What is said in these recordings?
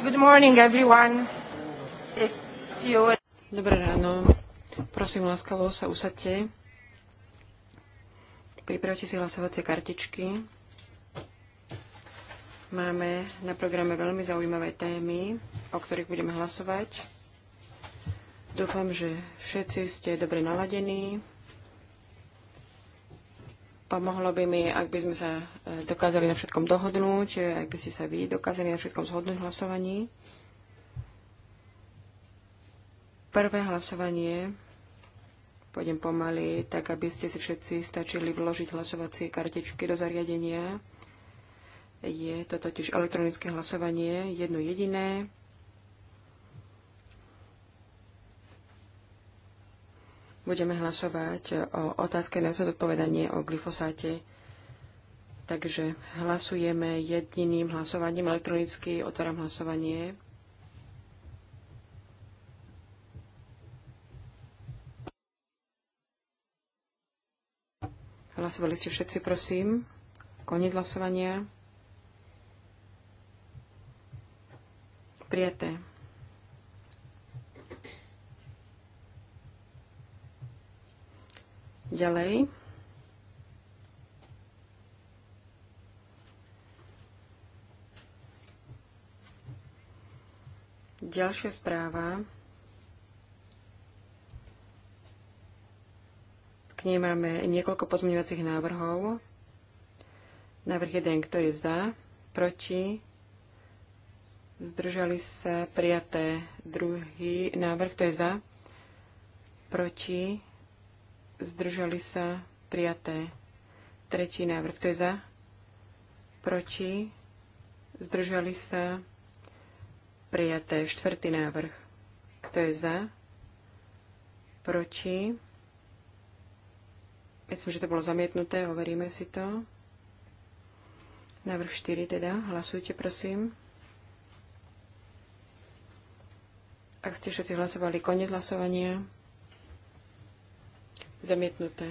Good morning, everyone. If you... Dobré ráno. Prosím, láskavo sa usadte. Pripravte si hlasovacie kartičky. Máme na programe veľmi zaujímavé témy, o ktorých budeme hlasovať. Dúfam, že všetci ste dobre naladení. Pomohlo by mi, ak by sme sa e, dokázali na všetkom dohodnúť, e, ak by ste sa vy dokázali na všetkom zhodnúť v hlasovaní. Prvé hlasovanie pôjdem pomaly, tak aby ste si všetci stačili vložiť hlasovacie kartičky do zariadenia. Je to totiž elektronické hlasovanie, jedno jediné. budeme hlasovať o otázke na zodpovedanie o glyfosáte. Takže hlasujeme jediným hlasovaním elektronicky. Otváram hlasovanie. Hlasovali ste všetci, prosím. Koniec hlasovania. Prijaté. Ďalej. Ďalšia správa. K nej máme niekoľko pozmeňovacích návrhov. Návrh 1, kto je za, proti, zdržali sa prijaté. Druhý návrh, kto je za, proti, zdržali sa, prijaté. Tretí návrh, kto je za, proti, zdržali sa, prijaté. Štvrtý návrh, kto je za, proti, myslím, že to bolo zamietnuté, overíme si to. Návrh 4 teda, hlasujte prosím. Ak ste všetci hlasovali, koniec hlasovania. Zamietnuté.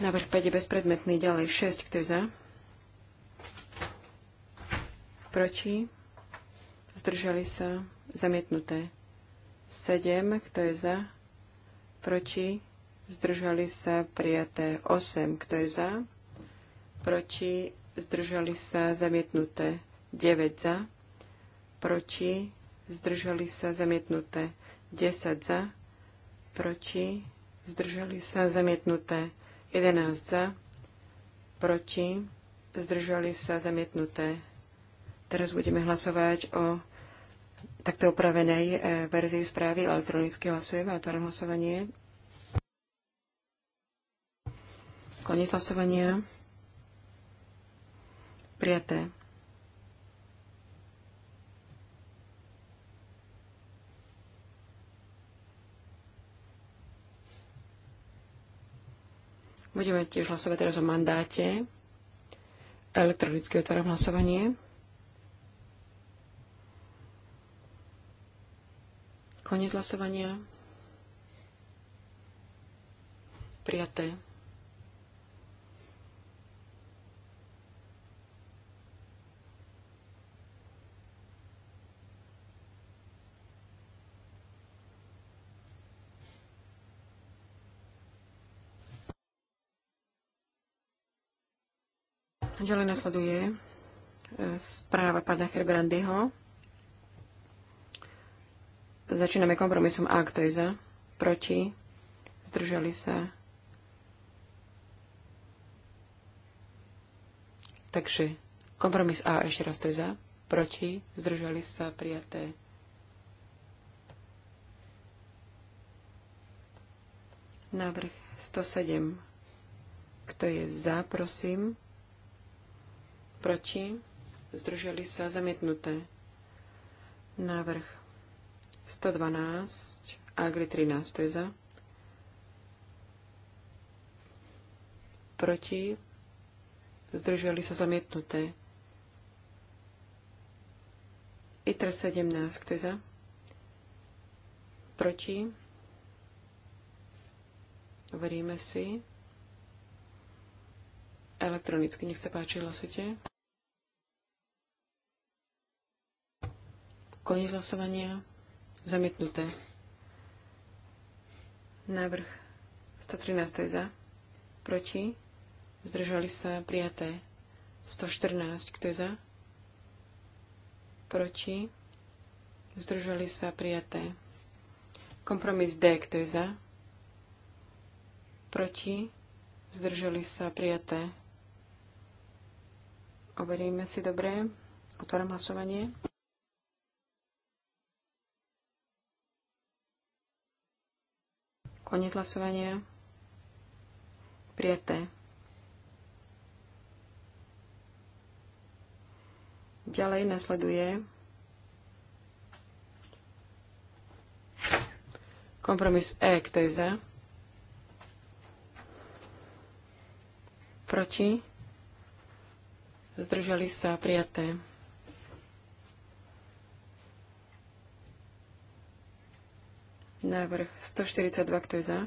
Návrh 5 je bezpredmetný. Ďalej 6. Kto je za? Proti? Zdržali sa? Zamietnuté. 7. Kto je za? Proti? Zdržali sa? Prijaté. 8. Kto je za? Proti? Zdržali sa? Zamietnuté. 9 za. Proti? Zdržali sa? Zamietnuté. 10 za proti, zdržali sa zamietnuté 11 za, proti, zdržali sa zamietnuté. Teraz budeme hlasovať o takto opravenej e, verzii správy. Elektronicky hlasujeme, a otvorím hlasovanie. Koniec hlasovania. Prijaté. Budeme tiež hlasovať teraz o mandáte. elektronické otváram hlasovanie. Koniec hlasovania. Prijaté. Ďalej nasleduje e, správa pána Herbrandyho. Začíname kompromisom A, kto je za, proti, zdržali sa. Takže kompromis A ešte raz to je za, proti, zdržali sa, prijaté. Návrh 107. Kto je za, prosím? proti, zdrželi sa zamietnuté. Návrh 112, Agri 13, to je za. Proti, Zdrželi sa zamietnuté. ITR 17, kto je za? Proti? Veríme si. Elektronicky, nech sa páči, hlasujte. Koniec hlasovania. Zamietnuté. Návrh 113 je za. Proti. Zdržali sa prijaté. 114. Kto je za? Proti. Zdržali sa prijaté. Kompromis D. Kto je za? Proti. Zdržali sa prijaté. Overíme si dobre. Otváram hlasovanie. Koniec hlasovania. Prijaté. Ďalej nasleduje kompromis E, kto je za? Proti? zdržali sa prijaté. Návrh 142, kto je za?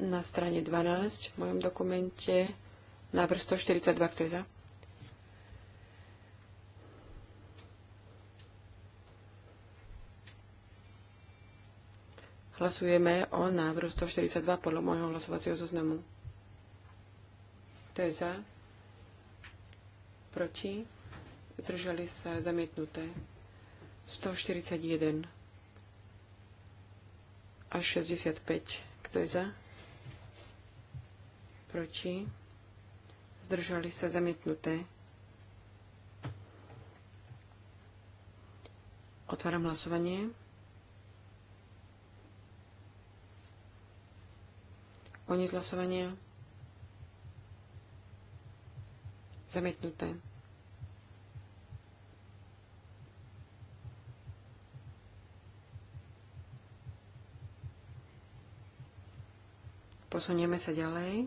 Na strane 12 v mojom dokumente návrh 142, kto je za? Hlasujeme o návrhu 142 podľa môjho hlasovacieho zoznamu. To je za. Proti. Zdržali sa zamietnuté. 141 a 65. Kto je za? Proti. Zdržali sa zamietnuté. Otváram hlasovanie. Koniec hlasovania. zametnuté. Posunieme sa ďalej.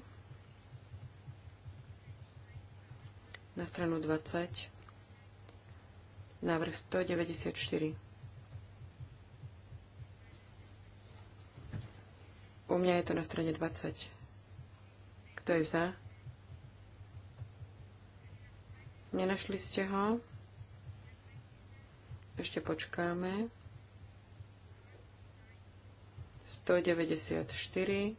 Na stranu 20. Návrh 194. U mňa je to na strane 20. Kto je za? Nenašli ste ho? Ešte počkáme. 194.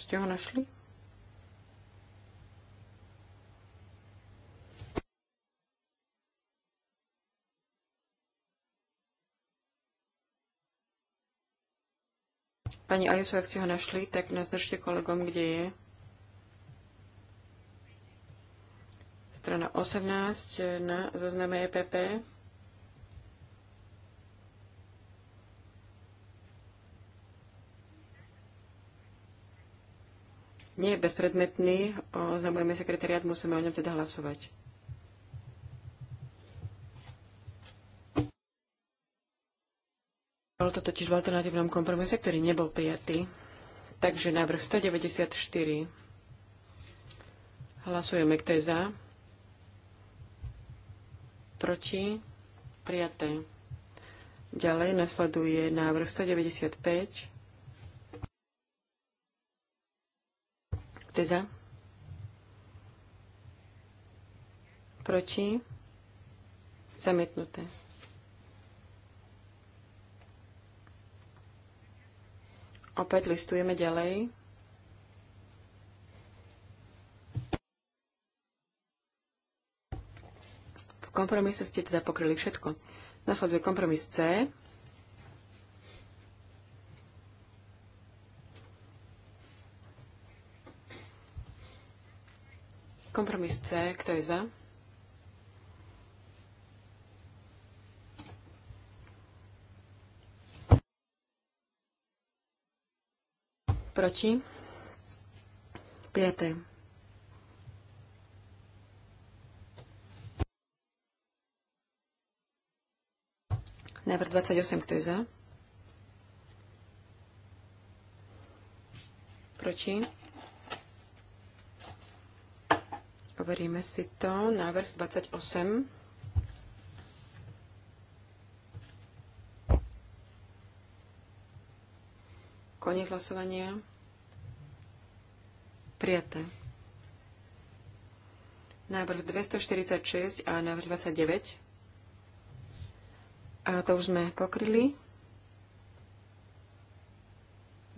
Ste ho našli? Pani Ajuso, ak ste ho našli, tak naznačte kolegom, kde je. Strana 18 eh, na zozname EPP. Nie je bezpredmetný, oznamujeme sekretariat, musíme o ňom teda hlasovať. Bolo to totiž v alternatívnom kompromise, ktorý nebol prijatý. Takže návrh 194. Hlasujeme, kto je za. Proti. Prijaté. Ďalej nasleduje návrh 195. Kto je za? Proti. Zamietnuté. Opäť listujeme ďalej. V kompromise ste teda pokryli všetko. Nasleduje kompromis C. Kompromis C, kto je za? Proti? Piaté. Návrh 28, kto je za? Proti? Overíme si to. Návrh 28. Koniec hlasovania. Prijaté. Návrh 246 a návrh 29. A to už sme pokryli.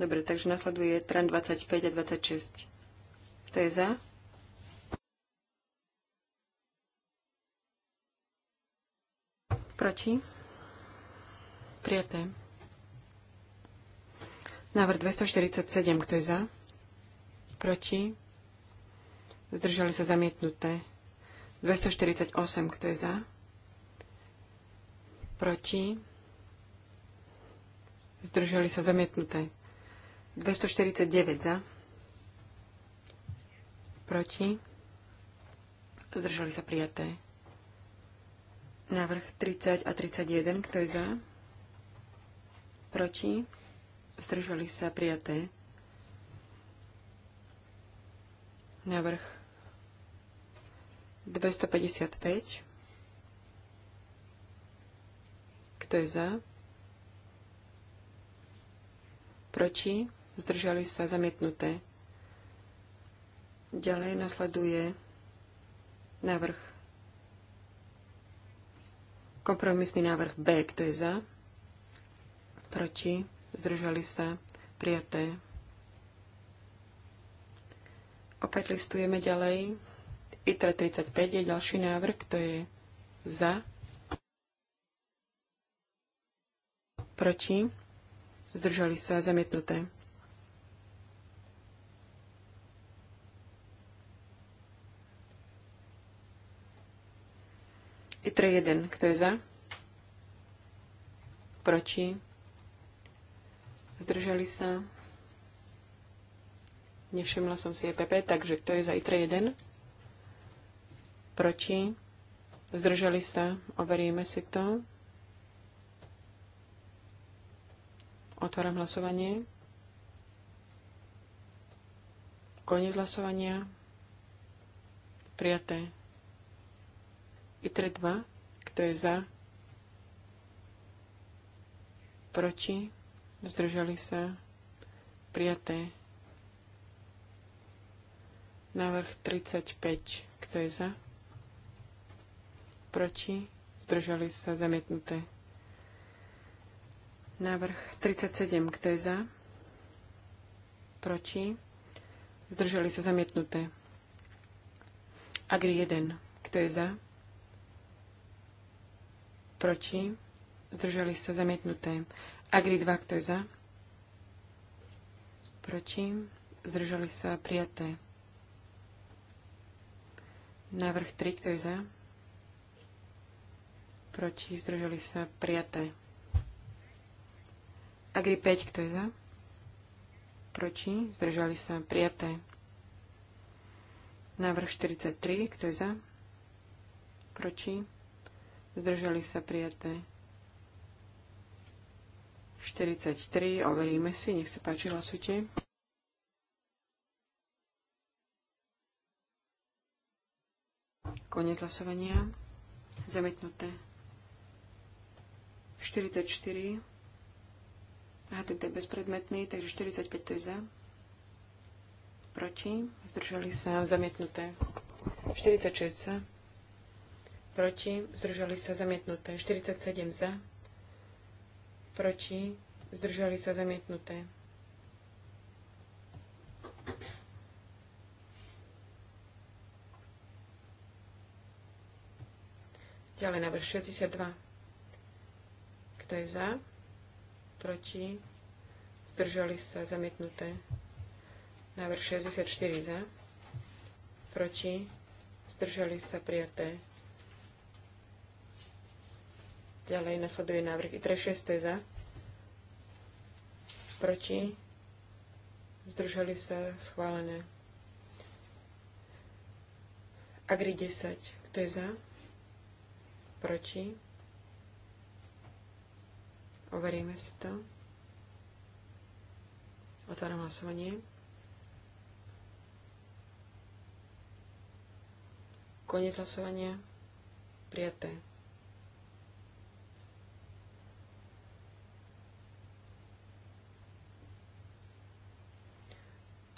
Dobre, takže nasleduje tran 25 a 26. Kto je za? Proti? Prijaté. Návrh 247, kto je za? Proti? Zdržali sa zamietnuté. 248, kto je za? Proti? Zdržali sa zamietnuté. 249 za. Proti? Zdržali sa prijaté. Návrh 30 a 31, kto je za? Proti? Zdržali sa prijaté. Navrh 255. Kto je za? Proti? Zdržali sa zamietnuté. Ďalej nasleduje návrh. Kompromisný návrh B. Kto je za? Proti? zdržali sa, prijaté. Opäť listujeme ďalej. ITRA 35 je ďalší návrh, to je za, proti, zdržali sa, zamietnuté. ITRA 1, kto je za, proti, Zdržali sa. Nevšimla som si EPP, takže kto je za ITRE 1? Proti? Zdržali sa. Overíme si to. Otváram hlasovanie. Koniec hlasovania. Prijaté. ITRE 2. Kto je za? Proti? zdržali sa, prijaté. Návrh 35, kto je za? Proti, zdržali sa, zamietnuté. Návrh 37, kto je za? Proti, zdržali sa, zamietnuté. Agri 1, kto je za? Proti, zdržali sa, zamietnuté. Agri 2, kto je za? Proti? Zdržali sa prijaté. Návrh 3, kto je za? Proti? Zdržali sa prijaté. Agri 5, kto je za? Proti? Zdržali sa prijaté. Návrh 43, kto je za? Proti? Zdržali sa prijaté. 43, overíme si, nech sa páči, hlasujte. Konec hlasovania. Zamietnuté. 44. A tento je bezpredmetný, takže 45 to je za. Proti. Zdržali sa. Zamietnuté. 46 za. Proti. Zdržali sa. Zamietnuté. 47 za proti, zdržali sa zamietnuté. Ďalej návrh 62. Kto je za? Proti? Zdržali sa zamietnuté. Návrh 64 za. Proti? Zdržali sa prijaté. Ďalej nasleduje návrh i 6, to je za. Proti. Zdržali sa schválené. Agri 10, kto je za? Proti. Overíme si to. Otváram hlasovanie. Koniec hlasovania. Prijaté.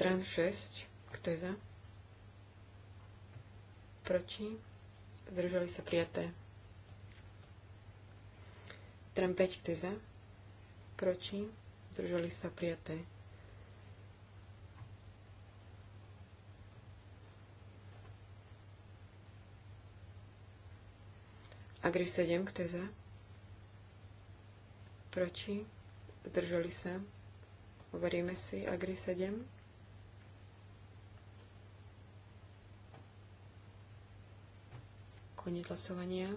Tran 6. Kto je za? Proti? Zdržali sa prijaté. Tran 5. Kto je za? Proti? Zdržali sa prijaté. Agri 7. Kto je za? Proti? Zdržali sa. uveríme si Agri 7. Koniec hlasovania.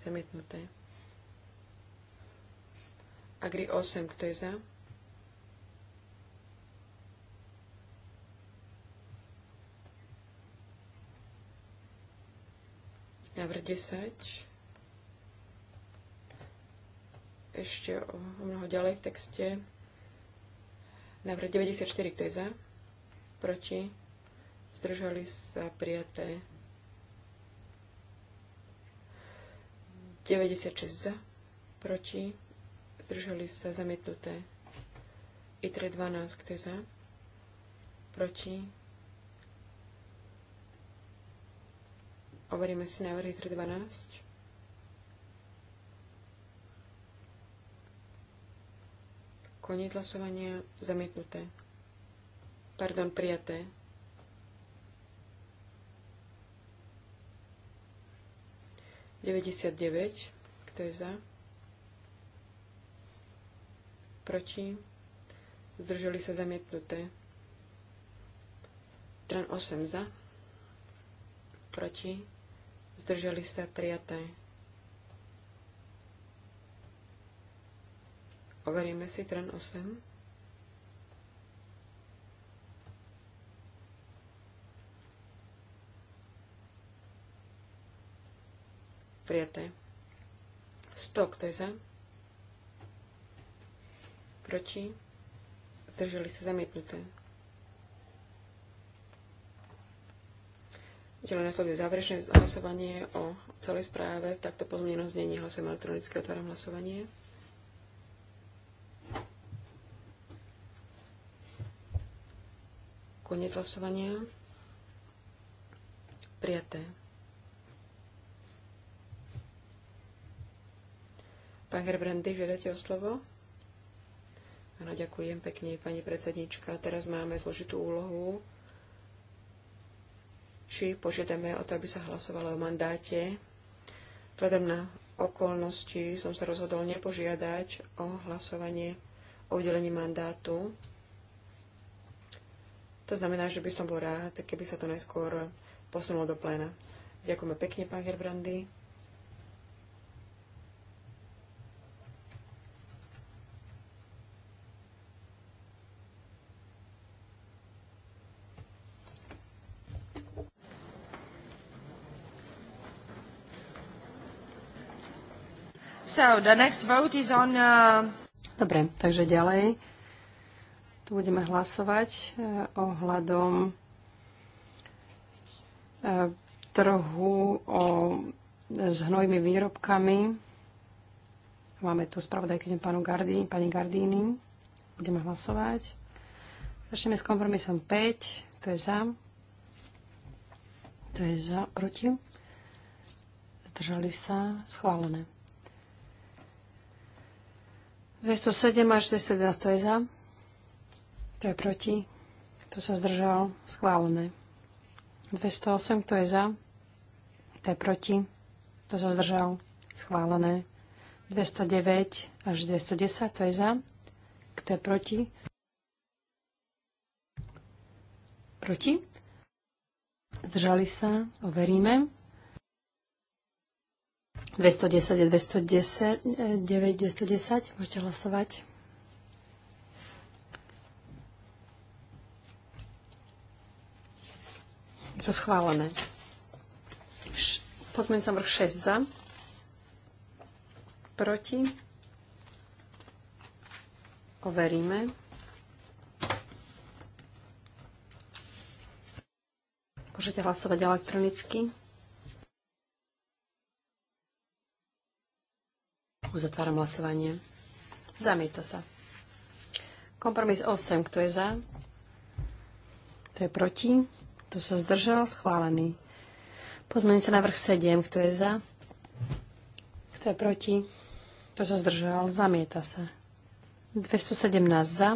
Zamietnuté. Agri 8, kto je za? Návrh 10 ešte o mnoho ďalej v texte. Návrh 94, kto je za? Proti? Zdržali sa prijaté. 96 za, proti, zdržali sa zamietnuté. ITRE 12, kto je za, proti. Overíme si návrh ITRE 12. Koniec hlasovania zamietnuté. Pardon, prijaté. 99. Kto je za? Proti? Zdržali sa zamietnuté. Tran 8 za. Proti? Zdržali sa prijaté. Overíme si tran 8. prijaté. Stok, kto je za? Proti? Zdržali sa zamietnuté. Ďalej nasleduje záverečné hlasovanie o celej správe. V takto pozmenenom znení hlasujem elektronicky, otváram hlasovanie. Koniec hlasovania. Prijaté. Pán Herbrandy, žiadate o slovo? Áno, ďakujem pekne, pani predsednička. Teraz máme zložitú úlohu, či požiadame o to, aby sa hlasovalo o mandáte. Vzhľadom na okolnosti som sa rozhodol nepožiadať o hlasovanie o udelení mandátu. To znamená, že by som bol rád, keby sa to najskôr posunulo do pléna. Ďakujeme pekne, pán Herbrandy. So the next vote is on... Uh... Dobre, takže ďalej. Tu budeme hlasovať eh, ohľadom eh, trhu o, s hnojmi výrobkami. Máme tu spravodajky pánu pani Gardíny. Budeme hlasovať. Začneme s kompromisom 5. To je za. To je za. Proti. Zdržali sa. Schválené. 207 až 411, to je za. To je proti. Kto sa zdržal? Schválené. 208, kto je za? To je proti. Kto sa zdržal? Schválené. 209 až 210, to je za. Kto je proti? Proti? Zdržali sa, overíme. 210 je 210, 9, 210. Môžete hlasovať. Je to schválené. sa vrch 6 za. Proti. Overíme. Môžete hlasovať elektronicky. Uzatváram hlasovanie. Zamieta sa. Kompromis 8. Kto je za? Kto je proti? Kto sa zdržal? Schválený. Pozmeňujúci návrh 7. Kto je za? Kto je proti? Kto sa zdržal? Zamieta sa. 217 za.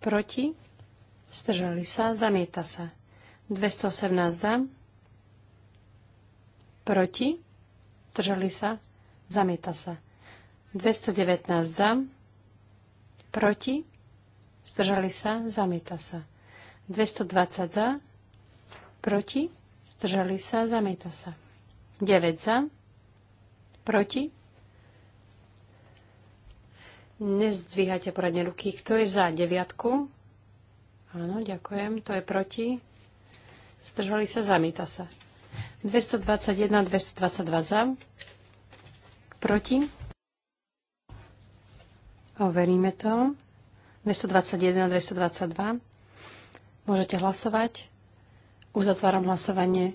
Proti? Zdržali sa. Zamieta sa. 218 za. Proti? Držali sa? Zamieta sa. 219 za. Proti? Zdržali sa? Zamieta sa. 220 za. Proti? Zdržali sa? Zamieta sa. 9 za. Proti? Nezdvíhajte poradne ruky. Kto je za deviatku? Áno, ďakujem. To je proti. Zdržali sa, zamýta sa. 221, 222 za. Proti. Overíme to. 221, 222. Môžete hlasovať. Uzatváram hlasovanie.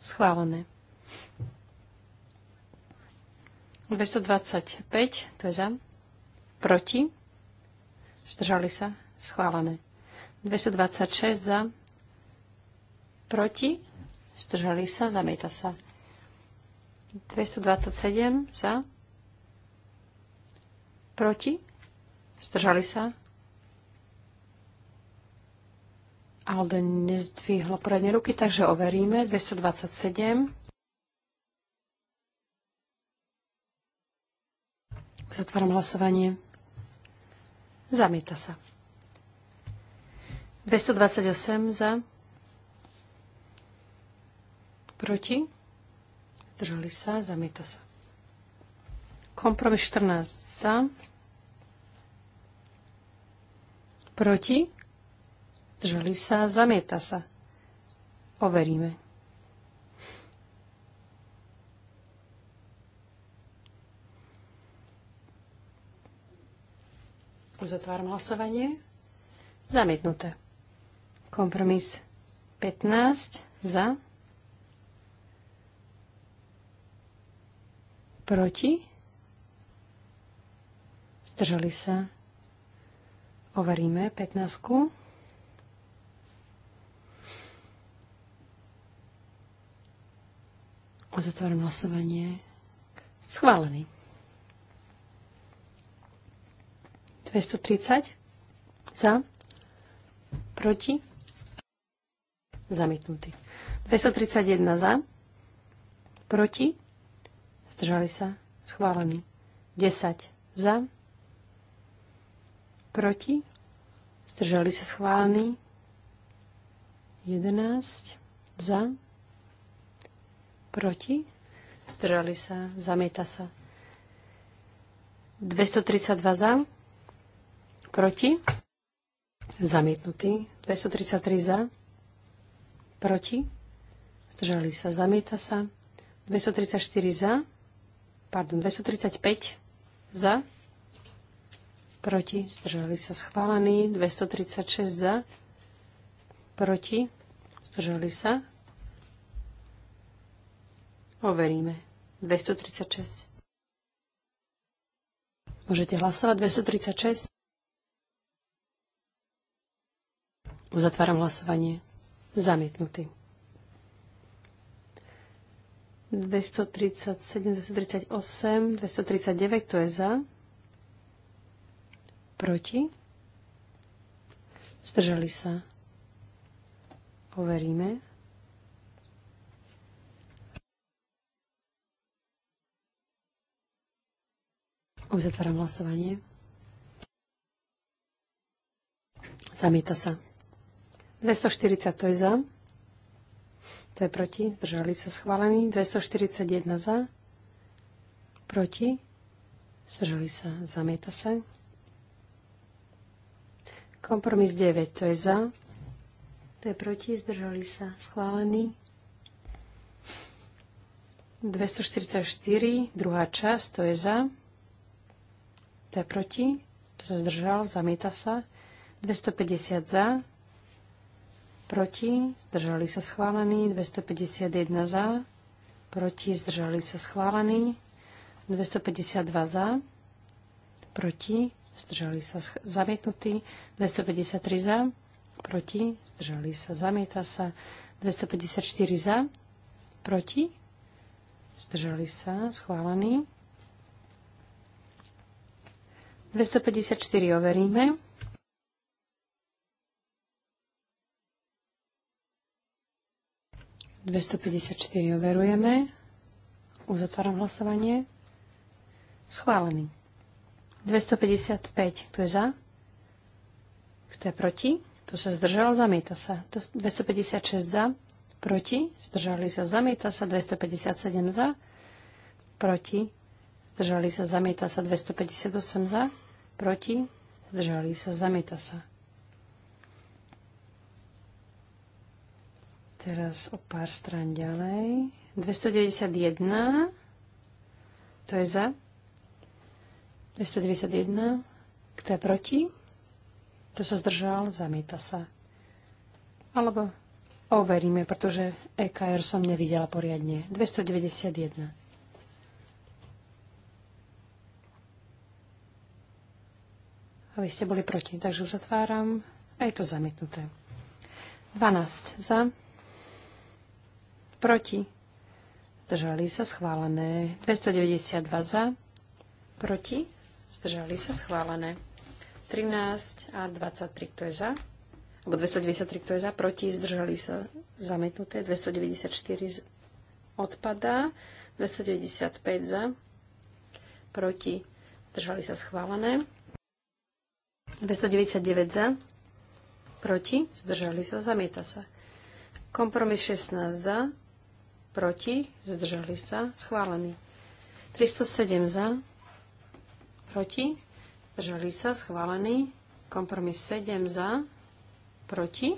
Schválené. 225, to je za. Proti. Zdržali sa. Schválené. 226 za. Proti. Zdržali sa? Zamieta sa. 227 za. Proti? Zdržali sa? Alde nezdvihlo poradne ruky, takže overíme. 227. Zatváram hlasovanie. Zamieta sa. 228 za. Proti? Zdržali sa. Zamieta sa. Kompromis 14 za. Proti? Zdržali sa. Zamieta sa. Overíme. Uzatváram hlasovanie. Zamietnuté. Kompromis 15 za. Proti? Zdržali sa. Overíme 15. -ku. Zatváram hlasovanie. Schválený. 230 za, proti, zamietnutý. 231 za, proti, Zdržali sa? Schválený. 10 za. Proti? Zdržali sa? Schválený. 11 za. Proti? Zdržali sa? Zamieta sa. 232 za. Proti? Zamietnutý. 233 za. Proti? Zdržali sa. Zamieta sa. 234 za pardon, 235 za, proti, zdržali sa schválení, 236 za, proti, zdržali sa, overíme, 236. Môžete hlasovať 236. Uzatváram hlasovanie. Zamietnutý. 237, 238, 239, to je za. Proti. Zdržali sa. Overíme. Uzatváram hlasovanie. Zamieta sa. 240 to je za. To je proti. Zdržali sa schválení. 241 za. Proti. Zdržali sa. Zamieta sa. Kompromis 9. To je za. To je proti. Zdržali sa. Schválený. 244. Druhá časť. To je za. To je proti. To sa zdržal. Zamieta sa. 250 za proti, zdržali sa schválení, 251 za, proti, zdržali sa schválení, 252 za, proti, zdržali sa zamietnutí, 253 za, proti, zdržali sa, zamieta sa, 254 za, proti, zdržali sa, schválený. 254 overíme. 254 overujeme. Uzatváram hlasovanie. Schválený. 255, kto je za? Kto je proti? Kto sa zdržal, zamieta sa. 256 za, proti, zdržali sa, zamieta sa. 257 za, proti, zdržali sa, zamieta sa. 258 za, proti, zdržali sa, zamieta sa. Teraz o pár strán ďalej. 291. To je za. 291. Kto je proti? Kto sa zdržal? Zamieta sa. Alebo overíme, pretože EKR som nevidela poriadne. 291. A vy ste boli proti, takže uzatváram. A je to zamietnuté. 12 za. Proti. Zdržali sa schválené. 292 za. Proti. Zdržali sa schválené. 13 a 23, kto je za. Alebo 293, kto je za. Proti. Zdržali sa zametnuté. 294 odpadá. 295 za. Proti. Zdržali sa schválené. 299 za. Proti. Zdržali sa. Zamieta sa. Kompromis 16 za proti, zdržali sa, schválený. 307 za, proti, zdržali sa, schválený. Kompromis 7 za, proti,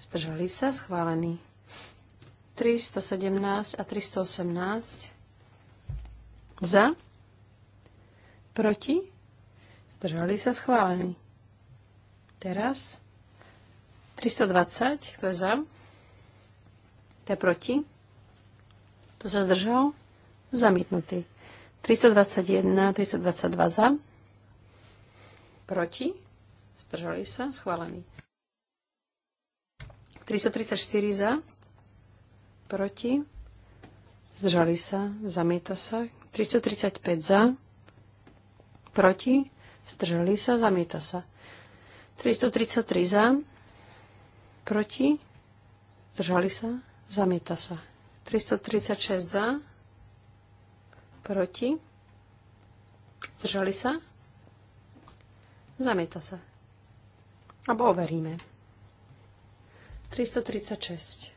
zdržali sa, schválený. 317 a 318 za, proti, zdržali sa, schválený. Teraz 320, kto je za, to je proti, kto sa zdržal? Zamietnutý. 321, 322 za. Proti? Zdržali sa? Schválený. 334 za. Proti? Zdržali sa? Zamieta sa. 335 za. Proti? Zdržali sa? Zamieta sa. 333 za. Proti? Zdržali sa? Zamieta sa. 336 za, proti, zdržali sa, zamieta sa. Abo overíme. 336.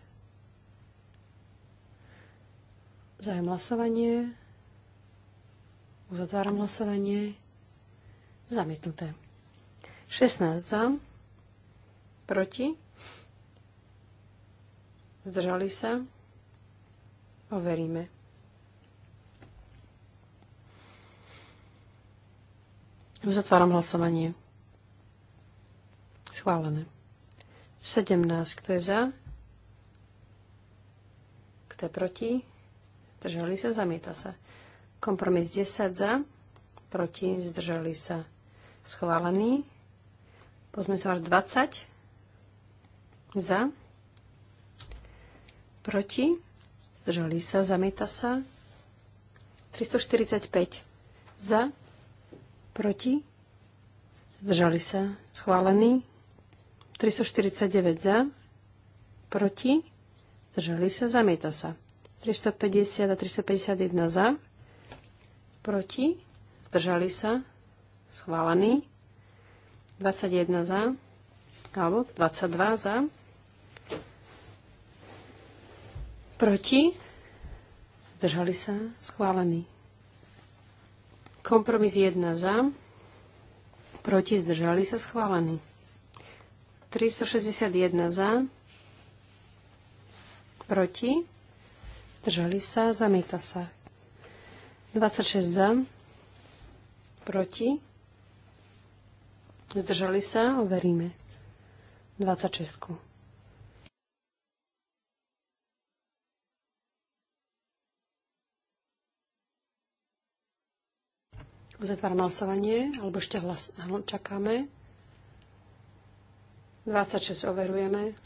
Zajem hlasovanie. Uzatváram hlasovanie. Zamietnuté. 16 za. Proti. Zdržali sa. Overíme. Uzatváram hlasovanie. Schválené. 17. Kto je za? Kto je proti? Zdržali sa, zamieta sa. Kompromis 10 za, proti, zdržali sa. Schválený. Pozme sa 20 za, proti, Zdržali sa. Zamieta sa. 345 za. Proti. Zdržali sa. Schválený. 349 za. Proti. Zdržali sa. Zamieta sa. 350 a 351 za. Proti. Zdržali sa. Schválený. 21 za. Alebo 22 za. Proti? Zdržali sa? Schválený. Kompromis 1 za. Proti? Zdržali sa? Schválený. 361 za. Proti? Držali sa? Zamieta sa. 26 za. Proti? Zdržali sa? Overíme. 26. Uzatváram hlasovanie, alebo ešte hlas, čakáme. 26 overujeme.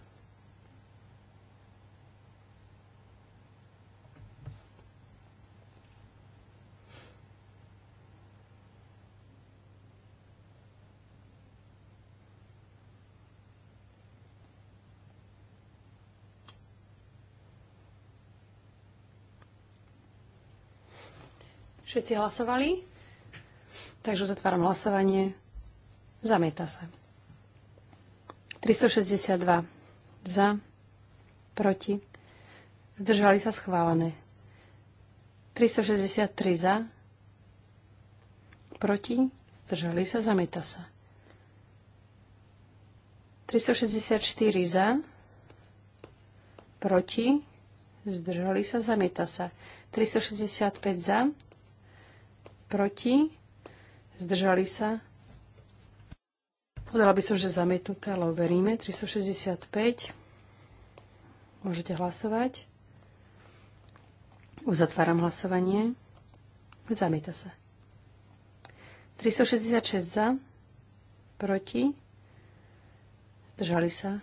Všetci hlasovali? Takže zatváram hlasovanie. Zamieta sa. 362 za, proti, zdržali sa schválené. 363 za, proti, zdržali sa, zamieta sa. 364 za, proti, zdržali sa, zamieta sa. 365 za, proti, Zdržali sa? Podala by som, že zamietnuté, ale overíme. 365. Môžete hlasovať. Uzatváram hlasovanie. Zamieta sa. 366 za. Proti. Zdržali sa.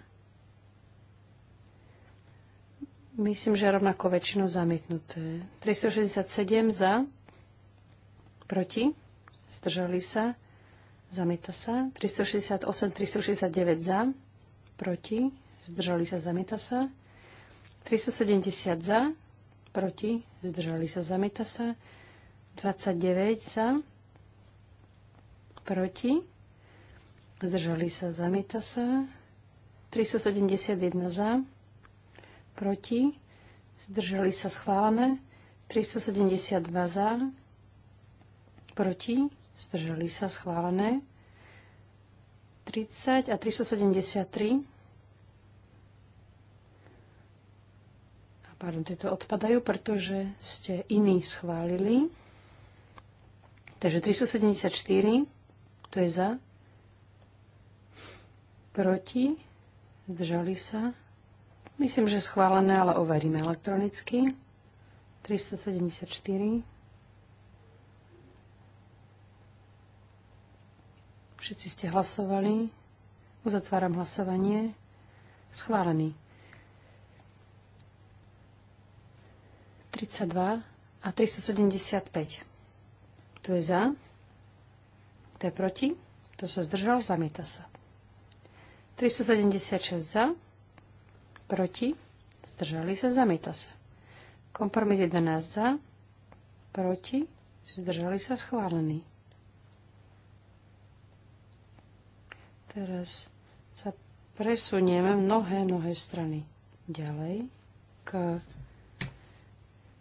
Myslím, že rovnako väčšinou zamietnuté. 367 za, proti, zdržali sa, zamieta sa. 368, 369 za, proti, zdržali sa, zamieta sa. 370 za, proti, zdržali sa, zamieta sa. 29 za, proti, zdržali sa, zamieta sa. 371 za, proti, zdržali sa schválené, 372 za, proti, zdržali sa, schválené. 30 a 373. A pardon, tieto odpadajú, pretože ste iní schválili. Takže 374, to je za, proti, zdržali sa. Myslím, že schválené, ale overíme elektronicky. 374. Všetci ste hlasovali. Uzatváram hlasovanie. Schválený. 32 a 375. Kto je za? Kto je proti? Kto sa zdržal? Zamieta sa. 376 za, proti, zdržali sa, zamieta sa. Kompromis 11 za, proti, zdržali sa, schválený. Teraz sa presunieme mnohé, mnohé strany ďalej k,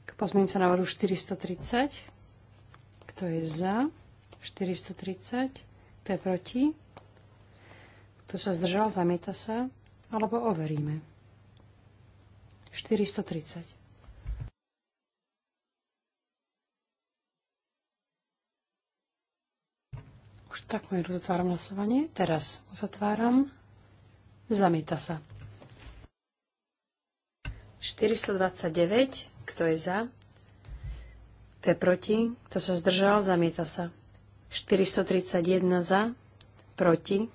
k pozmeňujúcemu návrhu 430. Kto je za? 430. Kto je proti? Kto sa zdržal, zamieta sa. Alebo overíme. 430. Už takmer uzatváram hlasovanie. Teraz uzatváram. Zamieta sa. 429. Kto je za? Kto je proti? Kto sa zdržal? Zamieta sa. 431 za, proti,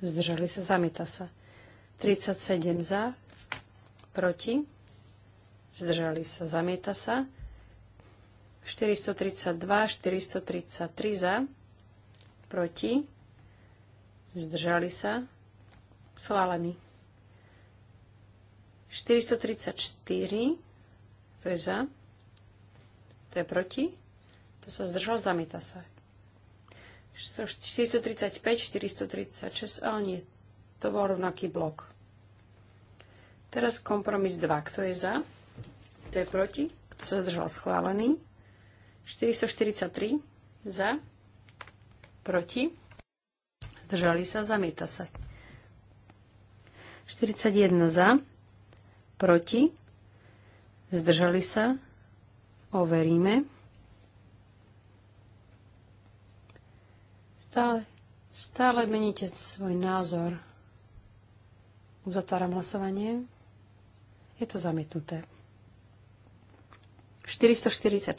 zdržali sa, zamieta sa. 37 za, proti, zdržali sa, zamieta sa. 432, 433 za, proti, zdržali sa, schválený. 434, to je za, to je proti, to sa zdržalo, zamieta sa. 435, 436, ale nie, to bol rovnaký blok. Teraz kompromis 2. Kto je za? Kto je proti? Kto sa zdržal schválený? 443 za, Proti? Zdržali sa, zamieta sa. 41 za, proti, zdržali sa, overíme. Stále, stále meníte svoj názor. Uzatváram hlasovanie. Je to zamietnuté. 444,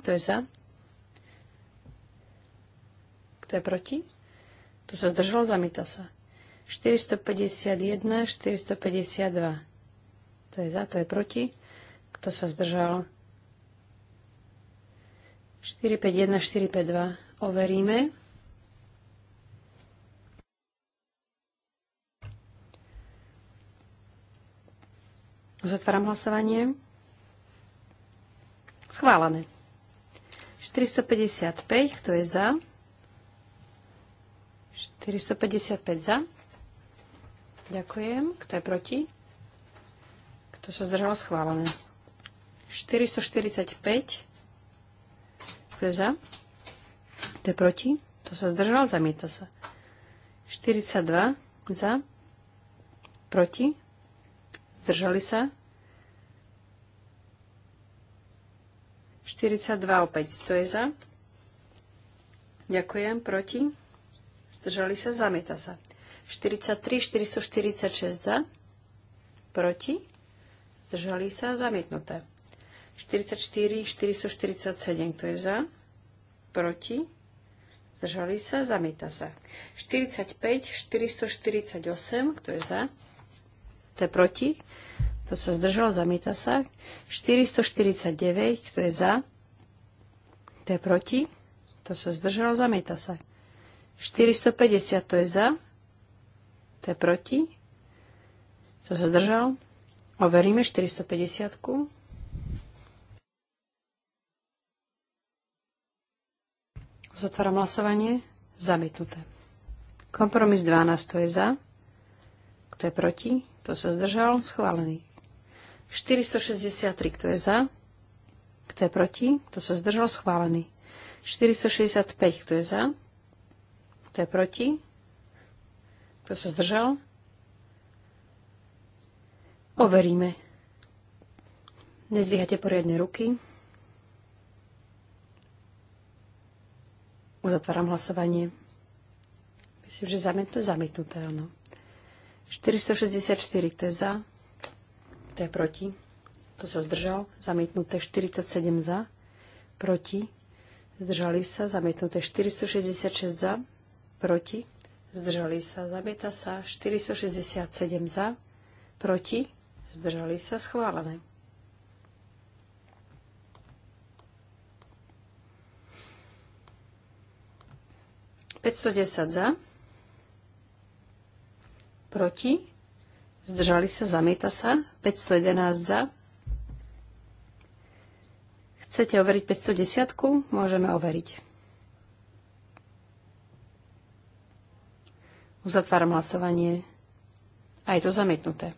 to je za, kto je proti? Kto sa zdržal? Zamýta sa. 451, 452. To je za, to je proti. Kto sa zdržal? 451, 452. Overíme. Uzatváram hlasovanie. Schválené. 455, kto je za? 455 za. Ďakujem. Kto je proti? Kto sa zdržal? Schválené. 445. Kto je za? Kto je proti? Kto sa zdržal? Zamieta sa. 42 za. Proti? Zdržali sa? 42 opäť. Kto je za? Ďakujem. Proti? zdržali sa, zamieta sa. 43, 446 za, proti, zdržali sa, zamietnuté. 44, 447, to je za, proti, zdržali sa, zamieta sa. 45, 448, kto je za, to je proti, to sa zdržalo, zamieta sa. 449, kto je za, to je proti, to sa zdržalo, zamieta sa. 450 to je za, to je proti, to sa zdržal. Overíme 450. -ku. Zatváram hlasovanie. Zamietnuté. Kompromis 12 to je za, kto je proti, to sa zdržal, schválený. 463, kto je za, kto je proti, kto sa zdržal, schválený. 465, kto je za, kto je proti? Kto sa zdržal? Overíme. Nezdvíhate poriadne ruky. Uzatváram hlasovanie. Myslím, že zamietnú, zamietnuté, áno. 464, kto je za, kto je proti, kto sa zdržal, zamietnuté 47 za, proti, zdržali sa, zamietnuté 466 za, proti, zdržali sa, zamieta sa, 467 za, proti, zdržali sa, schválené. Petsto desať za, proti, zdržali sa, zamieta sa, 511 za. Chcete overiť 510? -ku? Môžeme overiť. Uzatváram hlasovanie. A je to zamietnuté.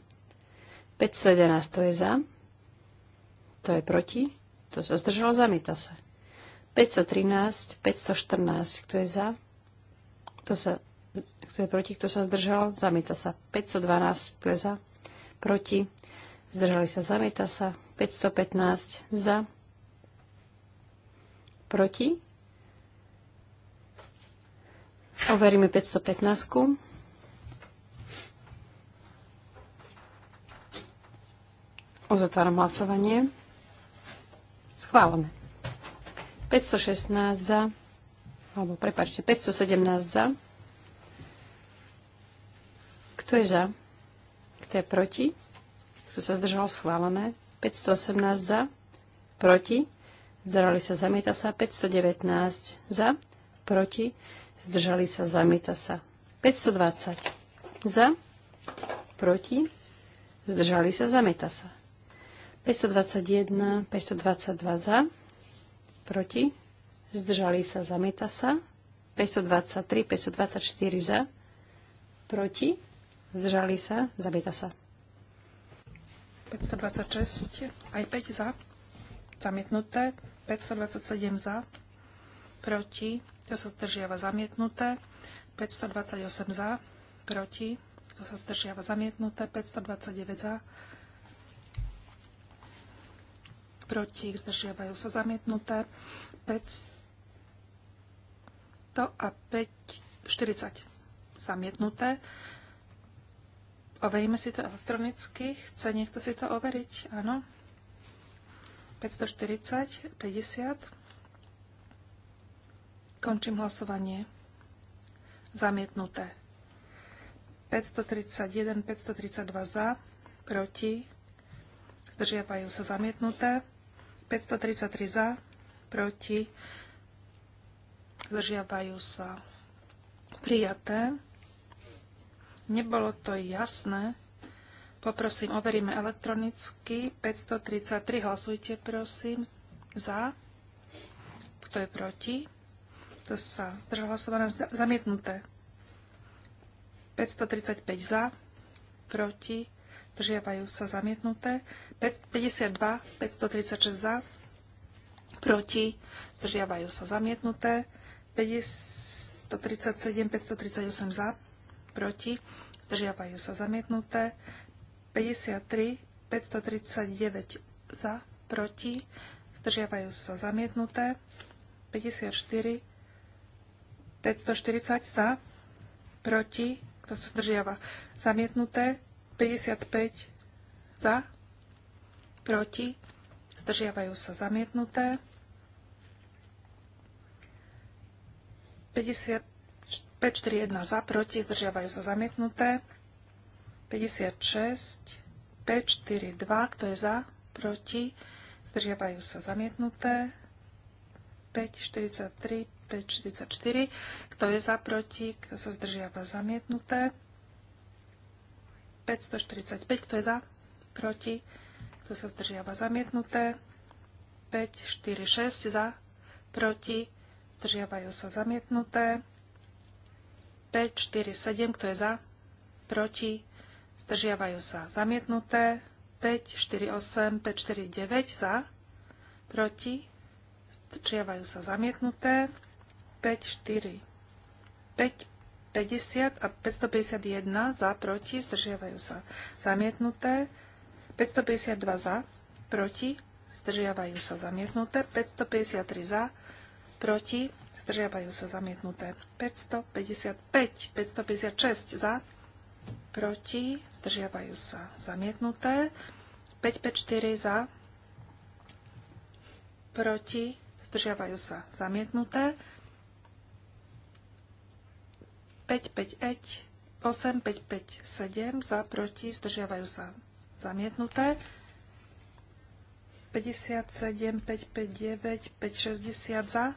511 to je za, to je proti, to sa zdržalo, zamieta sa. 513, 514, kto je za, kto, sa, kto je proti, kto sa zdržal, zamieta sa. 512, kto je za, proti, zdržali sa, zamieta sa. 515 za, proti, Overíme 515. Ozatváram hlasovanie. Schválené. 516 za, alebo prepačte, 517 za. Kto je za? Kto je proti? Kto sa zdržal? Schválené. 518 za, proti. Zdržali sa, zamieta sa. 519 za, proti zdržali sa, zamieta sa. 520 za, proti, zdržali sa, zamieta sa. 521, 522 za, proti, zdržali sa, zamieta sa. 523, 524 za, proti, zdržali sa, zamieta sa. 526, aj 5 za, zamietnuté, 527 za, proti, kto sa zdržiava zamietnuté? 528 za, proti. Kto sa zdržiava zamietnuté? 529 za, proti. Zdržiavajú sa zamietnuté. 500 a 540 zamietnuté. Overíme si to elektronicky. Chce niekto si to overiť? Áno. 540, 50. Končím hlasovanie. Zamietnuté. 531, 532 za, proti, zdržiavajú sa zamietnuté. 533 za, proti, zdržiavajú sa prijaté. Nebolo to jasné. Poprosím, overíme elektronicky. 533, hlasujte prosím. Za. Kto je proti? To sa zdržal hlasovania? Zamietnuté. 535 za, proti, zdržiavajú sa zamietnuté. 52, 536 za, proti, zdržiavajú sa zamietnuté. 537, 538 za, proti, zdržiavajú sa zamietnuté. 53, 539 za, proti, zdržiavajú sa zamietnuté. 54, 540 za, proti, kto sa zdržiava, zamietnuté, 55 za, proti, zdržiavajú sa zamietnuté, 541 za, proti, zdržiavajú sa zamietnuté, 56, 542, kto je za, proti, zdržiavajú sa zamietnuté, 543, 544. Kto je za, proti? Kto sa zdržiava? Zamietnuté. 545. Kto je za, proti? Kto sa zdržiava? Zamietnuté. 5, 4, 6 Za, proti? Zdržiavajú sa zamietnuté. 5, 4, 7. Kto je za, proti? Zdržiavajú sa zamietnuté. 5, 4, 8, 5, 4, 9 za, proti, zdržiavajú sa zamietnuté, 5, 4, 5, 50 a 551 za, proti, zdržiavajú sa. Zamietnuté 552 za, proti, zdržiavajú sa zamietnuté, 553 za, proti, zdržiavajú sa zamietnuté, 555, 556 za, proti, zdržiavajú sa zamietnuté, 554 za, proti, zdržiavajú sa zamietnuté, 5, 8, 5, 5, 7, za, proti, zdržiavajú sa zamietnuté. 57, 5, 5, 9, 5, 60 za,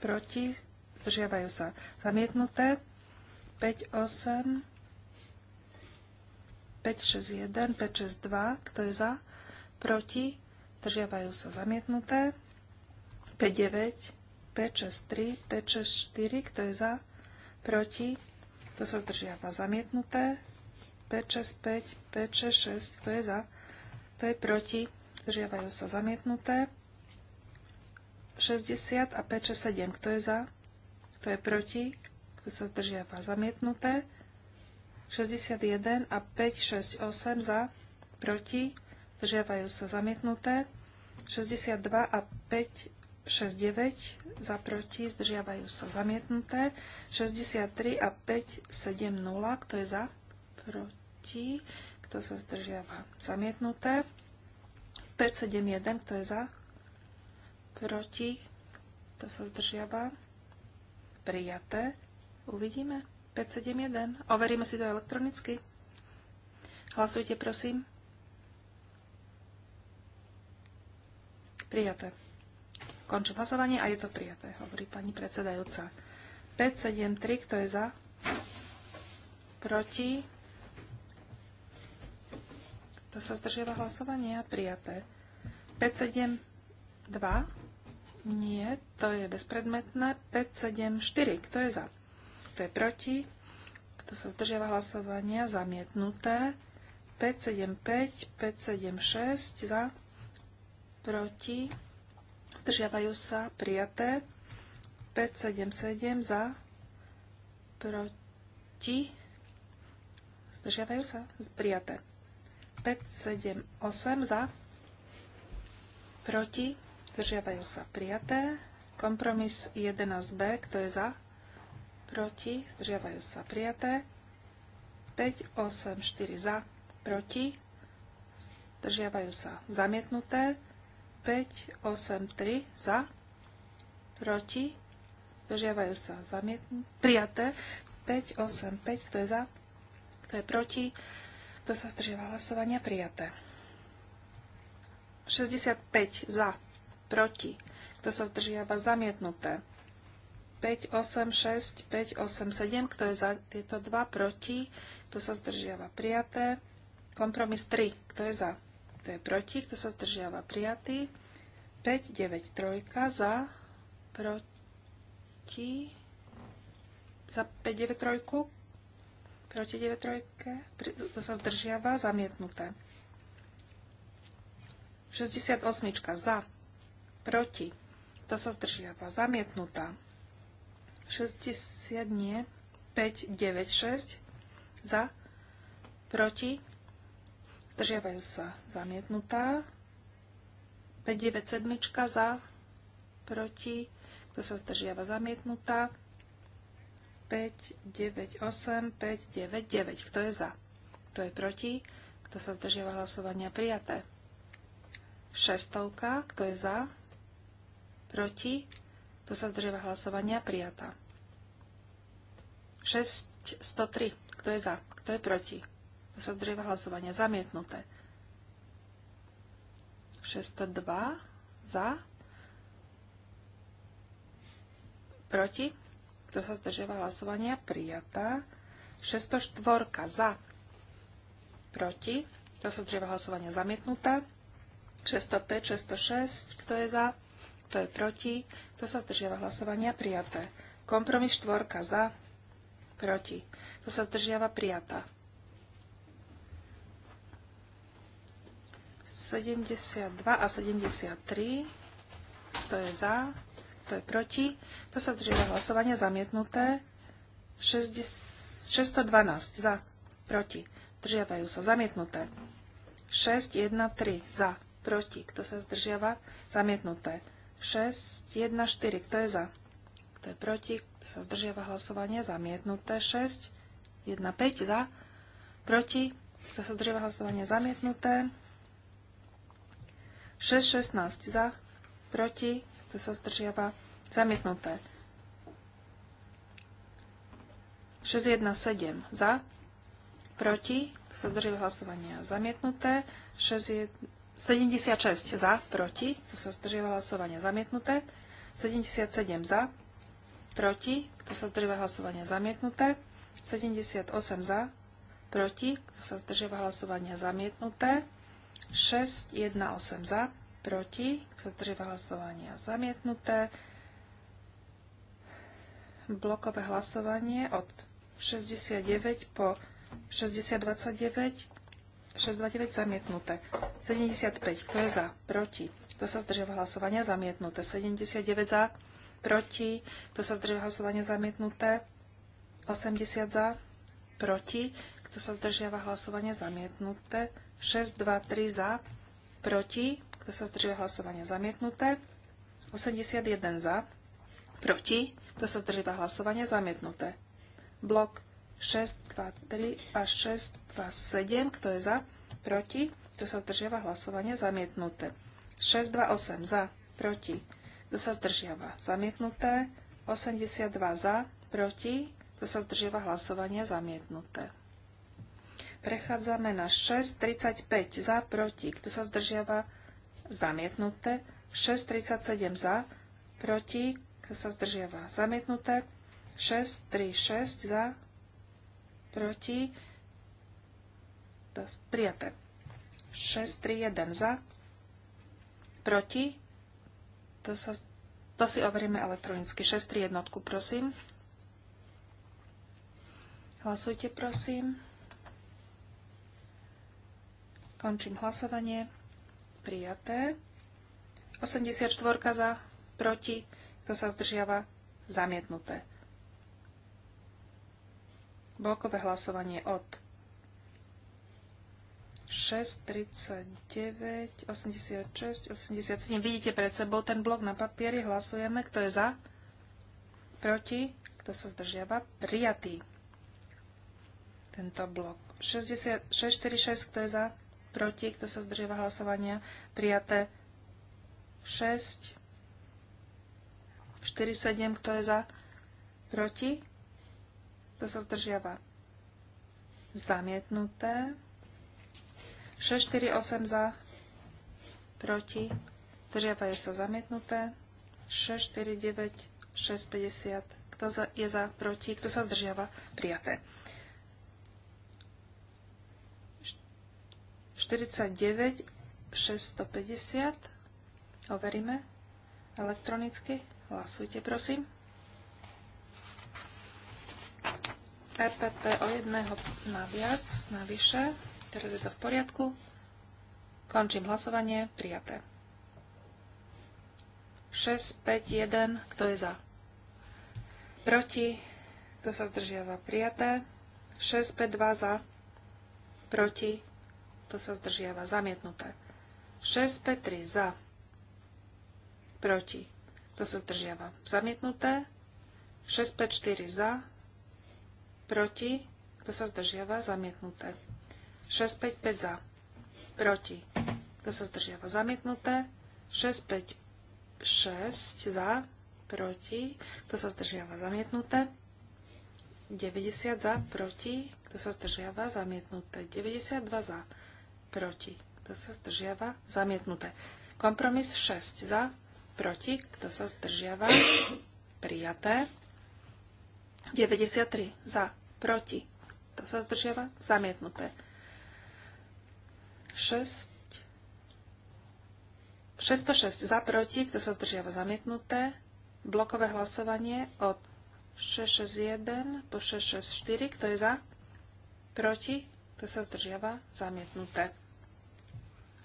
proti, zdržiavajú sa zamietnuté. 5, 8, 5, 6, 1, 5, 6, 2, kto je za, proti, zdržiavajú sa zamietnuté. 5, 9, 5, 6, 3, 5, 6, 4, kto je za, proti, kto sa zdržiava? Zamietnuté. P66, kto je za? Kto je proti? Zdržiavajú sa zamietnuté. 60 a P67, kto je za? Kto je proti? Kto sa zdržiava? Zamietnuté. 61 a 568 za? Proti? Zdržiavajú sa zamietnuté. 62 a 5 6,9 za proti, zdržiavajú sa zamietnuté. 63 a 5, 7, 0, kto je za, proti, kto sa zdržiava, zamietnuté. 5, 7, 1, kto je za, proti, kto sa zdržiava, prijaté. Uvidíme. 5, 7, 1. Overíme si to elektronicky. Hlasujte, prosím. Prijaté. Končím hlasovanie a je to prijaté, hovorí pani predsedajúca. 573, kto je za? Proti? Kto sa zdržiava hlasovania? Prijaté. 572? Nie, to je bezpredmetné. 574, kto je za? Kto je proti? Kto sa zdržiava hlasovania? Zamietnuté. 575, 576, za? Proti? zdržiavajú sa, prijaté. 577 za, proti, zdržiavajú sa, prijaté. 578 za, proti, zdržiavajú sa, prijaté. Kompromis 11b, kto je za, proti, zdržiavajú sa, prijaté. 584 za, proti, zdržiavajú sa, zamietnuté. 5, 8, 3 za, proti, zdržiavajú sa zamietnuté, prijaté, 5, kto je za, kto je proti, kto sa zdržiava hlasovania, prijaté. 65 za, proti, kto sa zdržiava, zamietnuté. 5, 8, 6, 5, 8, 7, kto je za tieto dva proti, kto sa zdržiava, prijaté. Kompromis 3, kto je za, kto je proti, kto sa zdržiava prijatý. 5, 9, 3 za, proti, za 5, 9, 3, proti 9, 3, kto sa zdržiava, zamietnuté. 68 za, proti, kto sa zdržiava, zamietnutá. 60 nie, 5, 9, 6 za, proti, zdržiavajú sa zamietnutá. 597 za, proti, kto sa zdržiava zamietnutá. 598, 599, kto je za, kto je proti, kto sa zdržiava hlasovania prijaté. Šestovka, kto je za, proti, kto sa zdržiava hlasovania prijatá. 603, kto je za, kto je proti, to sa zdržiava hlasovania? Zamietnuté. 602 za. Proti. Kto sa zdržiava hlasovania? Prijatá. 604 za. Proti. Kto sa zdržiava hlasovania? Zamietnutá. 605, 606. Kto je za? Kto je proti? Kto sa zdržiava hlasovania? Prijaté. Kompromis 4 za. Proti. Kto sa zdržiava? Prijatá. 72 a 73. Kto je za? Kto je proti? To sa držíva hlasovania? Zamietnuté. 612 za. Proti. Držiavajú sa. Zamietnuté. 6, 1, 3 za. Proti. Kto sa zdržiava? Zamietnuté. 6, 1, 4. Kto je za? Kto je proti? Kto sa zdržiava hlasovanie? Zamietnuté. 6, 1, 5 za. Proti. Kto sa zdržiava hlasovanie? Zamietnuté. 6.16 za, proti, to sa zdržiava, zamietnuté. 6.1.7 za, proti, to sa zdržiava hlasovania, zamietnuté. 76 za, proti, to sa zdržiava hlasovania, zamietnuté. 77 za, proti, to sa zdržiava hlasovania, zamietnuté. 78 za, proti, to sa zdržiava hlasovania, zamietnuté. 6, 1, 8 za, proti, kto zdržíva hlasovania zamietnuté. Blokové hlasovanie od 69 po 6029, 629 zamietnuté. 75, kto je za, proti, kto sa zdržíva hlasovania zamietnuté. 79 za, proti, kto sa zdržíva hlasovania zamietnuté. 80 za, proti, kto sa zdržiava hlasovania zamietnuté. 6, 2, 3 za, proti, kto sa zdržuje hlasovania zamietnuté, 81 za, proti, kto sa zdržuje hlasovania zamietnuté. Blok 6, 2, 3 a 6, 2, 7, kto je za, proti, kto sa zdržiava hlasovania zamietnuté. 6, 2, 8 za, proti, kto sa zdržiava zamietnuté, 82 za, proti, kto sa zdržiava hlasovania zamietnuté. Prechádzame na 6.35 za, proti. Kto sa zdržiava? Zamietnuté. 6.37 za, proti. Kto sa zdržiava? Zamietnuté. 6.36 za, proti. Prijaté. 6.31 za, proti. To, sa, to si overíme elektronicky. 6.31, prosím. Hlasujte, prosím. Končím hlasovanie. Prijaté. 84 za, proti, kto sa zdržiava, zamietnuté. Blokové hlasovanie od 6, 39, 86, 87. Vidíte pred sebou ten blok na papieri. Hlasujeme, kto je za, proti, kto sa zdržiava, prijatý. Tento blok. 60, 646, kto je za, proti, kto sa zdržiava hlasovania, prijaté 6, 4, 7, kto je za, proti, kto sa zdržiava, zamietnuté, 6, 4, 8 za, proti, je sa zamietnuté, 6, 4, 9, 6, 50, kto za, je za, proti, kto sa zdržiava, prijaté. 49 650. Overíme elektronicky. Hlasujte, prosím. EPP o jedného na viac, vyše. Teraz je to v poriadku. Končím hlasovanie. Prijaté. 6, 5, 1. Kto je za? Proti. Kto sa zdržiava? Prijaté. 6, 5, 2 za. Proti kto sa zdržiava, zamietnuté. 6, 5, 3, za, proti, kto sa zdržiava, zamietnuté. 6, 5, 4, za, proti, kto sa zdržiava, zamietnuté. 6, 5, 5, za, proti, kto sa zdržiava, zamietnuté. 6, 5, 6, za, proti, kto sa zdržiava, zamietnuté. 90 za, proti, kto sa zdržiava, zamietnuté. 92 za, proti, kto sa zdržiava, zamietnuté. Kompromis 6 za, proti, kto sa zdržiava, prijaté. 93 za, proti, kto sa zdržiava, zamietnuté. 6 606 za, proti, kto sa zdržiava, zamietnuté. Blokové hlasovanie od 661 po 664, kto je za, proti, to sa zdržiava? Zamietnuté.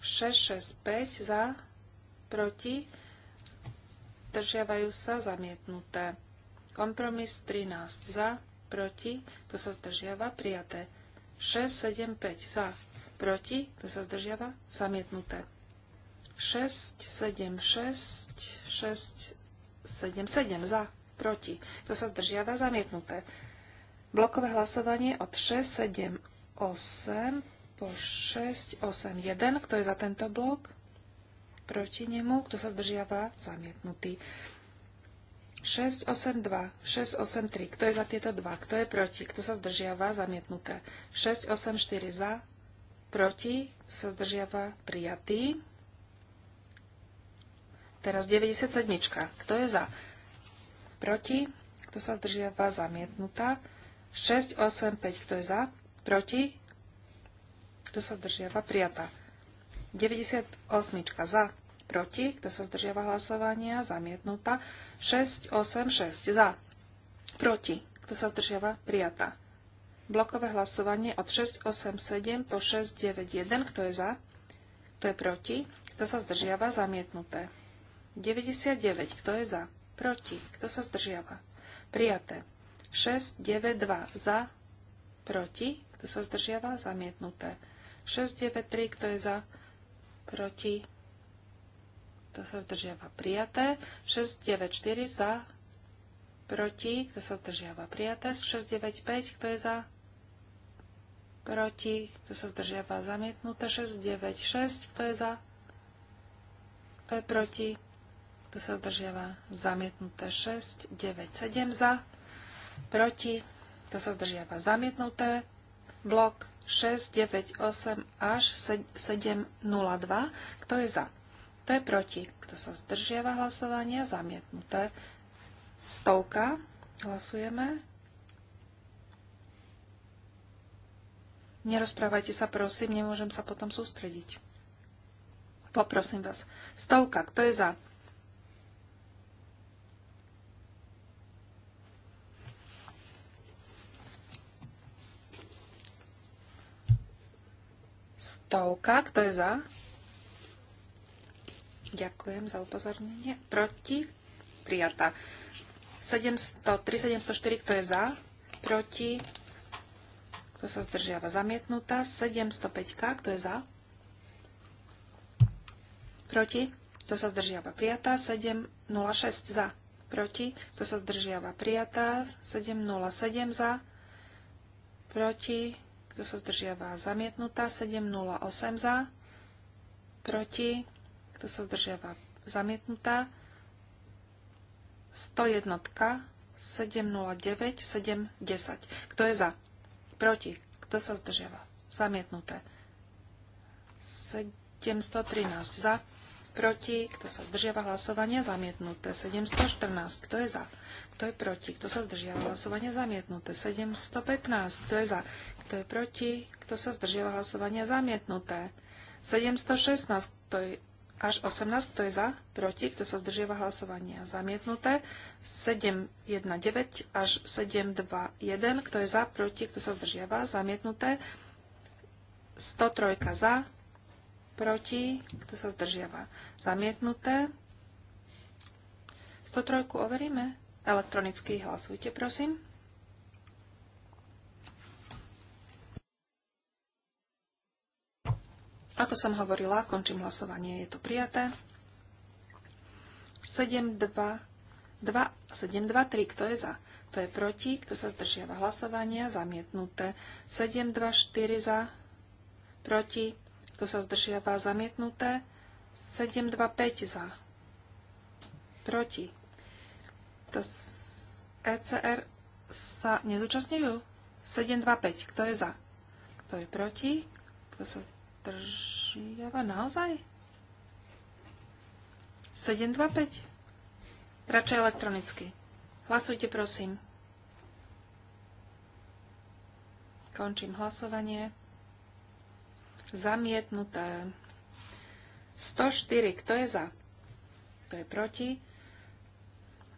6, 6, 5 za, proti, zdržiavajú sa, zamietnuté. Kompromis 13 za, proti, to sa zdržiava, prijaté. 6, 7, 5 za, proti, to sa zdržiava, zamietnuté. 6, 7, 6, 6, 7, 7 za, proti, to sa zdržiava, zamietnuté. Blokové hlasovanie od 6, 7, 8 po 6, 8, 1. Kto je za tento blok? Proti nemu. Kto sa zdržiava? Zamietnutý. 6, 8, 2, 6, 8, 3. Kto je za tieto dva? Kto je proti? Kto sa zdržiava? Zamietnuté. 6, 8, 4 za. Proti? Kto sa zdržiava? Prijatý. Teraz 97. Kto je za? Proti? Kto sa zdržiava? Zamietnutá. 6, 8, 5. Kto je za? Proti? Kto sa zdržiava? Prijatá. 98 za. Proti? Kto sa zdržiava hlasovania? Zamietnutá. 6 za. Proti? Kto sa zdržiava? Prijatá. Blokové hlasovanie od 6, 8, 7, po 1. Kto je za? Kto je proti? Kto sa zdržiava? Zamietnuté. 99. Kto je za? Proti. Kto sa zdržiava? Prijaté. 6, 9, 2. Za. Proti. Kto sa zdržiava? Zamietnuté. 693. Kto je za? Proti. Kto sa zdržiava? Prijaté. 694. Za. Proti. Kto sa zdržiava? Prijaté. 695. Kto je za? Proti. Kto sa zdržiava? Zamietnuté. 696. Kto je za? Kto je proti? Kto sa zdržiava? Zamietnuté 6, 9, 7 za. Proti. Kto sa zdržiava? Zamietnuté blok 698 až 702. Kto je za? Kto je proti? Kto sa zdržiava hlasovania? Zamietnuté. Stovka. Hlasujeme. Nerozprávajte sa, prosím, nemôžem sa potom sústrediť. Poprosím vás. Stovka. Kto je za? stovka. Kto je za? Ďakujem za upozornenie. Proti? Prijatá. 703, 704, kto je za? Proti? Kto sa zdržiava? Zamietnutá. 705, kto je za? Proti? Kto sa zdržiava? Prijatá. 706 za. Proti? Kto sa zdržiava? Prijatá. 707 za. Proti? Kto sa zdržiava? Zamietnutá. 708 za. Proti. Kto sa zdržiava? Zamietnutá. 101. 709. 710. Kto je za? Proti. Kto sa zdržiava? Zamietnuté. 713 za. Proti. Kto sa zdržiava hlasovanie? Zamietnuté. 714. Kto je za? Kto je proti? Kto sa zdržiava hlasovanie? Zamietnuté. 715. Kto je za? Kto je proti? Kto sa zdržiava hlasovania? Zamietnuté. 716. Kto je až 18, kto je za, proti, kto sa zdržiava hlasovania. Zamietnuté. 719 až 721, kto je za, proti, kto sa zdržiava. Zamietnuté. 103 za, proti, kto sa zdržiava. Zamietnuté. 103 overíme. Elektronicky hlasujte, prosím. Ako som hovorila, končím hlasovanie, je to prijaté. 7, 2, 2, 7, 2, 3, kto je za? Kto je proti? Kto sa zdržiava hlasovania? Zamietnuté. 7, 2, 4 za. Proti. Kto sa zdržiava? Zamietnuté. 7, 2, 5 za. Proti. Kto z ECR sa nezúčastňujú? 7, 2, 5. Kto je za? Kto je proti? Kto sa zdržiava naozaj? 725? Radšej elektronicky. Hlasujte, prosím. Končím hlasovanie. Zamietnuté. 104. Kto je za? Kto je proti?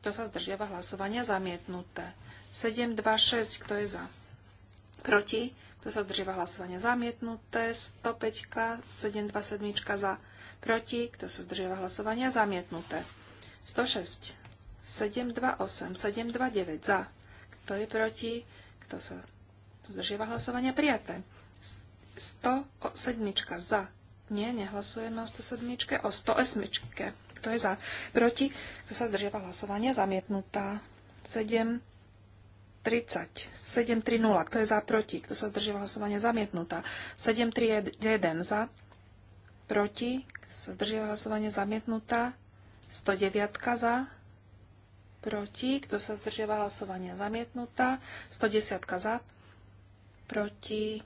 Kto sa zdržiava hlasovania? Zamietnuté. 726. Kto je za? Proti? To sa zdržiava hlasovania zamietnuté. 105, 727 za, proti. Kto sa zdržiava hlasovania zamietnuté. 106, 728, 729 za. Kto je proti? Kto sa zdržiava hlasovania prijaté? 107 za. Nie, nehlasujeme o 107, o 108. Kto je za? Proti? Kto sa zdržiava hlasovania? Zamietnutá. 7, 30. 730. Kto je za proti? Kto sa zdržal hlasovania? Zamietnutá. 731 za proti. Kto sa zdržuje hlasovania? Zamietnutá. 109 za proti. Kto sa zdržiava hlasovania? Zamietnutá. 110 za proti.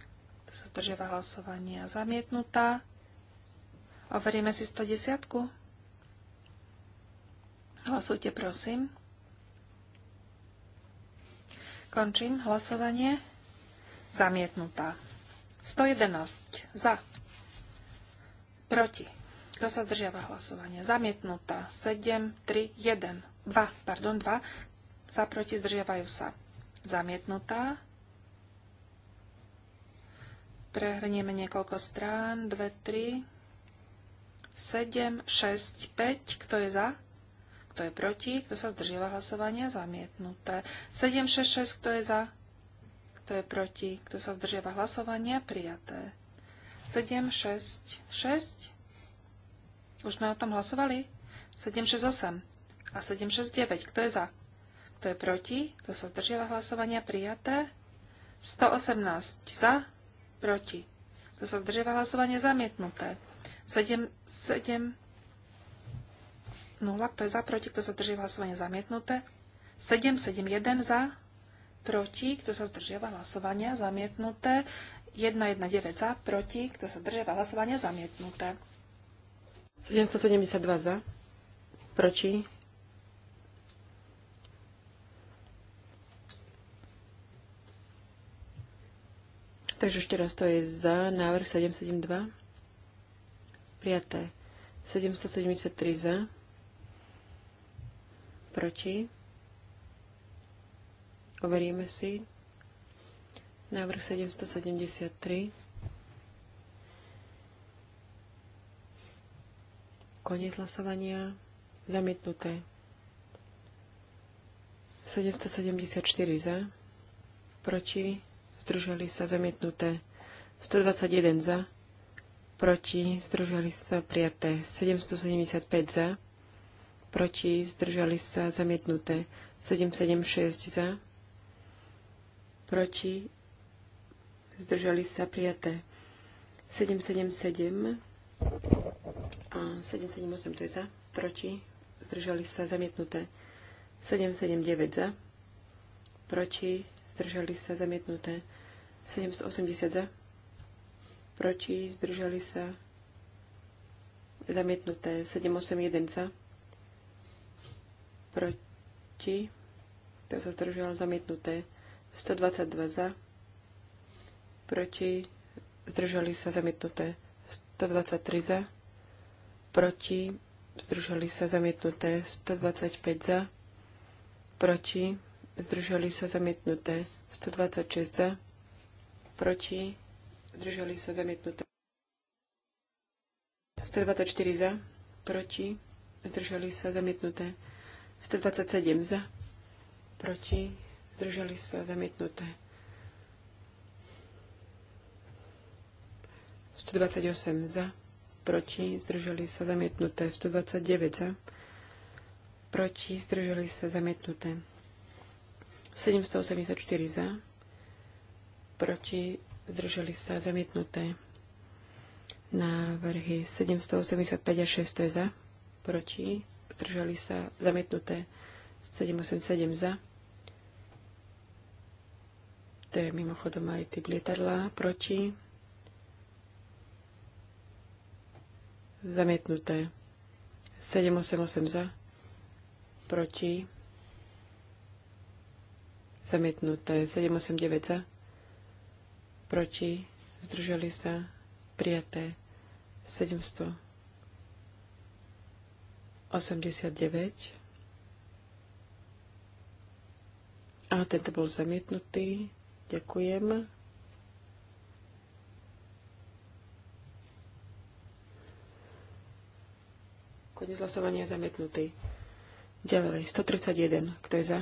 Kto sa zdržiava hlasovania? Zamietnutá. Overíme si 110. Hlasujte, prosím. Končím hlasovanie. Zamietnutá. 111 za. Proti. Kto sa zdržiava hlasovanie? Zamietnutá. 7, 3, 1, 2, pardon, 2. Za proti zdržiavajú sa. Zamietnutá. Prehrnieme niekoľko strán. 2, 3, 7, 6, 5. Kto je za? Kto je proti? Kto sa zdržíva hlasovania? Zamietnuté. 766. Kto je za? Kto je proti? Kto sa zdržíva hlasovania? Prijaté. 766. Už sme o tom hlasovali? 768 a 769. Kto je za? Kto je proti? Kto sa zdržíva hlasovania? Prijaté. 118 za, proti. Kto sa zdržíva hlasovania? Zamietnuté. 7, 7, 0, kto je za, proti, kto sa drží hlasovanie zamietnuté. 771 za, proti, kto sa zdržiava hlasovania zamietnuté. 9 za, proti, kto sa zdržiava hlasovania zamietnuté. 772 za, proti. Takže ešte raz to je za návrh 772. Prijaté. 773 za proti. Overíme si. Návrh 773. Koniec hlasovania. Zamietnuté. 774 za. Proti. Zdržali sa zamietnuté. 121 za. Proti. Zdržali sa prijaté. 775 za proti, zdržali sa, zamietnuté. 776 za, proti, zdržali sa, prijaté. 777 a 778 to je za, proti, zdržali sa, zamietnuté. 779 za, proti, zdržali sa, zamietnuté. 780 za, proti, zdržali sa, zamietnuté. 781 za, proti, to sa zdržalo zamietnuté. 122 za, proti, zdržali sa, zamietnuté. 123 za, proti, zdržali sa, zamietnuté. 125 za, proti, zdržali sa, zamietnuté. 126 za, proti, zdržali sa, zamietnuté. 124 za, proti, zdržali sa, zamietnuté. 127 za, proti, zdržali sa zamietnuté. 128 za, proti, zdržali sa zamietnuté. 129 za, proti, zdržali sa zamietnuté. 784 za, proti, zdržali sa zamietnuté. Návrhy 785 a je za, proti, zdržali sa zamietnuté 787 za. To je mimochodom aj typ lietadla proti. Zamietnuté 788 za. Proti. Zamietnuté 789 za. Proti. Zdržali sa. Prijaté 700. 89. A tento bol zamietnutý. Ďakujem. Konec hlasovania je zamietnutý. Ďalej, 131. Kto je za?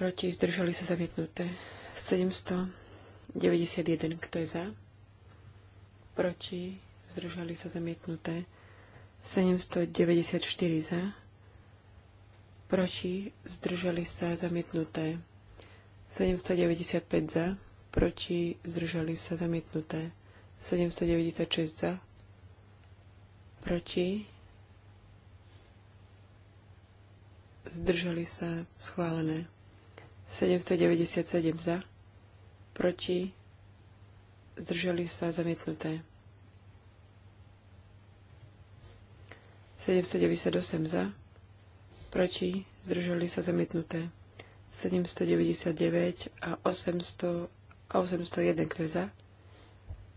Proti, zdržali sa zamietnuté. 791. Kto je za? Proti, zdržali sa zamietnuté. 794 za, proti, zdržali sa zamietnuté. 795 za, proti, zdržali sa zamietnuté. 796 za, proti, zdržali sa schválené. 797 za, proti, zdržali sa zamietnuté. 798 za, proti, zdržali sa zamietnuté. 799 a 800 a 801, kto je za,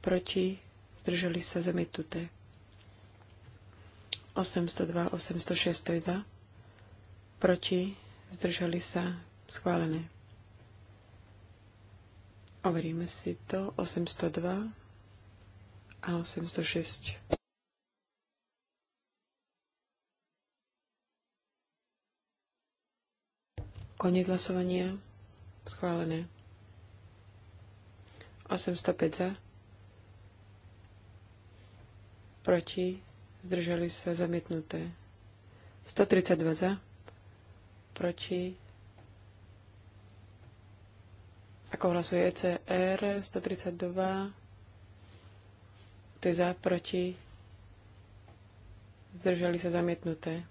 proti, zdržali sa zamietnuté. 802, 806, to je za, proti, zdržali sa schválené. Overíme si to. 802 a 806. Koniec hlasovania. Schválené. 805 za. Proti. Zdržali sa zamietnuté. 132 za. Proti. Ako hlasuje ECR? 132. Ty za, proti. Zdržali sa zamietnuté.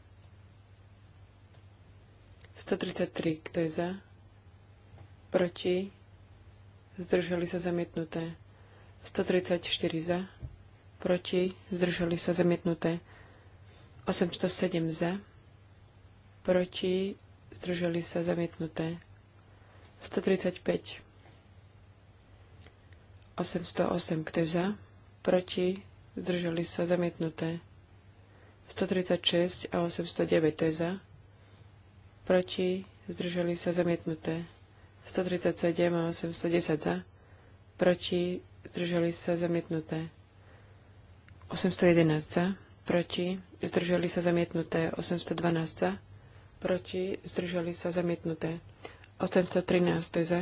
133. Kto je za? Proti? Zdržali sa zamietnuté. 134 za. Proti? Zdržali sa zamietnuté. 807 za. Proti? Zdržali sa zamietnuté. 135. 808. Kto je za? Proti? Zdržali sa zamietnuté. 136 a 809. To je za? proti, zdržali sa zamietnuté. 137 a 810 za, proti, zdržali sa zamietnuté. 811 za, proti, zdržali sa zamietnuté. 812 za, proti, zdržali sa zamietnuté. 813 za,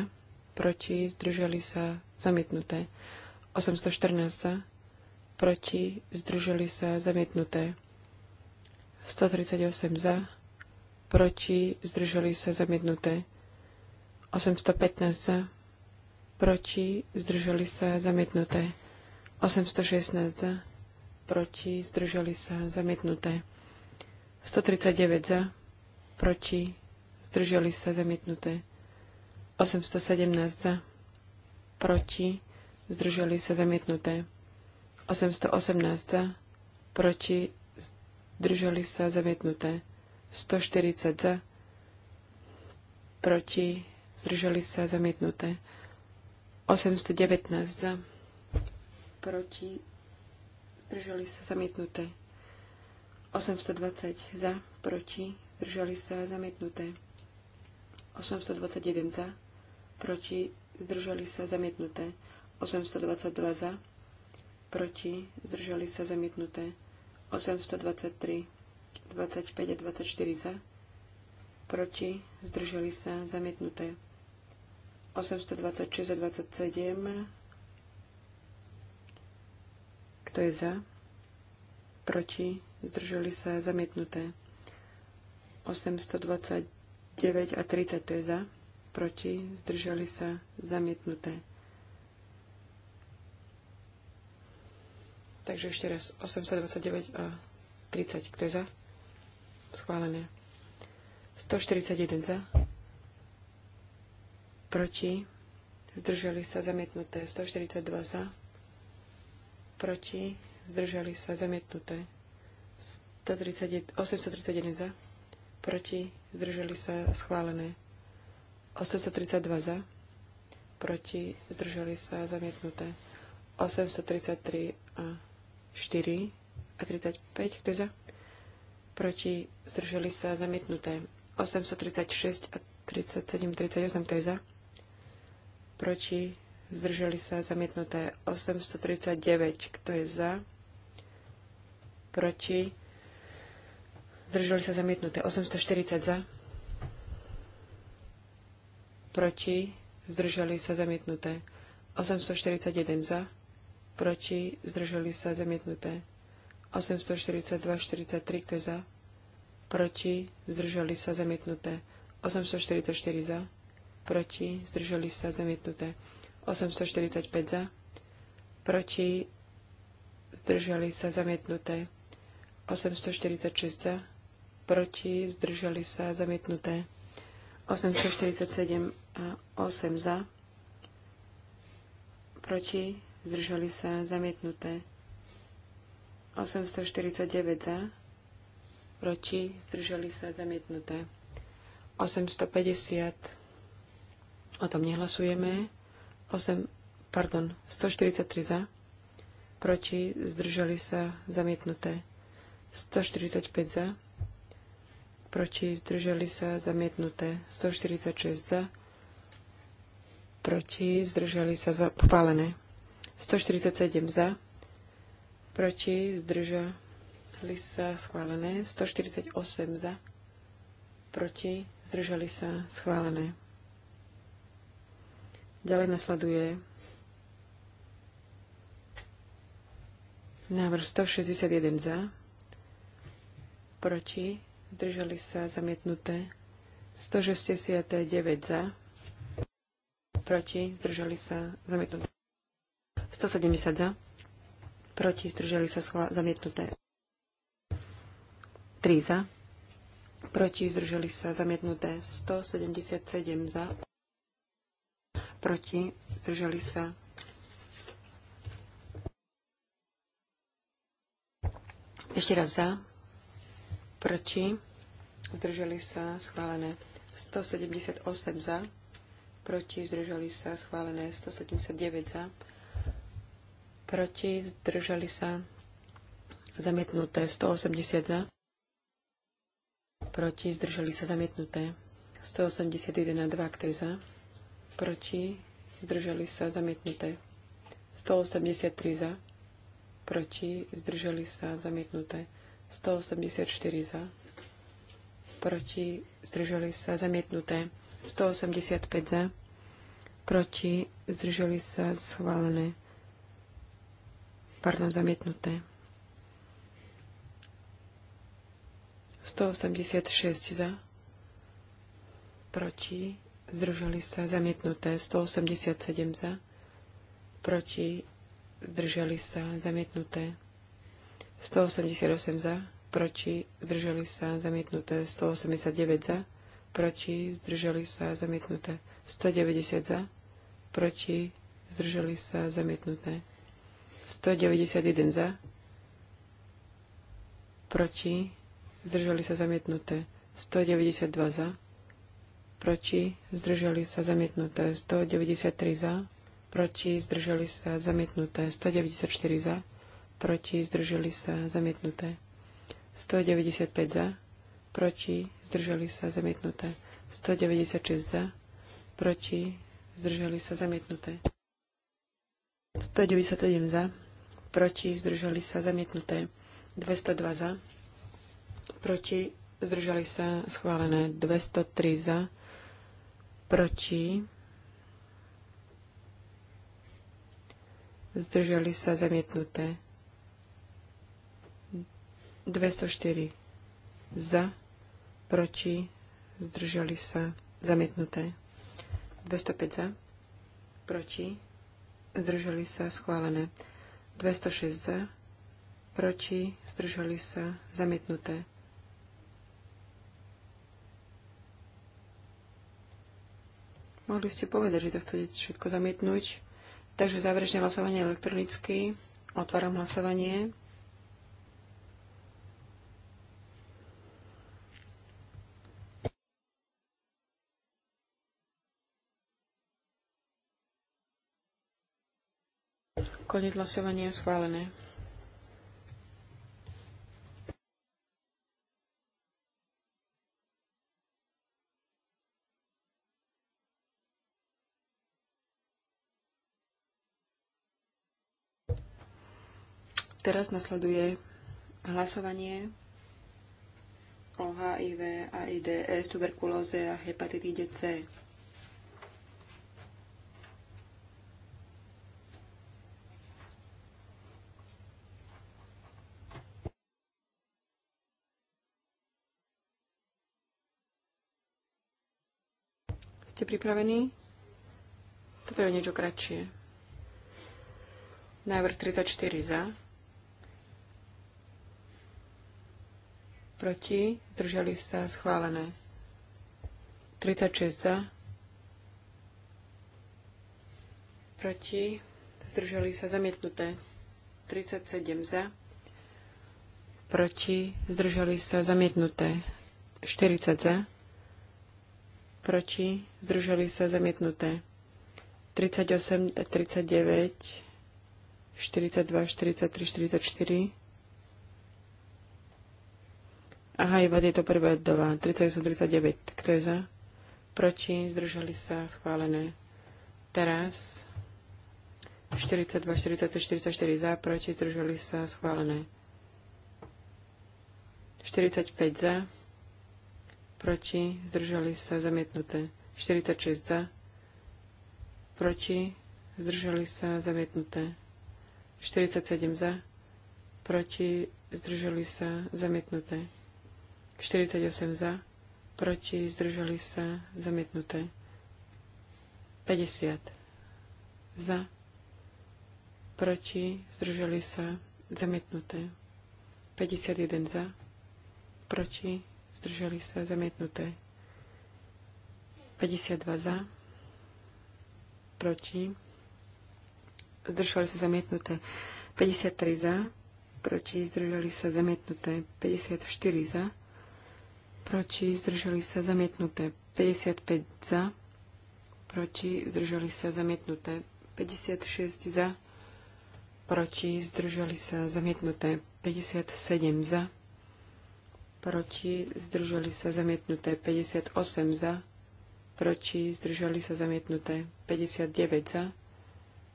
proti, zdržali sa zamietnuté. 814 za, proti, zdržali sa zamietnuté. 138 za, proti, zdržali sa zamietnuté. 815 za, proti, zdržali sa zamietnuté. 816 za, proti, zdržali sa zamietnuté. 139 za, proti, zdržali sa zamietnuté. 817 za, proti, zdržali sa zamietnuté. 818 za, proti, zdržali sa zamietnuté. 140 za, proti, zdržali sa zamietnuté. 819 za, proti, zdržali sa zamietnuté. 820 za, proti, zdržali sa zamietnuté. 821 za, proti, zdržali sa zamietnuté. 822 za, proti, zdržali sa zamietnuté. 823 25 a 24 za, proti, zdržali sa, zamietnuté. 826 a 27, kto je za, proti, zdržali sa, zamietnuté. 829 a 30, to je za, proti, zdržali sa, zamietnuté. Takže ešte raz 829 a 30. Kto je za? Schválené. 141 za. Proti. Zdržali sa zamietnuté. 142 za. Proti. Zdržali sa zamietnuté. 831 za. Proti. Zdržali sa schválené. 832 za. Proti. Zdržali sa zamietnuté. 833 a 4 a 35. Kto je za? proti, zdrželi sa zamietnuté. 836 a 37, 38, to je za. Proti, zdrželi sa zamietnuté. 839, kto je za. Proti, zdrželi sa zamietnuté. 840 za. Proti, zdrželi sa zamietnuté. 841 za. Proti, zdrželi sa zamietnuté. 842, 43, kto je za? Proti, zdržali sa zamietnuté. 844 za, proti, zdržali sa zamietnuté. 845 za, proti, zdržali sa zamietnuté. 846 za, proti, zdržali sa zamietnuté. 847 a 8 za, proti, zdržali sa zamietnuté. 849 za, proti, zdržali sa zamietnuté. 850, o tom nehlasujeme. 8, pardon, 143 za, proti, zdržali sa zamietnuté. 145 za, proti, zdržali sa zamietnuté. 146 za, proti, zdržali sa popálené. 147 za, proti, zdržali sa schválené. 148 za, proti, zdržali sa schválené. Ďalej nasleduje návrh 161 za, proti, zdržali sa zamietnuté 169 za, proti, zdržali sa zamietnuté 170 za, proti, zdržali sa schvá- zamietnuté. 3 za, proti, zdržali sa zamietnuté. 177 za, proti, zdržali sa Ešte raz za, proti, zdržali sa, schválené. 178 za, proti, zdržali sa, schválené. 179 za, proti, zdržali sa zamietnuté 180 za, proti, zdržali sa zamietnuté 181 a 2, kto je za, proti, zdržali sa zamietnuté 183 za, proti, zdržali sa zamietnuté 184 za, proti, zdržali sa zamietnuté 185 za, proti, zdržali sa schválené Pardon, zamietnuté. 186 za, proti, zdržali sa, zamietnuté. 187 za, proti, zdržali sa, zamietnuté. 188 za, proti, zdržali sa, zamietnuté. 189 za, proti, zdržali sa, zamietnuté. 190 za, proti, zdržali sa, zamietnuté. 191 za, proti, zdržali sa zamietnuté 192 za, proti, zdržali sa zamietnuté 193 za, proti, zdržali sa zamietnuté 194 za, proti, zdržali sa zamietnuté 195 za, proti, zdržali sa zamietnuté 196 za, proti, zdržali sa zamietnuté. 197 za, proti, zdržali sa, zamietnuté. 202 za, proti, zdržali sa, schválené. 203 za, proti, zdržali sa, zamietnuté. 204 za, proti, zdržali sa, zamietnuté. 205 za, proti, zdržali sa, schválené. 206 za, proti, zdržali sa, zamietnuté. Mohli ste povedať, že to chcete všetko zamietnúť. Takže záverečné hlasovanie elektronicky. Otváram hlasovanie. Koniec hlasovania schválené. Teraz nasleduje hlasovanie o HIV, AIDS, e, tuberkulóze a hepatitíde C. Ste pripravení? Toto je niečo kratšie. Návrh 34 za. Proti. Zdržali sa schválené. 36 za. Proti. Zdržali sa zamietnuté. 37 za. Proti. Zdržali sa zamietnuté. 40 za proti, zdržali sa zamietnuté. 38, 39, 42, 43, 44. Aha, iba tieto prvé dva. 38, 39. Kto je za? Proti, zdržali sa, schválené. Teraz 42, 43, 44 za, proti, zdržali sa, schválené. 45 za, proti, zdržali sa zamietnuté. 46 za, proti, zdržali sa zamietnuté. 47 za, proti, zdržali sa zamietnuté. 48 za, proti, zdržali sa zamietnuté. 50 za, proti, zdržali sa zamietnuté. 51 za, proti, zdržali sa zamietnuté. 52 za, proti, zdržali sa zamietnuté. 53 za, proti, zdržali sa zamietnuté. 54 za, proti, zdržali sa zamietnuté. 55 za, proti, zdržali sa zamietnuté. 56 za, proti, zdržali sa zamietnuté. 57 za, proti, zdržali sa zamietnuté 58 za, proti, zdržali sa zamietnuté 59 za,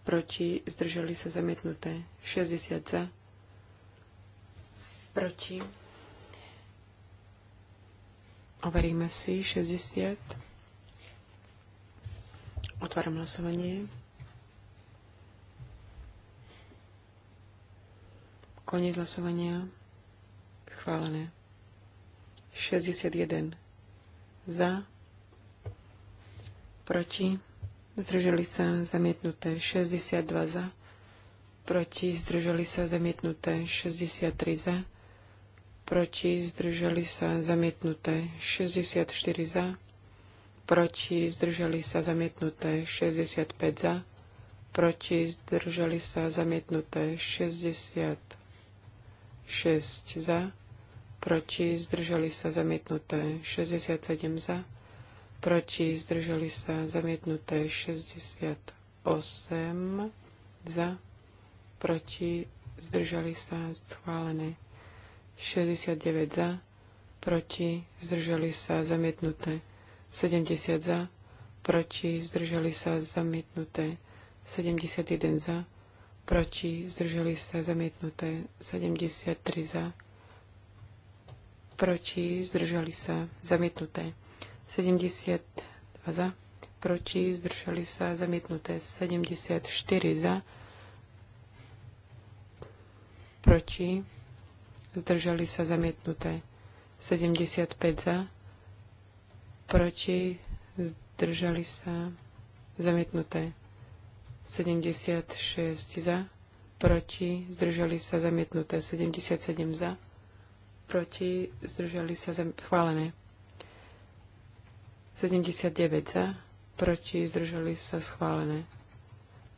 proti, zdržali sa zamietnuté 60 za, proti. Overíme si 60. Otváram hlasovanie. Koniec hlasovania. Schválené. 61 za, proti, zdržali sa zamietnuté 62 za, proti, zdržali sa zamietnuté 63 za, proti, zdržali sa zamietnuté 64 za, proti, zdržali sa zamietnuté 65 za, proti, zdržali sa zamietnuté 66 za, proti zdržali sa zamietnuté 67 za, proti zdržali sa zamietnuté 68 za, proti zdržali sa schválené 69 za, proti zdržali sa zamietnuté 70 za, proti zdržali sa zamietnuté 71 za, proti zdržali sa zamietnuté 73 za, proti, zdržali sa, zamietnuté. 72 za, proti, zdržali sa, zamietnuté. 74 za, proti, zdržali sa, zamietnuté. 75 za, proti, zdržali sa, zamietnuté. 76 za, proti, zdržali sa, zamietnuté. 77 za, proti, zdržali sa schválené. 79 za, proti, zdržali sa schválené.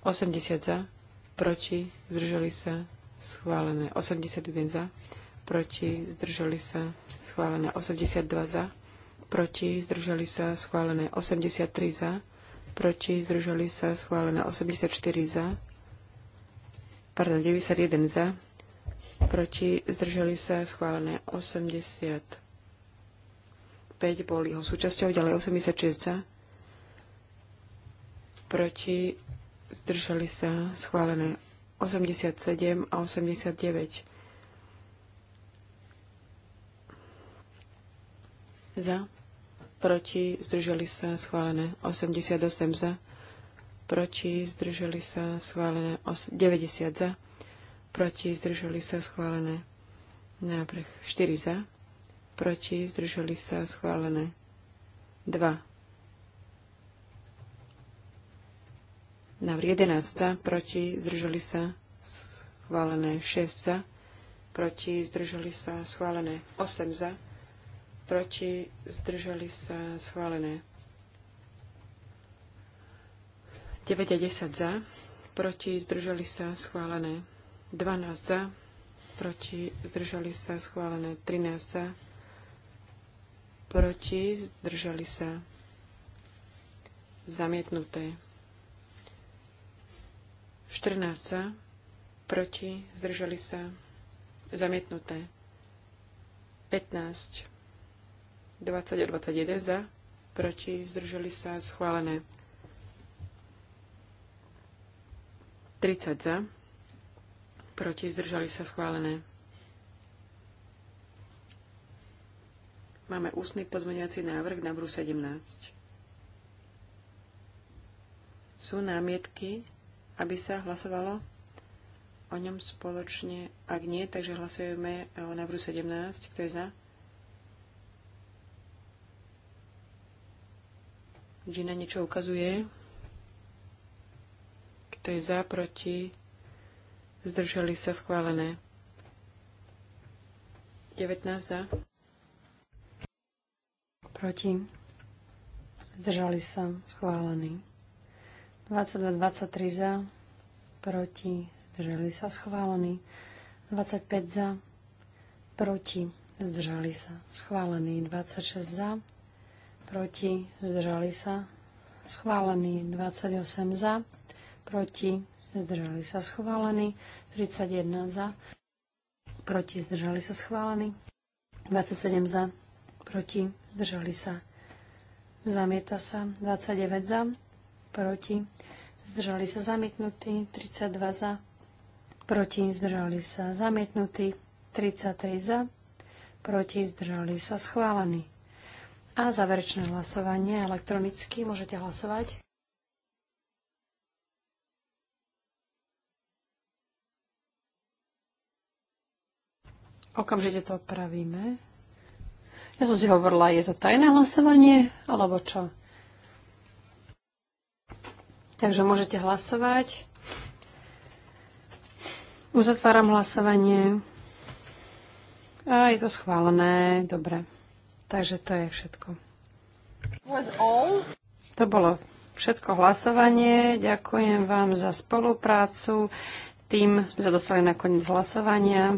80 za, proti, zdržali sa schválené. 81 za, proti, zdržali sa schválené. 82 za, proti, zdržali sa schválené. 83 za, proti, zdržali sa schválené. 84 za, pardon, 91 za, proti, zdrželi sa schválené 85, boli ho súčasťou, ďalej 86 za, proti, zdrželi sa schválené 87 a 89. Za, proti, zdrželi sa schválené 88 za, proti, zdrželi sa schválené 90 za, proti, zdržali sa schválené. Návrh 4 za, proti, zdržali sa schválené. 2. Návrh 11 za, proti, zdržali sa schválené. 6 za, proti, zdržali sa schválené. 8 za, proti, zdržali sa schválené. 9 a 10 za, proti, zdržali sa schválené. 12 za, proti zdržali sa schválené 13 za, proti zdržali sa zamietnuté 14 za, proti zdržali sa zamietnuté 15 20 a 21 za, proti zdržali sa schválené 30 za, proti, zdržali sa schválené. Máme ústny pozmeňovací návrh na bru 17. Sú námietky, aby sa hlasovalo o ňom spoločne? Ak nie, takže hlasujeme o návrhu 17. Kto je za? Gina niečo ukazuje. Kto je za, proti? zdržali sa schválené. 19 za. Proti. Zdržali sa schválení. 22, 23 za. Proti. Zdržali sa schválení. 25 za. Proti. Zdržali sa schválení. 26 za. Proti. Zdržali sa schválení. 28 za. Proti zdržali sa schválení, 31 za, proti, zdržali sa schválení, 27 za, proti, zdržali sa, zamieta sa, 29 za, proti, zdržali sa zamietnutí, 32 za, proti, zdržali sa zamietnutí, 33 za, proti, zdržali sa schválení. A záverečné hlasovanie elektronicky môžete hlasovať. Okamžite to opravíme. Ja som si hovorila, je to tajné hlasovanie, alebo čo? Takže môžete hlasovať. Uzatváram hlasovanie. A je to schválené. Dobre. Takže to je všetko. To bolo všetko hlasovanie. Ďakujem vám za spoluprácu. Tým sme sa dostali na koniec hlasovania.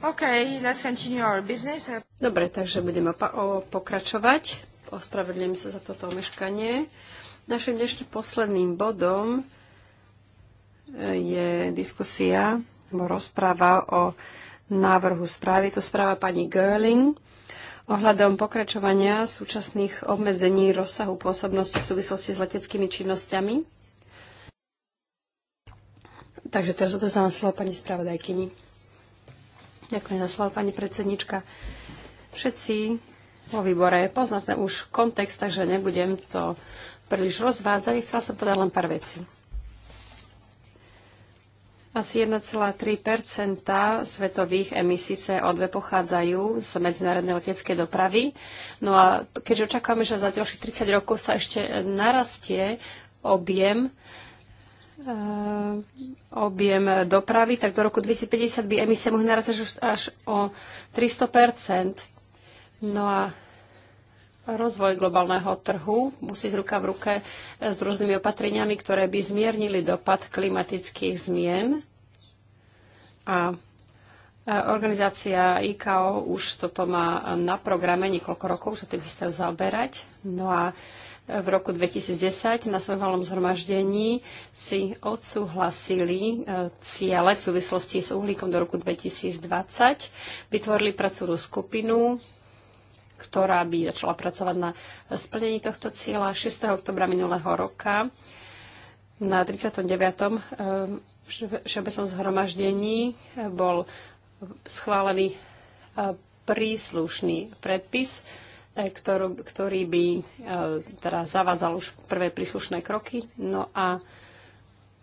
Okay, let's continue our business. Dobre, takže budeme pokračovať. Ospravedlňujem sa za toto omeškanie. Našim dnešným posledným bodom e, je diskusia alebo rozpráva o návrhu správy. To správa pani Görling ohľadom pokračovania súčasných obmedzení rozsahu pôsobnosti v súvislosti s leteckými činnosťami. Takže teraz odozdávam slovo pani spravodajkyni. Ďakujem za slovo, pani predsednička. Všetci vo výbore poznáte už kontext, takže nebudem to príliš rozvádzať. Chcela sa povedať len pár vecí. Asi 1,3 svetových emisí CO2 pochádzajú z medzinárodnej leteckej dopravy. No a keďže očakávame, že za ďalších 30 rokov sa ešte narastie objem Eh, objem dopravy, tak do roku 2050 by emisie mohli narastať až o 300 No a rozvoj globálneho trhu musí z ruka v ruke s rôznymi opatreniami, ktoré by zmiernili dopad klimatických zmien. A organizácia IKO už toto má na programe niekoľko rokov, sa tým chce zaoberať. No a v roku 2010 na svojom valnom zhromaždení si odsúhlasili e, ciele v súvislosti s uhlíkom do roku 2020. Vytvorili pracovnú skupinu, ktorá by začala pracovať na splnení tohto cieľa 6. oktobra minulého roka na 39. E, všeobecnom zhromaždení e, bol schválený príslušný predpis, E, ktorú, ktorý by e, teda zavádzal už prvé príslušné kroky. No a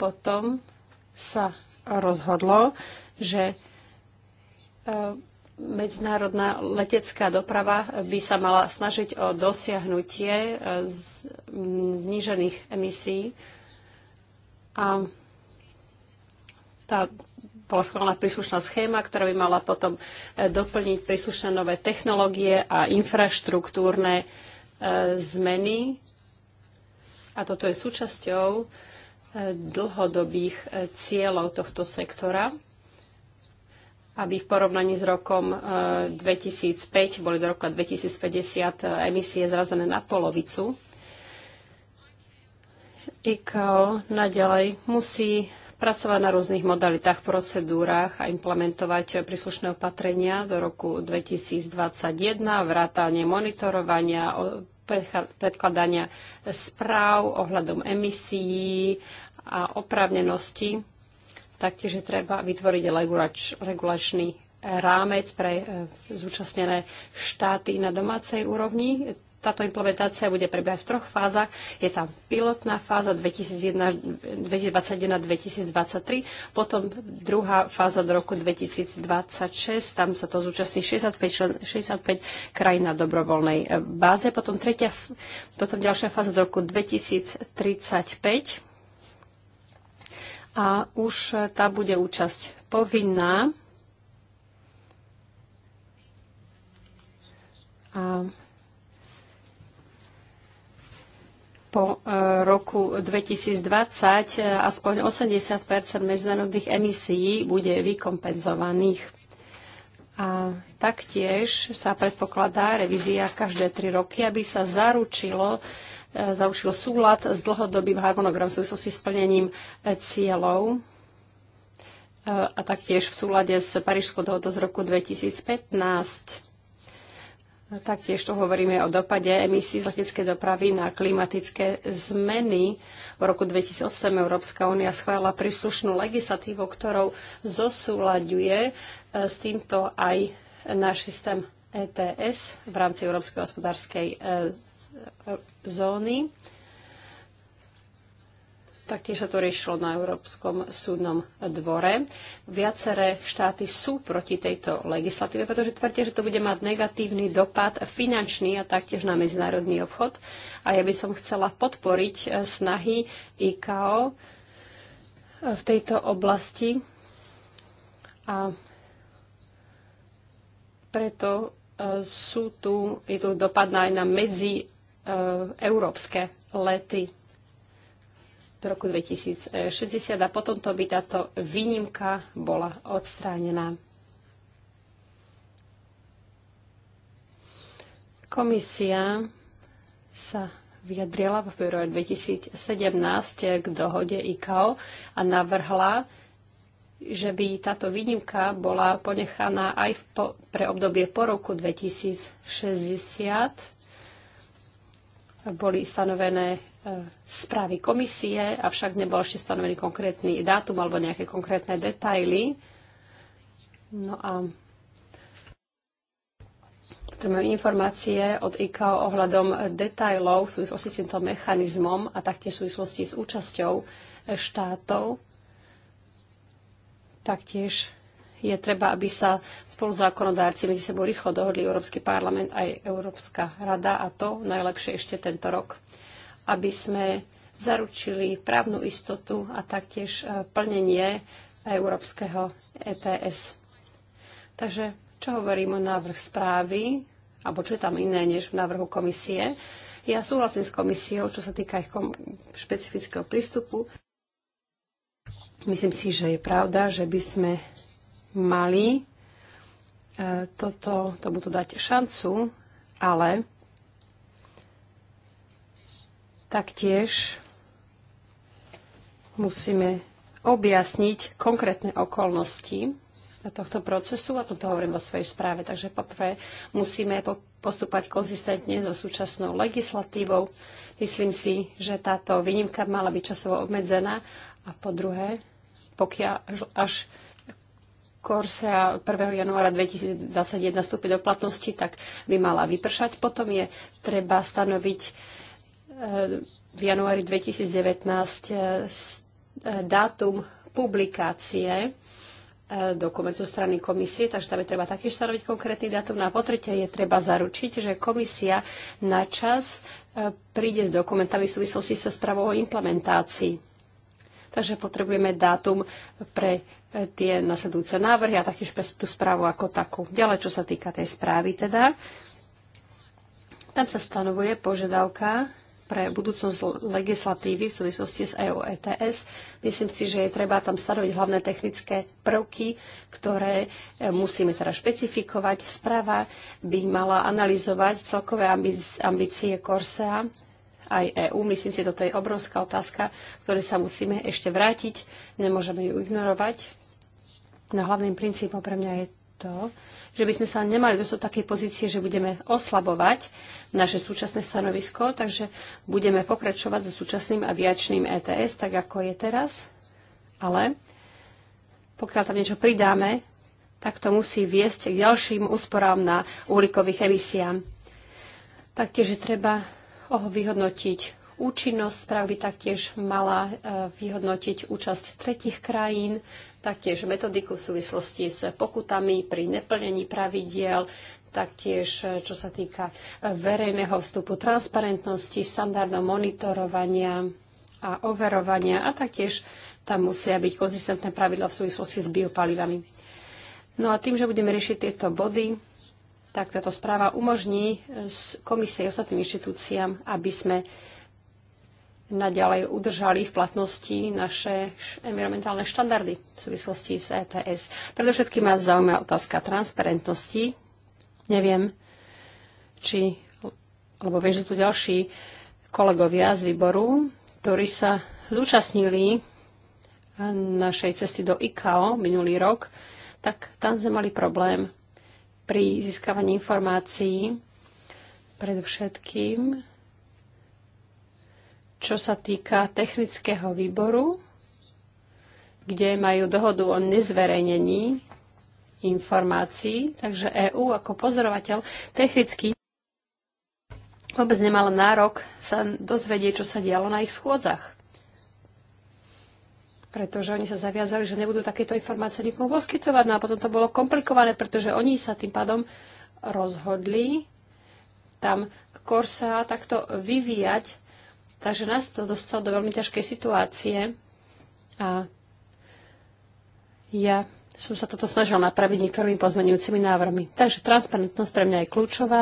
potom sa rozhodlo, že e, medzinárodná letecká doprava by sa mala snažiť o dosiahnutie znížených emisí. A tá bola schválená príslušná schéma, ktorá by mala potom e, doplniť príslušné nové technológie a infraštruktúrne e, zmeny. A toto je súčasťou e, dlhodobých cieľov tohto sektora, aby v porovnaní s rokom 2005, boli do roka 2050 emisie zrazené na polovicu. ICAO naďalej musí pracovať na rôznych modalitách, procedúrach a implementovať príslušné opatrenia do roku 2021, vrátanie monitorovania, predkladania správ ohľadom emisií a oprávnenosti. Taktiež je treba vytvoriť regulač, regulačný rámec pre e, zúčastnené štáty na domácej úrovni táto implementácia bude prebiehať v troch fázach. Je tam pilotná fáza 2021-2023, potom druhá fáza do roku 2026, tam sa to zúčastní 65, 65 krajín na dobrovoľnej e, báze, potom, tretia, potom ďalšia fáza do roku 2035 a už e, tá bude účasť povinná. A po e, roku 2020 e, aspoň 80 medzinárodných emisí bude vykompenzovaných. A taktiež sa predpokladá revízia každé tri roky, aby sa zaručilo, e, zaručil súlad s dlhodobým harmonogramom v súvislosti s plnením cieľov a taktiež v súlade s Parížskou dohodou z roku 2015. Taktiež tu hovoríme o dopade emisí z leteckej dopravy na klimatické zmeny. V roku 2008 Európska únia schválila príslušnú legislatívu, ktorou zosúľaďuje e, s týmto aj náš systém ETS v rámci Európskej hospodárskej e, e, zóny. Taktiež sa to riešilo na Európskom súdnom dvore. Viaceré štáty sú proti tejto legislatíve, pretože tvrdia, že to bude mať negatívny dopad finančný a taktiež na medzinárodný obchod. A ja by som chcela podporiť eh, snahy IKO eh, v tejto oblasti. A preto eh, sú tu, je tu dopad aj na medzi európske lety do roku 2060 a potom to by táto výnimka bola odstránená. Komisia sa vyjadrila v februári 2017 k dohode ICAO a navrhla, že by táto výnimka bola ponechaná aj v po, pre obdobie po roku 2060. Boli stanovené správy komisie, avšak nebol ešte stanovený konkrétny dátum alebo nejaké konkrétne detaily. No a potrebujeme informácie od IKO ohľadom detajlov v súvislosti s týmto mechanizmom a taktiež v súvislosti s účasťou štátov. Taktiež je treba, aby sa zákonodárci medzi sebou rýchlo dohodli Európsky parlament aj Európska rada a to najlepšie ešte tento rok aby sme zaručili právnu istotu a taktiež e, plnenie európskeho ETS. Takže čo hovorím o návrh správy, alebo čo je tam iné než v návrhu komisie? Ja súhlasím s komisiou, čo sa týka ich špecifického prístupu. Myslím si, že je pravda, že by sme mali e, toto, tomu dať šancu, ale Taktiež musíme objasniť konkrétne okolnosti tohto procesu, a toto hovorím o svojej správe, takže poprvé musíme postúpať konzistentne so súčasnou legislatívou. Myslím si, že táto výnimka mala byť časovo obmedzená a po druhé, pokiaľ až Korsea 1. januára 2021 vstúpi do platnosti, tak by mala vypršať. Potom je treba stanoviť v januári 2019 e, e, dátum publikácie e, dokumentu strany komisie, takže tam je treba taký stanoviť konkrétny dátum. No a po tretie je treba zaručiť, že komisia na čas príde s dokumentami v súvislosti so správou o implementácii. Takže potrebujeme dátum pre tie nasledujúce návrhy a taktiež pre tú správu ako takú. Ďalej, čo sa týka tej správy teda, tam sa stanovuje požiadavka pre budúcnosť legislatívy v súvislosti s EU ETS. Myslím si, že je treba tam stanoviť hlavné technické prvky, ktoré e, musíme teda špecifikovať. Správa by mala analyzovať celkové ambície CORSEA aj EÚ. Myslím si, že toto je obrovská otázka, ktorej sa musíme ešte vrátiť. Nemôžeme ju ignorovať. Na no, hlavným princípom pre mňa je to, že by sme sa nemali dosť do takej pozície, že budeme oslabovať naše súčasné stanovisko, takže budeme pokračovať so súčasným aviačným ETS, tak ako je teraz. Ale pokiaľ tam niečo pridáme, tak to musí viesť k ďalším úsporám na uhlíkových emisiám. Taktiež je treba vyhodnotiť Účinnosť správ by taktiež mala e, vyhodnotiť účasť tretich krajín, taktiež metodiku v súvislosti s pokutami pri neplnení pravidiel, taktiež e, čo sa týka e, verejného vstupu, transparentnosti, štandardov monitorovania a overovania a taktiež tam musia byť konzistentné pravidla v súvislosti s biopalivami. No a tým, že budeme riešiť tieto body, tak táto správa umožní komisie a ostatným inštitúciám, aby sme naďalej udržali v platnosti naše environmentálne štandardy v súvislosti s ETS. Predovšetkým ma zaujíma otázka transparentnosti. Neviem, či, lebo viem, že tu ďalší kolegovia z výboru, ktorí sa zúčastnili našej cesty do ICAO minulý rok, tak tam sme mali problém pri získavaní informácií predovšetkým čo sa týka technického výboru, kde majú dohodu o nezverejnení informácií, takže EÚ ako pozorovateľ technicky vôbec nemala nárok sa dozvedieť, čo sa dialo na ich schôdzach. Pretože oni sa zaviazali, že nebudú takéto informácie nikomu poskytovať. No a potom to bolo komplikované, pretože oni sa tým pádom rozhodli tam Korsa takto vyvíjať Takže nás to dostalo do veľmi ťažkej situácie a ja som sa toto snažil napraviť niektorými pozmenujúcimi návrhmi. Takže transparentnosť pre mňa je kľúčová.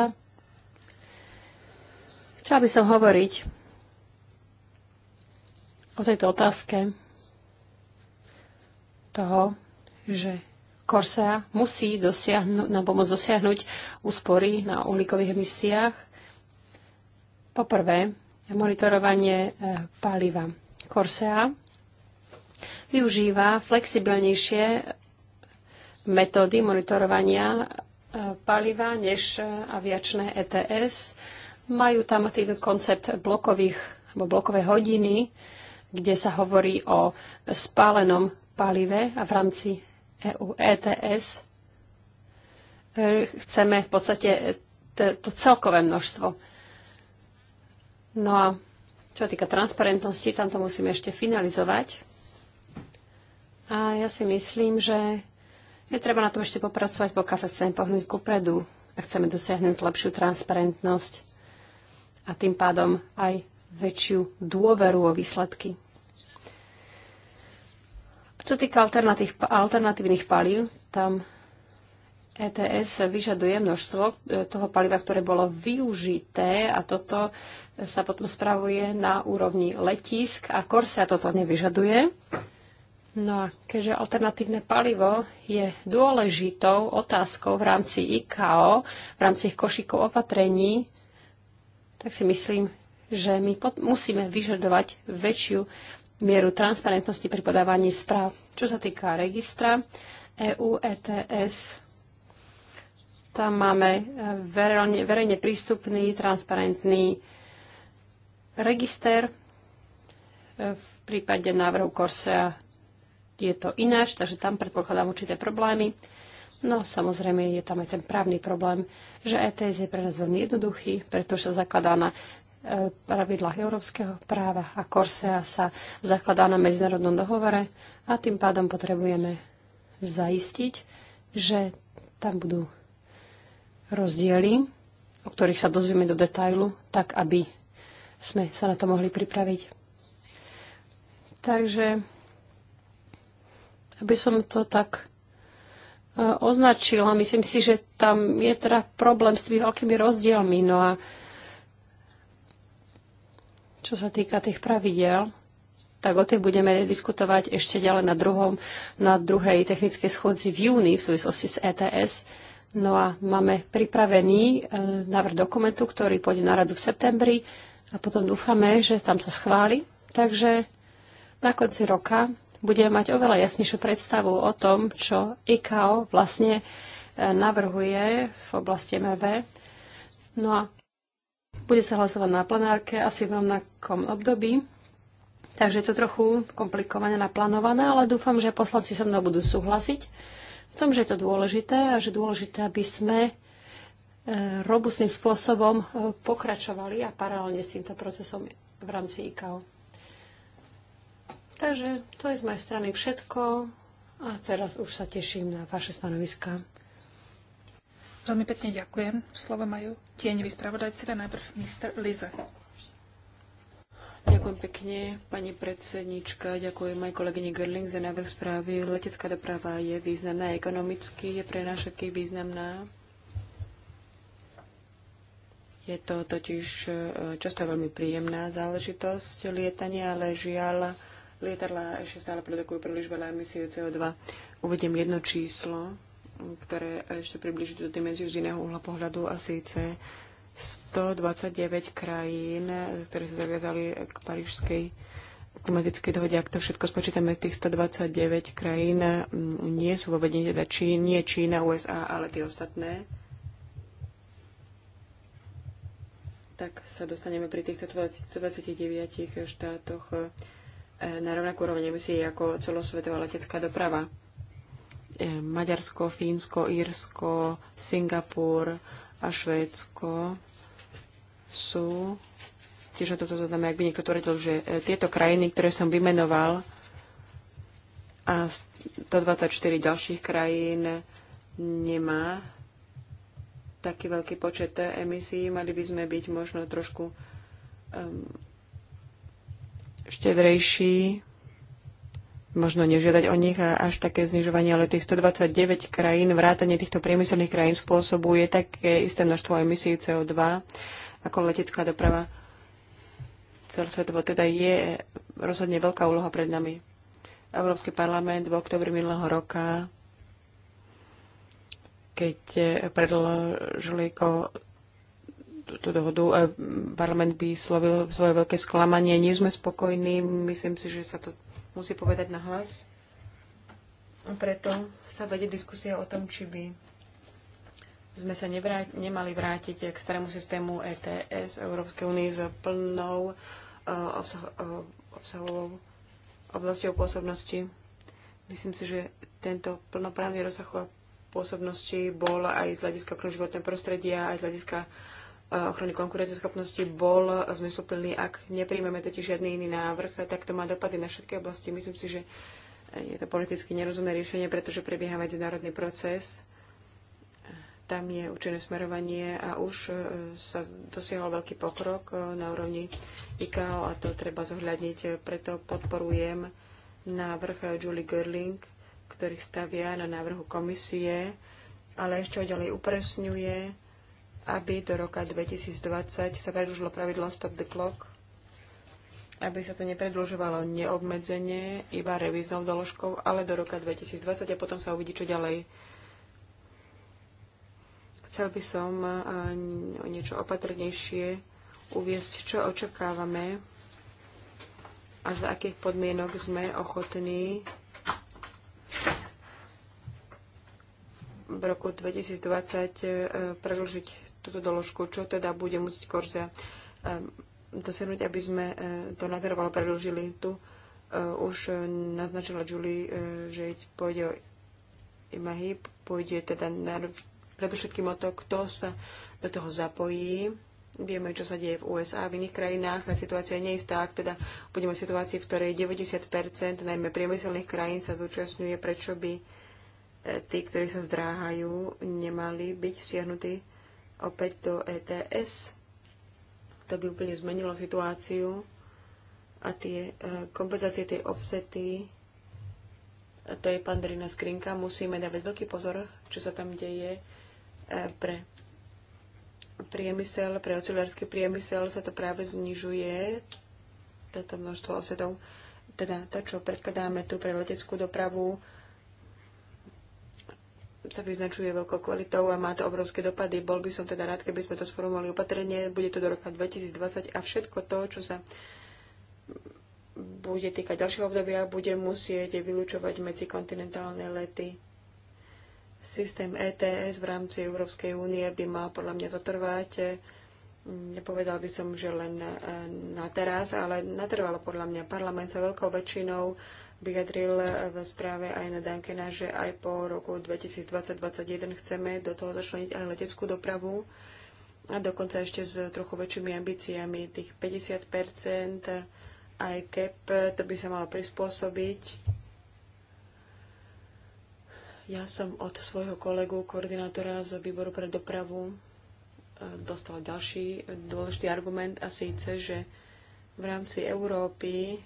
Chcela by som hovoriť o tejto otázke toho, že Corsair musí dosiahnuť, nám pomôcť dosiahnuť úspory na uhlíkových emisiách. Poprvé, monitorovanie e, paliva. Corsea využíva flexibilnejšie metódy monitorovania e, paliva než e, aviačné ETS. Majú tam ten koncept blokových alebo blokové hodiny, kde sa hovorí o spálenom palive a v rámci EU ETS chceme v podstate to celkové množstvo No a čo týka transparentnosti, tam to musíme ešte finalizovať. A ja si myslím, že je treba na tom ešte popracovať, pokiaľ sa chceme pohnúť predu, a chceme dosiahnuť lepšiu transparentnosť a tým pádom aj väčšiu dôveru o výsledky. Čo týka alternatív, alternatívnych palív, tam ETS vyžaduje množstvo e, toho paliva, ktoré bolo využité a toto sa potom spravuje na úrovni letísk a Korsia toto nevyžaduje. No a keďže alternatívne palivo je dôležitou otázkou v rámci IKO, v rámci ich košíkov opatrení, tak si myslím, že my musíme vyžadovať väčšiu mieru transparentnosti pri podávaní správ. Čo sa týka registra EU ETS, tam máme eh, verejne, verejne prístupný, transparentný register. E, v prípade návrhu Corsea je to ináč, takže tam predpokladám určité problémy. No samozrejme je tam aj ten právny problém, že ETS je pre nás veľmi jednoduchý, pretože sa zakladá na e, pravidlách európskeho práva a Korsea sa zakladá na medzinárodnom dohovore a tým pádom potrebujeme zaistiť, že tam budú rozdiely, o ktorých sa dozvieme do detailu, tak aby sme sa na to mohli pripraviť. Takže, aby som to tak e, označila, myslím si, že tam je teda problém s tými veľkými rozdielmi. No a čo sa týka tých pravidel, tak o tej budeme diskutovať ešte ďalej na, druhom, na druhej technickej schodzi v júni v súvislosti s ETS. No a máme pripravený e, návrh dokumentu, ktorý pôjde na radu v septembri a potom dúfame, že tam sa schváli. Takže na konci roka budeme mať oveľa jasnejšiu predstavu o tom, čo ICAO vlastne e, navrhuje v oblasti MRV. No a bude sa hlasovať na plenárke asi v rovnakom období. Takže je to trochu komplikované naplánované, ale dúfam, že poslanci so mnou budú súhlasiť v tom, že je to dôležité a že dôležité, aby sme robustným spôsobom e, pokračovali a paralelne s týmto procesom v rámci ICAO. Takže to je z mojej strany všetko a teraz už sa teším na vaše stanoviská. Veľmi pekne ďakujem. Slovo majú tieňoví a najprv mistr Lize. Ďakujem pekne, pani predsednička. Ďakujem aj kolegyni Gerling za návrh správy. Letecká doprava je významná ekonomicky, je pre nás všetkých významná je to totiž e, často veľmi príjemná záležitosť lietania, ale žiaľ, lietadla ešte stále produkujú príliš veľa emisí CO2. Uvediem jedno číslo, ktoré ešte približí tú dimenziu z iného uhla pohľadu a síce 129 krajín, ktoré sa zaviazali k parížskej klimatickej dohode, ak to všetko spočítame, tých 129 krajín mm, nie sú vo vedení, teda Čín, nie Čína, USA, ale tie ostatné. tak sa dostaneme pri týchto 20, štátoch eh, na rovnakú úroveň emisí ako celosvetová letecká doprava. Eh, Maďarsko, Fínsko, Írsko, Singapur a Švédsko sú tiež na toto zozname, ak by niekto tvrdil, že eh, tieto krajiny, ktoré som vymenoval, a 124 ďalších krajín nemá taký veľký počet emisí, mali by sme byť možno trošku um, štedrejší, možno nežiadať o nich a až také znižovanie, ale tých 129 krajín, vrátanie týchto priemyselných krajín spôsobuje také isté množstvo emisí CO2 ako letecká doprava celosvetovo. Teda je rozhodne veľká úloha pred nami. Európsky parlament v oktobri minulého roka keď e, predložili ko túto dohodu, e, parlament by slovil svoje veľké sklamanie. Nie sme spokojní, myslím si, že sa to musí povedať na hlas. Preto sa vedie diskusia o tom, či by sme sa nevráť, nemali vrátiť k starému systému ETS Európskej únie s plnou uh, obsahovou oblasťou pôsobnosti. Myslím si, že tento plnoprávny rozsah a pôsobnosti bol aj z hľadiska ochrany životného prostredia, aj z hľadiska eh, ochrany konkurenceschopnosti bol zmysluplný. Ak nepríjmeme totiž žiadny iný návrh, tak to má dopady na všetky oblasti. Myslím si, že eh, je to politicky nerozumné riešenie, pretože prebieha medzinárodný proces. Tam je určené smerovanie a už eh, sa dosiahol veľký pokrok na úrovni ICAO a to treba zohľadniť. Preto podporujem návrh Julie Gerling, ktorých stavia na návrhu komisie, ale ešte ďalej upresňuje, aby do roka 2020 sa predlžilo pravidlo stop the clock, aby sa to nepredlžovalo neobmedzenie, iba revíznou doložkou, ale do roka 2020 a potom sa uvidí, čo ďalej. Chcel by som o niečo opatrnejšie uviesť, čo očakávame a za akých podmienok sme ochotní v roku 2020 e, predlžiť túto doložku, čo teda bude musieť Korzia e, dosiahnuť, aby sme e, to natrvalo predlžili. Tu už naznačila Julie, že pôjde o Imahy, pôjde teda predovšetkým o to, kto sa do toho zapojí Vieme, čo sa deje v USA, a v iných krajinách a situácia je neistá. Ak teda budeme v situácii, v ktorej 90 najmä priemyselných krajín sa zúčastňuje, prečo by e, tí, ktorí sa zdráhajú, nemali byť stiahnutí opäť do ETS. To by úplne zmenilo situáciu a tie e, kompenzácie, tie offsety, to je pandorína skrinka, musíme dávať veľký pozor, čo sa tam deje e, pre priemysel, pre ocelársky priemysel sa to práve znižuje, toto množstvo osedov. Teda to, čo predkladáme tu pre leteckú dopravu, sa vyznačuje veľkou kvalitou a má to obrovské dopady. Bol by som teda rád, keby sme to sformovali opatrne. Bude to do roka 2020 a všetko to, čo sa bude týkať ďalšieho obdobia, bude musieť vylúčovať medzikontinentálne lety. Systém ETS v rámci Európskej únie by mal podľa mňa dotrvať. Nepovedal by som, že len e, na teraz, ale natrvalo podľa mňa. Parlament sa veľkou väčšinou vyjadril e, v správe aj na Dankena, že aj po roku 2020-2021 chceme do toho začleniť aj leteckú dopravu a dokonca ešte s trochu väčšími ambíciami, tých 50 aj CAP, to by sa malo prispôsobiť ja som od svojho kolegu, koordinátora z výboru pre dopravu, e, dostal ďalší dôležitý argument a síce, že v rámci Európy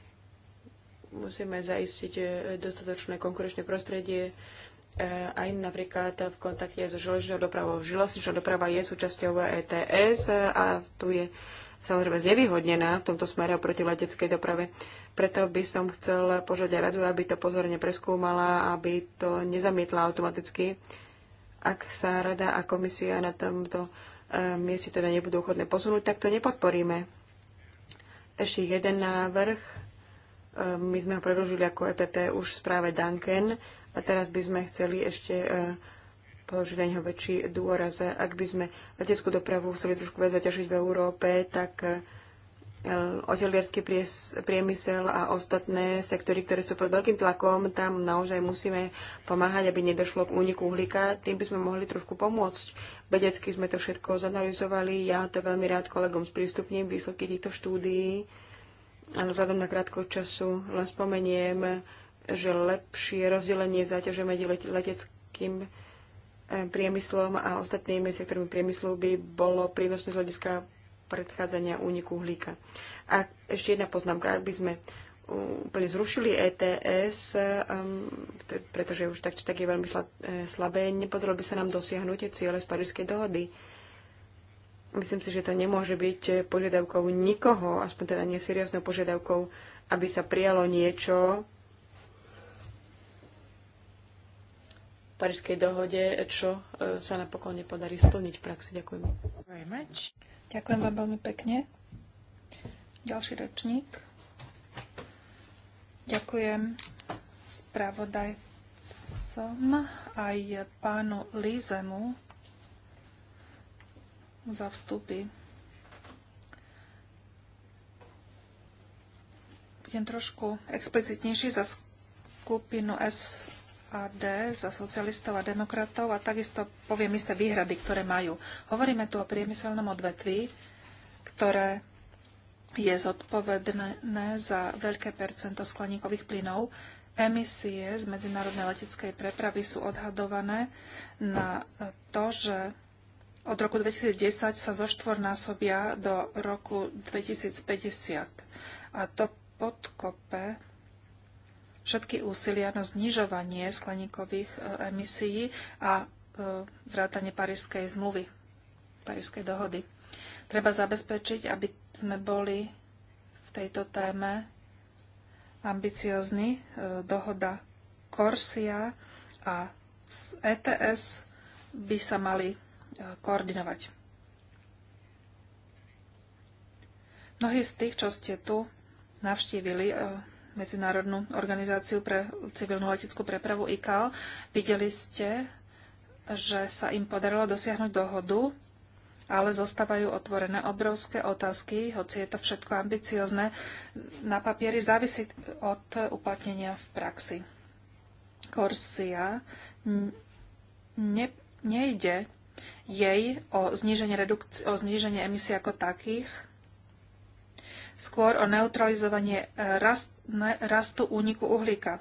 musíme zaistiť e, dostatočné konkurenčné prostredie e, aj napríklad v kontakte so železničnou dopravou. Železničná doprava je súčasťou ETS a tu je samozrejme znevýhodnená v tomto smere oproti leteckej doprave. Preto by som chcel požiadať radu, aby to pozorne preskúmala, aby to nezamietla automaticky, ak sa rada a komisia na tomto eh, mieste teda nebudú ochotné posunúť, tak to nepodporíme. Ešte jeden návrh. Eh, my sme ho predložili ako EPP už v správe Duncan a teraz by sme chceli ešte eh, položiť na neho väčší dôraz. Ak by sme leteckú dopravu chceli trošku viac zaťažiť v Európe, tak eh, oteliarský priemysel a ostatné sektory, ktoré sú pod veľkým tlakom, tam naozaj musíme pomáhať, aby nedošlo k úniku uhlíka. Tým by sme mohli trošku pomôcť. Vedecky sme to všetko zanalizovali. Ja to veľmi rád kolegom sprístupním výsledky týchto štúdií. Ale vzhľadom na krátko času len spomeniem, že lepšie rozdelenie záťaže medzi leteckým priemyslom a ostatnými sektormi priemyslu by bolo prínosné z hľadiska predchádzania úniku uhlíka. A ešte jedna poznámka, ak by sme úplne zrušili ETS, um, pretože už tak či tak je veľmi sla, e, slabé, nepodarilo by sa nám dosiahnuť ciele z Parížskej dohody. Myslím si, že to nemôže byť požiadavkou nikoho, aspoň teda nie požiadavkou, aby sa prijalo niečo, Parískej dohode, čo e, sa napokon nepodarí splniť v praxi. Ďakujem. Ďakujem vám veľmi pekne. Ďalší ročník. Ďakujem spravodajcom aj pánu Lízemu za vstupy. Budem trošku explicitnejší za skupinu S SAD, za socialistov a demokratov a takisto poviem isté výhrady, ktoré majú. Hovoríme tu o priemyselnom odvetví, ktoré je zodpovedné za veľké percento skleníkových plynov. Emisie z medzinárodnej leteckej prepravy sú odhadované na to, že od roku 2010 sa zoštvornásobia do roku 2050. A to podkope všetky úsilia na znižovanie skleníkových e, emisí a e, vrátanie Parískej zmluvy, Parískej dohody. Treba zabezpečiť, aby sme boli v tejto téme ambiciozni. E, dohoda Korsia a ETS by sa mali koordinovať. Mnohí z tých, čo ste tu navštívili, Medzinárodnú organizáciu pre civilnú leteckú prepravu ICAO. Videli ste, že sa im podarilo dosiahnuť dohodu, ale zostávajú otvorené obrovské otázky, hoci je to všetko ambiciozne. Na papieri závisí od uplatnenia v praxi. Korsia ne, nejde jej o zníženie, redukci- o zníženie emisí ako takých, skôr o neutralizovanie e, rast, rastu úniku uhlíka.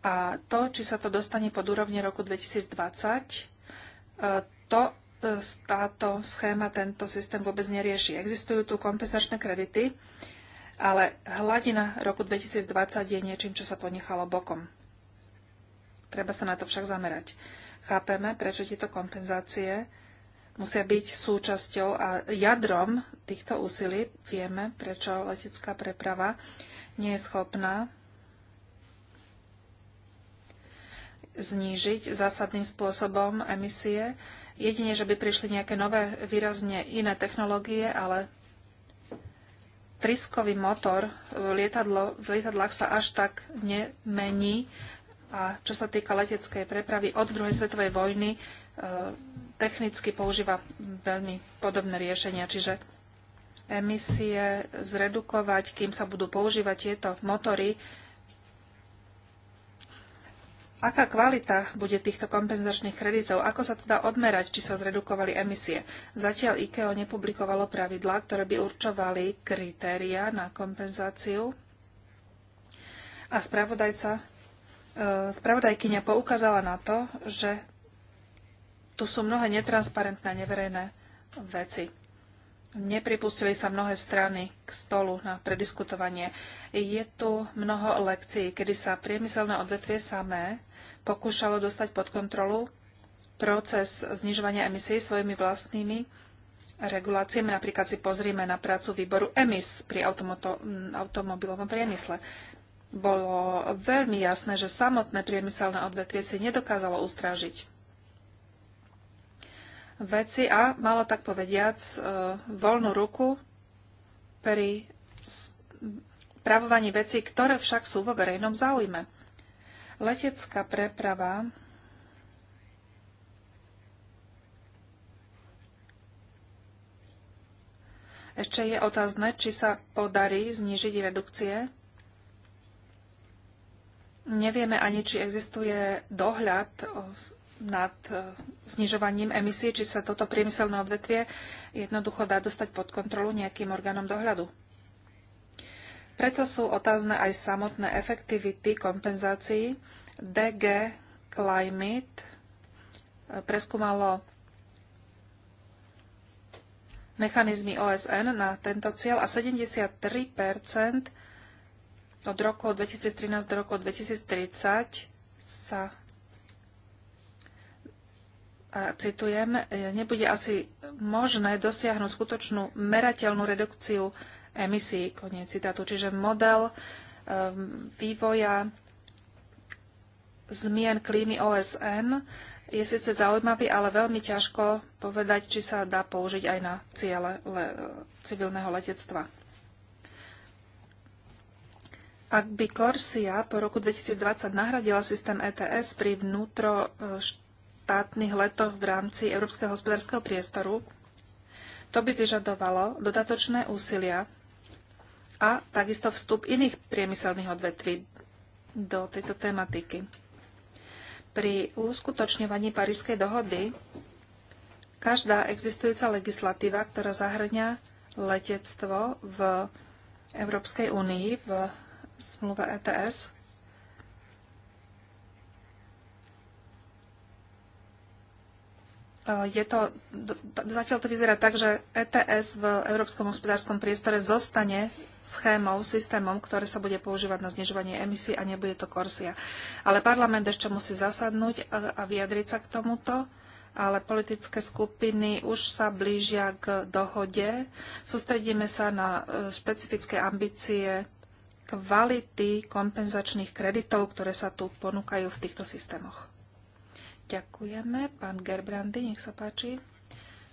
A to, či sa to dostane pod úrovne roku 2020, e, to e, táto schéma, tento systém vôbec nerieši. Existujú tu kompenzačné kredity, ale hladina roku 2020 je niečím, čo sa ponechalo bokom. Treba sa na to však zamerať. Chápeme, prečo tieto kompenzácie musia byť súčasťou a jadrom týchto úsilí. Vieme, prečo letecká preprava nie je schopná znížiť zásadným spôsobom emisie. Jedine, že by prišli nejaké nové, výrazne iné technológie, ale triskový motor v, lietadlo, v lietadlách sa až tak nemení. A čo sa týka leteckej prepravy, od druhej svetovej vojny e, technicky používa veľmi podobné riešenia, čiže emisie zredukovať, kým sa budú používať tieto motory. Aká kvalita bude týchto kompenzačných kreditov? Ako sa teda odmerať, či sa zredukovali emisie? Zatiaľ IKEO nepublikovalo pravidlá, ktoré by určovali kritéria na kompenzáciu. A spravodajca, e, spravodajkyňa poukázala na to, že tu sú mnohé netransparentné, neverejné veci. Nepripustili sa mnohé strany k stolu na prediskutovanie. Je tu mnoho lekcií, kedy sa priemyselné odvetvie samé pokúšalo dostať pod kontrolu proces znižovania emisí svojimi vlastnými reguláciami. Napríklad si pozrime na prácu výboru EMIS pri automobilovom priemysle bolo veľmi jasné, že samotné priemyselné odvetvie si nedokázalo ustražiť veci a malo tak povediac e, voľnú ruku pri pravovaní veci, ktoré však sú vo verejnom záujme. Letecká preprava Ešte je otázne, či sa podarí znižiť redukcie. Nevieme ani, či existuje dohľad nad e, znižovaním emisí, či sa toto priemyselné odvetvie jednoducho dá dostať pod kontrolu nejakým orgánom dohľadu. Preto sú otázne aj samotné efektivity kompenzácií. DG Climate e, preskúmalo mechanizmy OSN na tento cieľ a 73 od roku 2013 do roku 2030 sa a citujem, e, nebude asi možné dosiahnuť skutočnú merateľnú redukciu emisí, koniec citátu. Čiže model vývoja zmien klímy OSN je síce zaujímavý, ale veľmi ťažko povedať, či sa dá použiť aj na ciele le, civilného letectva. Ak by Corsia po roku 2020 nahradila systém ETS pri vnútro e, št, štátnych letoch v rámci Európskeho hospodárskeho priestoru. To by vyžadovalo dodatočné úsilia a takisto vstup iných priemyselných odvetví do tejto tematiky. Pri uskutočňovaní Parískej dohody každá existujúca legislatíva, ktorá zahrňa letectvo v Európskej únii v zmluve ETS, Eh, je to, zatiaľ to vyzerá tak, že ETS v európskom hospodárskom priestore zostane schémou, systémom, ktoré sa bude používať na znižovanie emisí a nebude to Korsia. Ale parlament ešte musí zasadnúť eh, a vyjadriť sa k tomuto, ale politické skupiny už sa blížia k dohode. Sústredíme sa na eh, špecifické ambície kvality kompenzačných kreditov, ktoré sa tu ponúkajú v týchto systémoch. Ďakujeme. Pán Gerbrandy, nech sa páči.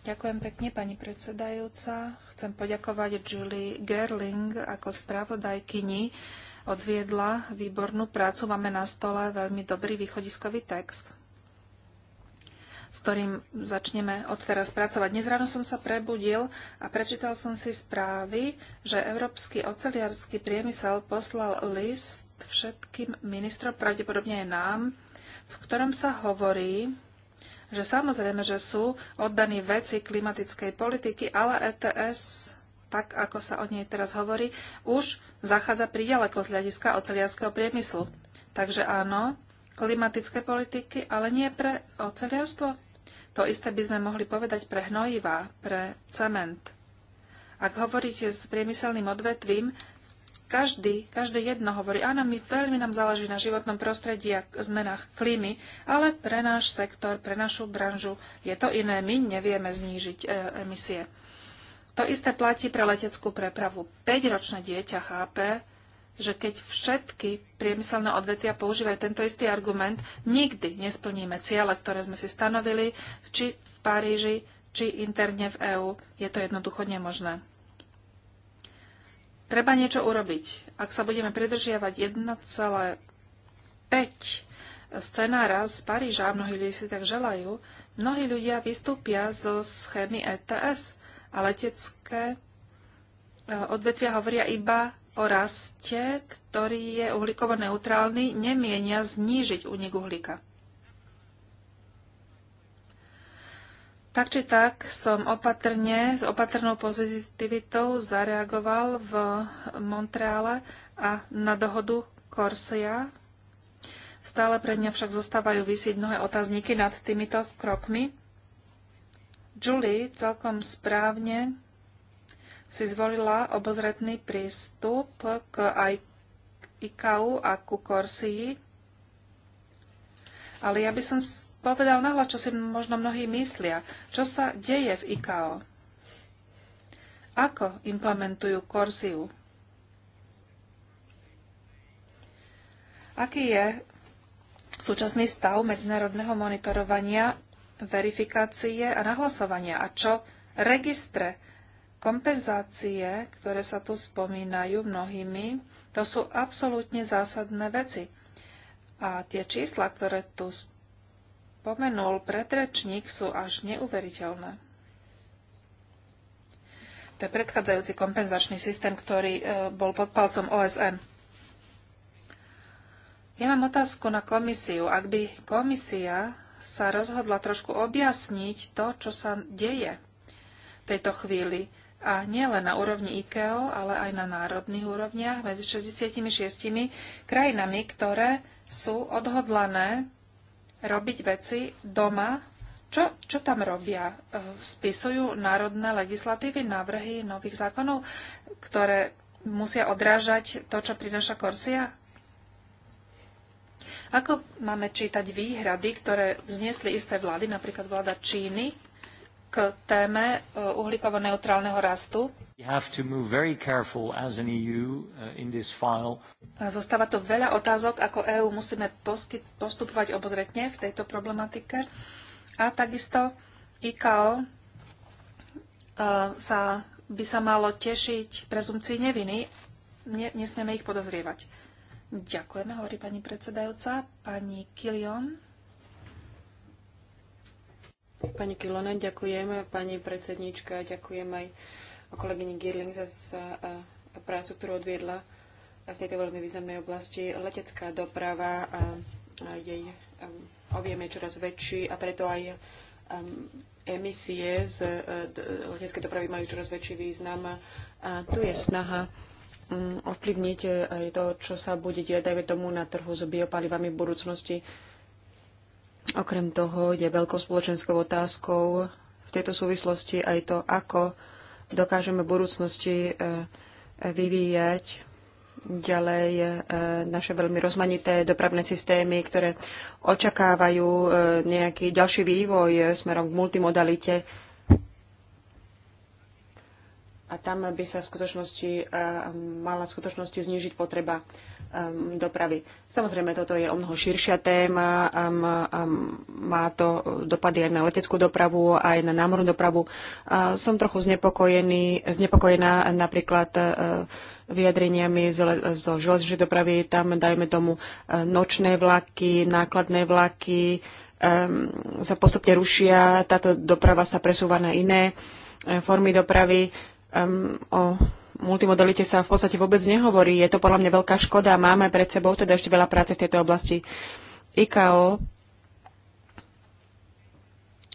Ďakujem pekne, pani predsedajúca. Chcem poďakovať Julie Gerling ako spravodajkyni. Odviedla výbornú prácu. Máme na stole veľmi dobrý východiskový text, s ktorým začneme odteraz pracovať. Dnes ráno som sa prebudil a prečítal som si správy, že Európsky oceliarský priemysel poslal list všetkým ministrom, pravdepodobne aj nám, v ktorom sa hovorí, že samozrejme, že sú oddaní veci klimatickej politiky, ale ETS, tak ako sa o nej teraz hovorí, už zachádza priďaleko z hľadiska oceliarského priemyslu. Takže áno, klimatické politiky, ale nie pre oceliarstvo. To isté by sme mohli povedať pre hnojivá, pre cement. Ak hovoríte s priemyselným odvetvím, každý, každé jedno hovorí, áno, my veľmi nám záleží na životnom prostredí a zmenách klímy, ale pre náš sektor, pre našu branžu je to iné. My nevieme znížiť e, emisie. To isté platí pre leteckú prepravu. 5-ročné dieťa chápe, že keď všetky priemyselné odvetvia používajú tento istý argument, nikdy nesplníme ciele, ktoré sme si stanovili, či v Paríži, či interne v EÚ. Je to jednoducho nemožné treba niečo urobiť. Ak sa budeme pridržiavať 1,5 scenára z Paríža, mnohí ľudia si tak želajú, mnohí ľudia vystúpia zo schémy ETS a letecké e, odvetvia hovoria iba o raste, ktorý je uhlíkovo neutrálny, nemienia znížiť únik uhlíka. Tak či tak som opatrne, s opatrnou pozitivitou zareagoval v Montreale a na dohodu Corsia. Stále pre mňa však zostávajú vysieť mnohé otázniky nad týmito krokmi. Julie celkom správne si zvolila obozretný prístup k aj ICAU a ku Corsii, ale ja by som povedal nahlas, čo si možno mnohí myslia. Čo sa deje v IKO. Ako implementujú Korsiu? Aký je súčasný stav medzinárodného monitorovania, verifikácie a nahlasovania? A čo registre kompenzácie, ktoré sa tu spomínajú mnohými, to sú absolútne zásadné veci. A tie čísla, ktoré tu spomínajú, pomenul predrečník, sú až neuveriteľné. To je predchádzajúci kompenzačný systém, ktorý e, bol pod palcom OSN. Ja mám otázku na komisiu. Ak by komisia sa rozhodla trošku objasniť to, čo sa deje v tejto chvíli, a nielen na úrovni IKEO, ale aj na národných úrovniach medzi 66 krajinami, ktoré sú odhodlané robiť veci doma. Čo, čo tam robia? E, spisujú národné legislatívy, návrhy nových zákonov, ktoré musia odrážať to, čo prináša Korsia? Ako máme čítať výhrady, ktoré vzniesli isté vlády, napríklad vláda Číny, k téme e, uhlíkovo-neutrálneho rastu. E e, zostáva tu veľa otázok, ako EÚ musíme postupovať obozretne v tejto problematike. A takisto IKO sa by sa malo tešiť prezumcii neviny. Ne, nesmieme ich podozrievať. Ďakujeme, hovorí pani predsedajúca. Pani Kilion. Pani Kilonen, ďakujem. Pani predsednička, ďakujem aj kolegyni Girling za, prácu, ktorú odviedla v tejto veľmi významnej oblasti. Letecká doprava a jej objem je čoraz väčší a preto aj um, emisie z e, leteckej dopravy majú čoraz väčší význam. A tu je snaha um, ovplyvniť e, aj to, čo sa bude diať, dajme tomu, na trhu s biopalivami v budúcnosti. Okrem toho je veľkou spoločenskou otázkou v tejto súvislosti aj to, ako dokážeme v budúcnosti e, e, vyvíjať ďalej e, naše veľmi rozmanité dopravné systémy, ktoré očakávajú nejaký ďalší vývoj smerom k multimodalite. A tam by sa v skutočnosti mala v skutočnosti znížiť potreba um, dopravy. Samozrejme, toto je o mnoho širšia téma. Um, um, má to dopady aj na leteckú dopravu, aj na námornú dopravu. Uh, som trochu znepokojený, znepokojená napríklad uh, vyjadreniami zo, zo železničnej dopravy. Tam, dajme tomu, uh, nočné vlaky, nákladné vlaky um, sa postupne rušia. Táto doprava sa presúva na iné uh, formy dopravy. Um, o multimodalite sa v podstate vôbec nehovorí. Je to podľa mňa veľká škoda. Máme pred sebou teda ešte veľa práce v tejto oblasti. IKO,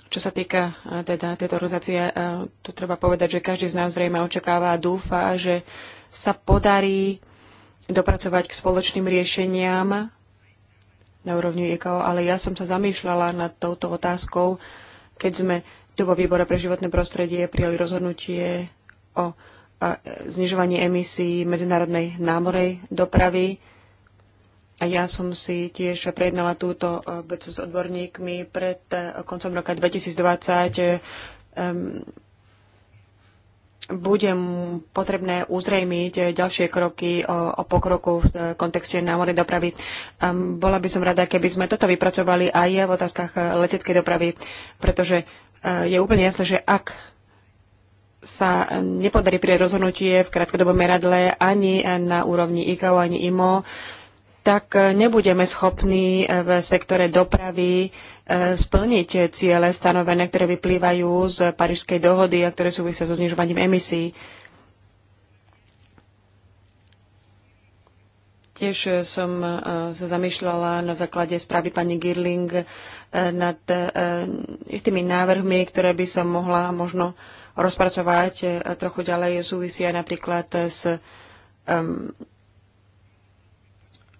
čo sa týka e, teda tejto organizácie, e, tu treba povedať, že každý z nás zrejme očakáva a dúfa, že sa podarí dopracovať k spoločným riešeniam na úrovni IKO, ale ja som sa zamýšľala nad touto otázkou, keď sme tu vo výbore pre životné prostredie prijali rozhodnutie o a znižovanie emisí medzinárodnej námorej dopravy. A ja som si tiež prejednala túto e, vec s odborníkmi pred e, koncom roka 2020. budem bude potrebné uzrejmiť e, ďalšie kroky o, o pokroku v kontexte námornej dopravy. Um, bola by som rada, keby sme toto vypracovali aj v otázkach leteckej dopravy, pretože uh, je úplne jasné, že ak sa nepodarí pri rozhodnutie v krátkodobom meradle ani na úrovni ICAO, ani IMO, tak nebudeme schopní v sektore dopravy e, splniť ciele stanovené, ktoré vyplývajú z Parížskej dohody a ktoré súvisia so znižovaním emisí. Tiež som e, sa zamýšľala na základe správy pani Girling e, nad istými návrhmi, ktoré by som mohla možno rozpracovať e, trochu ďalej, súvisia napríklad s um,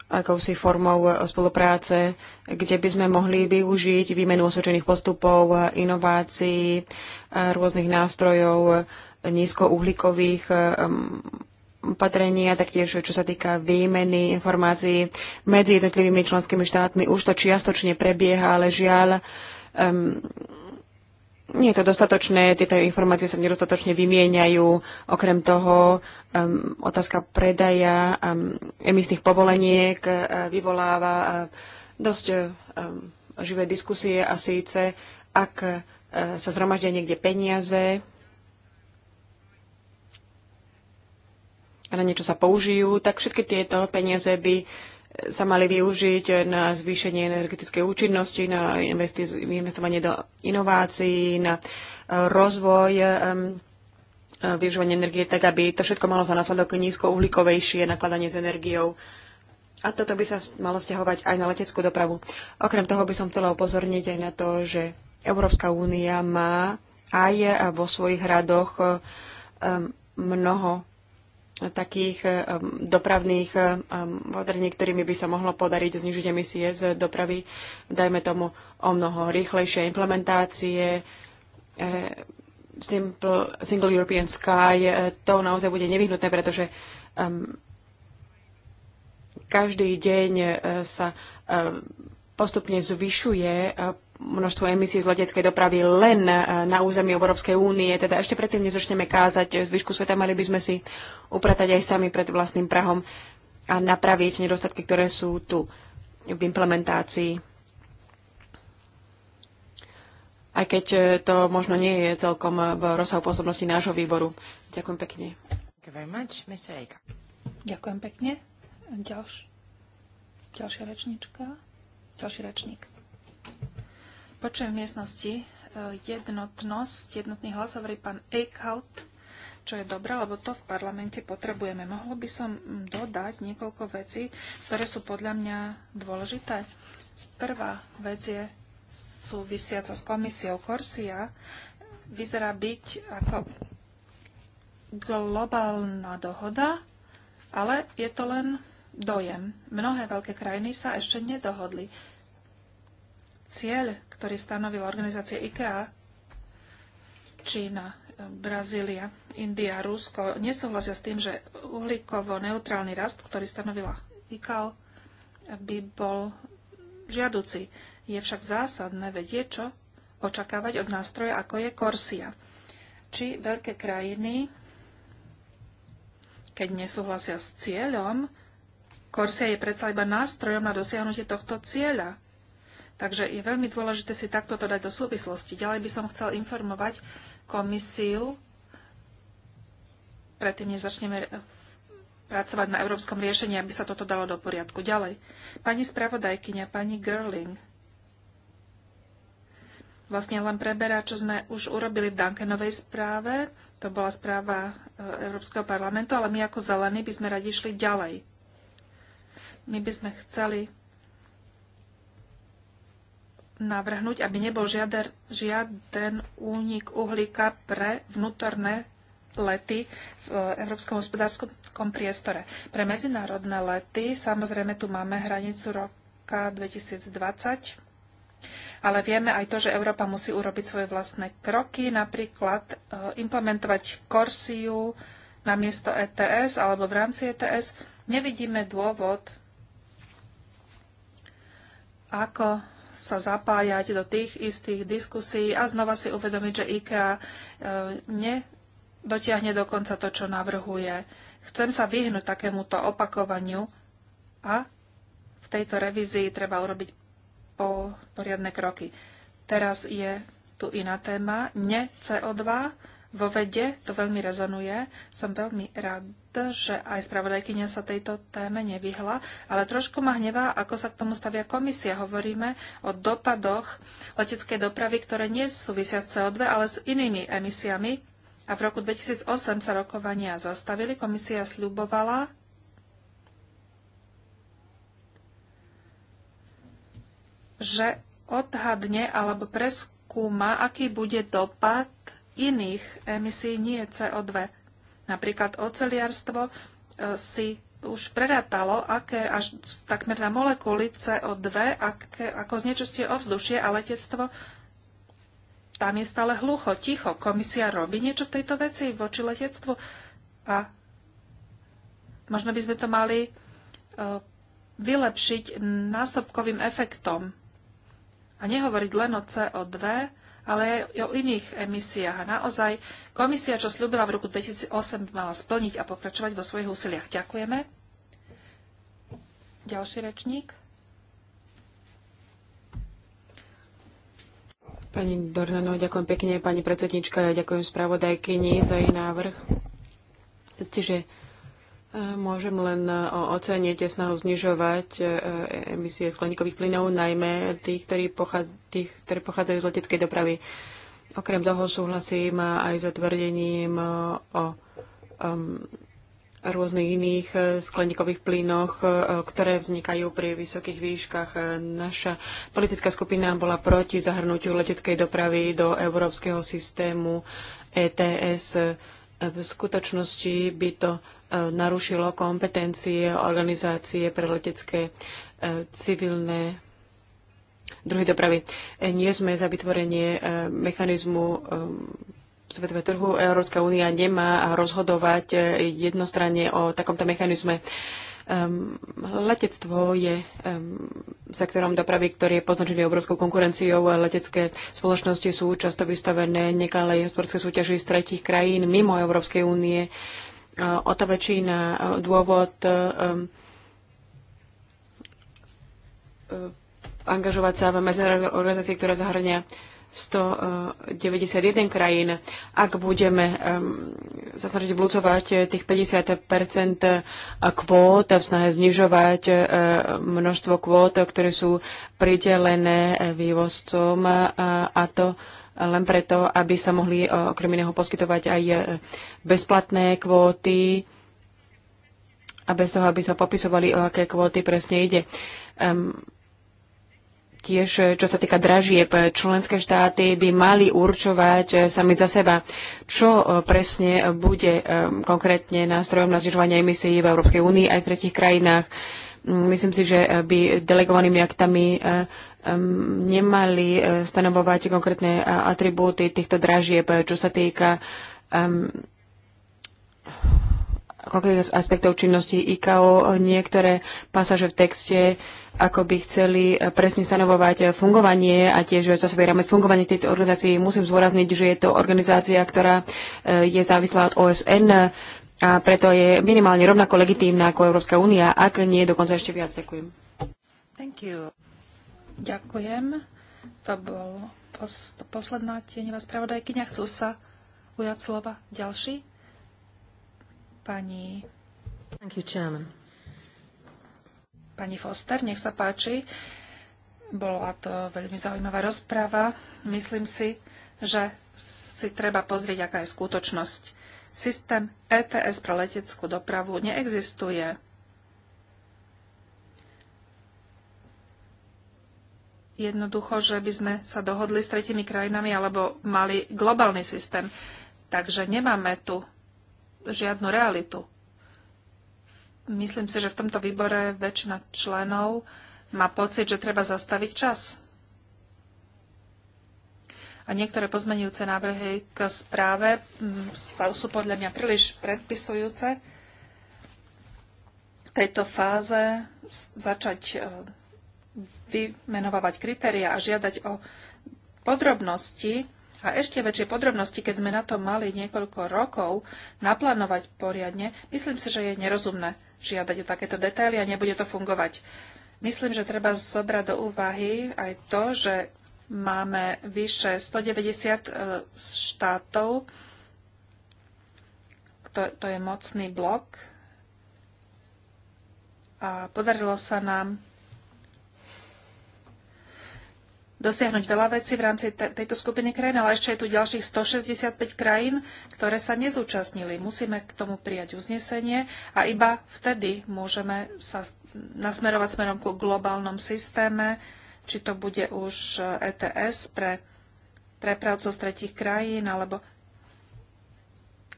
akousi formou e, spolupráce, kde by sme mohli využiť výmenu osvedčených postupov, e, inovácií, rôznych nástrojov, nízkouhlíkových opatrení a taktiež, čo sa týka výmeny informácií medzi jednotlivými členskými štátmi. Už to čiastočne prebieha, ale žiaľ, um, nie je to dostatočné, tieto informácie sa nedostatočne vymieňajú. Okrem toho, um, otázka predaja um, emisných povoleniek uh, vyvoláva uh, dosť uh, um, živé diskusie a síce, ak uh, sa zhromaždia niekde peniaze a na niečo sa použijú, tak všetky tieto peniaze by uh, sa mali využiť na zvýšenie energetickej účinnosti, na investovanie do inovácií, na e, rozvoj e, e, využívanie energie tak, aby to všetko malo za následok nízkouhlíkovejšie nakladanie s energiou. A toto by sa malo stiahovať aj na leteckú dopravu. Okrem toho by som chcela upozorniť aj na to, že Európska únia má aj vo svojich hradoch mnoho takých eh, dopravných eh, opatrení, ktorými by sa mohlo podariť znižiť emisie z dopravy, dajme tomu o mnoho rýchlejšie implementácie, eh, Simple, Single European Sky, to naozaj bude nevyhnutné, pretože každý deň sa postupne zvyšuje množstvo emisí z leteckej dopravy len e, na území Európskej únie. Teda ešte predtým, nezačneme kázať zvyšku sveta, mali by sme si upratať aj sami pred vlastným prahom a napraviť nedostatky, ktoré sú tu v implementácii. Aj keď e, to možno nie je celkom e, v rozsahu pôsobnosti nášho výboru. Ďakujem pekne. Ďakujem pekne. Ďalš, ďalšia rečnička. Ďalší rečník. Počujem v miestnosti e, jednotnosť, jednotný hlas, hovorí pán Eichhout, čo je dobré, lebo to v parlamente potrebujeme. Mohlo by som dodať niekoľko vecí, ktoré sú podľa mňa dôležité. Prvá vec je súvisiaca s komisiou Korsia. Vyzerá byť ako globálna dohoda, ale je to len dojem. Mnohé veľké krajiny sa ešte nedohodli. Cieľ, ktorý stanovila organizácia IKEA, Čína, Brazília, India, Rusko nesúhlasia s tým, že uhlíkovo-neutrálny rast, ktorý stanovila IKAO, by bol žiaduci. Je však zásadné vedieť, čo očakávať od nástroja, ako je Korsia. Či veľké krajiny, keď nesúhlasia s cieľom, Korsia je predsa iba nástrojom na dosiahnutie tohto cieľa. Takže je veľmi dôležité si takto to dať do súvislosti. Ďalej by som chcel informovať komisiu, predtým než začneme eh, pracovať na európskom riešení, aby sa toto dalo do poriadku. Ďalej. Pani spravodajkyňa, pani Girling, vlastne len preberá, čo sme už urobili v Dankenovej správe. To bola správa eh, Európskeho parlamentu, ale my ako zelení by sme radi šli ďalej. My by sme chceli navrhnúť, aby nebol žiaden, žiaden únik uhlíka pre vnútorné lety v e, európskom hospodárskom priestore. Pre medzinárodné lety samozrejme tu máme hranicu roka 2020, ale vieme aj to, že Európa musí urobiť svoje vlastné kroky, napríklad e, implementovať Corsiu na miesto ETS alebo v rámci ETS. Nevidíme dôvod, ako sa zapájať do tých istých diskusí a znova si uvedomiť, že IKEA e, nedotiahne dokonca to, čo navrhuje. Chcem sa vyhnúť takémuto opakovaniu a v tejto revízii treba urobiť poriadne kroky. Teraz je tu iná téma, ne CO2, vo vede to veľmi rezonuje. Som veľmi rád, že aj spravodajkynia sa tejto téme nevyhla, ale trošku ma hnevá, ako sa k tomu stavia komisia. Hovoríme o dopadoch leteckej dopravy, ktoré nie súvisia s CO2, ale s inými emisiami. A v roku 2008 sa rokovania zastavili. Komisia sľubovala, že odhadne alebo preskúma, aký bude dopad iných emisí, nie CO2. Napríklad oceliarstvo e, si už prerátalo, aké až takmer na molekuly CO2, aké, ako znečistie ovzdušie a letectvo, tam je stále hlucho, ticho. Komisia robí niečo v tejto veci voči letectvu a možno by sme to mali e, vylepšiť násobkovým efektom a nehovoriť len o CO2, ale aj o iných emisiách. A naozaj komisia, čo slúbila v roku 2008, mala splniť a pokračovať vo svojich úsiliach. Ďakujeme. Ďalší rečník. Pani Dornano, ďakujem pekne. Pani predsednička, ďakujem spravodajkyni za jej návrh. Ste, že Môžem len e, oceniť snahu znižovať e, e, emisie skleníkových plynov, najmä tých, ktorí tých, ktoré pochádzajú z leteckej dopravy. Okrem toho súhlasím aj s otvrdením o um, rôznych iných skleníkových plynoch, ktoré vznikajú pri vysokých výškach. Naša politická skupina bola proti zahrnutiu leteckej dopravy do európskeho systému ETS. V skutočnosti by to E, narušilo kompetencie organizácie pre letecké e, civilné druhy dopravy. E, nie sme za vytvorenie mechanizmu svetového trhu. Európska únia nemá rozhodovať jednostranne o takomto mechanizme. Um, letectvo je um, sektorom dopravy, ktorý je poznačený obrovskou konkurenciou. Letecké spoločnosti sú často vystavené nekalej hospodárskej súťaži z tretich krajín mimo Európskej únie. Uh, o to väčší na e, dôvod e, e, angažovať sa v medzinárodnej organizácii, ktorá zahrania 191 krajín. Ak budeme sa snažiť vlúcovať tých 50 kvót v snahe znižovať množstvo kvót, ktoré sú pridelené vývozcom a to len preto, aby sa mohli e, okrem iného poskytovať aj e, bezplatné kvóty a bez toho, aby sa popisovali, o aké kvóty presne ide. Um, tiež, e, čo sa týka dražieb, členské štáty by mali určovať sami za seba, čo presne bude konkrétne nástrojom na znižovanie emisí v Európskej únii aj v tretich krajinách. Myslím si, že by delegovanými aktami nemali e, stanovovať konkrétne e, atribúty týchto dražieb, e, čo sa týka konkrétnych aspektov činnosti IKO. Niektoré pasáže v texte ako by chceli presne stanovovať fungovanie a tiež časový rámec fungovanie tejto organizácie. Musím zdôrazniť, že je to organizácia, ktorá je závislá od OSN a preto je minimálne rovnako legitímna ako Európska únia, ak nie dokonca ešte viac. Ďakujem. Thank you. Ďakujem. To bol pos- posledná tieňová spravodajkyňa. Chcú sa ujať slova ďalší? Pani... Thank you, chairman. Pani Foster, nech sa páči. Bola to veľmi zaujímavá rozpráva. Myslím si, že si treba pozrieť, aká je skutočnosť. Systém ETS pre leteckú dopravu neexistuje jednoducho, že by sme sa dohodli s tretimi krajinami alebo mali globálny systém. Takže nemáme tu žiadnu realitu. Myslím si, že v tomto výbore väčšina členov má pocit, že treba zastaviť čas. A niektoré pozmenujúce návrhy k správe mm, sa sú podľa mňa príliš predpisujúce. V tejto fáze začať e, vymenovávať kritéria a žiadať o podrobnosti a ešte väčšie podrobnosti, keď sme na to mali niekoľko rokov naplánovať poriadne, myslím si, že je nerozumné žiadať o takéto detaily a nebude to fungovať. Myslím, že treba zobrať do úvahy aj to, že máme vyše 190 e, štátov, to, to je mocný blok a podarilo sa nám dosiahnuť veľa vecí v rámci tejto skupiny krajín, ale ešte je tu ďalších 165 krajín, ktoré sa nezúčastnili. Musíme k tomu prijať uznesenie a iba vtedy môžeme sa nasmerovať smerom ku globálnom systéme, či to bude už ETS eh, e pre prepravcov z tretich krajín, alebo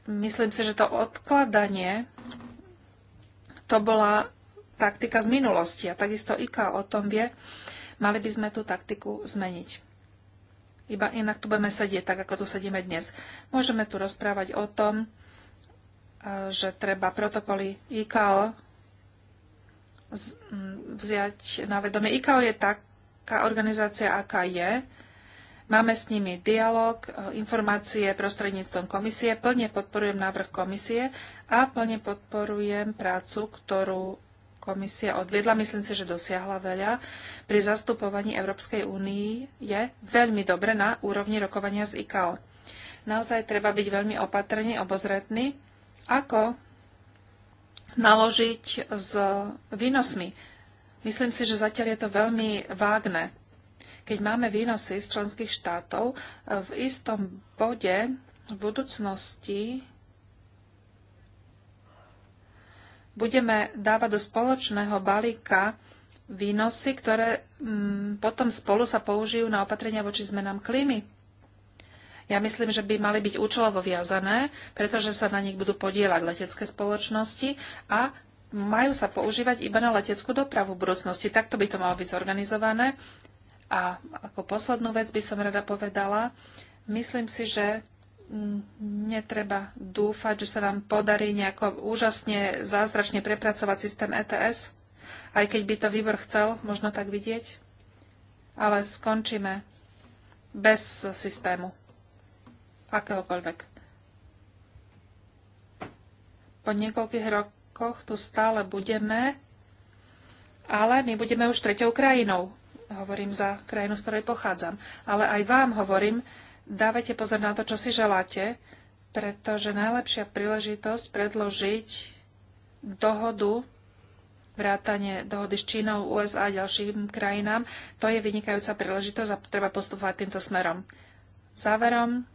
myslím si, že to odkladanie to bola taktika z minulosti a takisto IKA o tom vie Mali by sme tú taktiku zmeniť. Iba inak tu budeme sedieť tak, ako tu sedíme dnes. Môžeme tu rozprávať o tom, e, že treba protokoly IKO vziať na vedomie. IKO je taká organizácia, aká je. Máme s nimi dialog, e, informácie prostredníctvom komisie. Plne podporujem návrh komisie a plne podporujem prácu, ktorú komisia odviedla. Myslím si, že dosiahla veľa. Pri zastupovaní Európskej únii je veľmi dobre na úrovni rokovania z IKO. Naozaj treba byť veľmi opatrný, obozretný, ako naložiť s výnosmi. Myslím si, že zatiaľ je to veľmi vágne. Keď máme výnosy z členských štátov, v istom bode v budúcnosti budeme dávať do spoločného balíka výnosy, ktoré mm, potom spolu sa použijú na opatrenia voči zmenám klímy. Ja myslím, že by mali byť účelovo viazané, pretože sa na nich budú podielať letecké spoločnosti a majú sa používať iba na leteckú dopravu v budúcnosti. Takto by to malo byť zorganizované. A ako poslednú vec by som rada povedala, myslím si, že netreba dúfať, že sa nám podarí nejako úžasne, zázračne prepracovať systém ETS, aj keď by to výbor chcel možno tak vidieť, ale skončíme bez systému akéhokoľvek. Po niekoľkých rokoch tu stále budeme, ale my budeme už treťou krajinou. Hovorím za krajinu, z ktorej pochádzam. Ale aj vám hovorím, dávajte pozor na to, čo si želáte, pretože najlepšia príležitosť predložiť dohodu vrátanie dohody s Čínou, USA a ďalším krajinám. To je vynikajúca príležitosť a treba postupovať týmto smerom. Záverom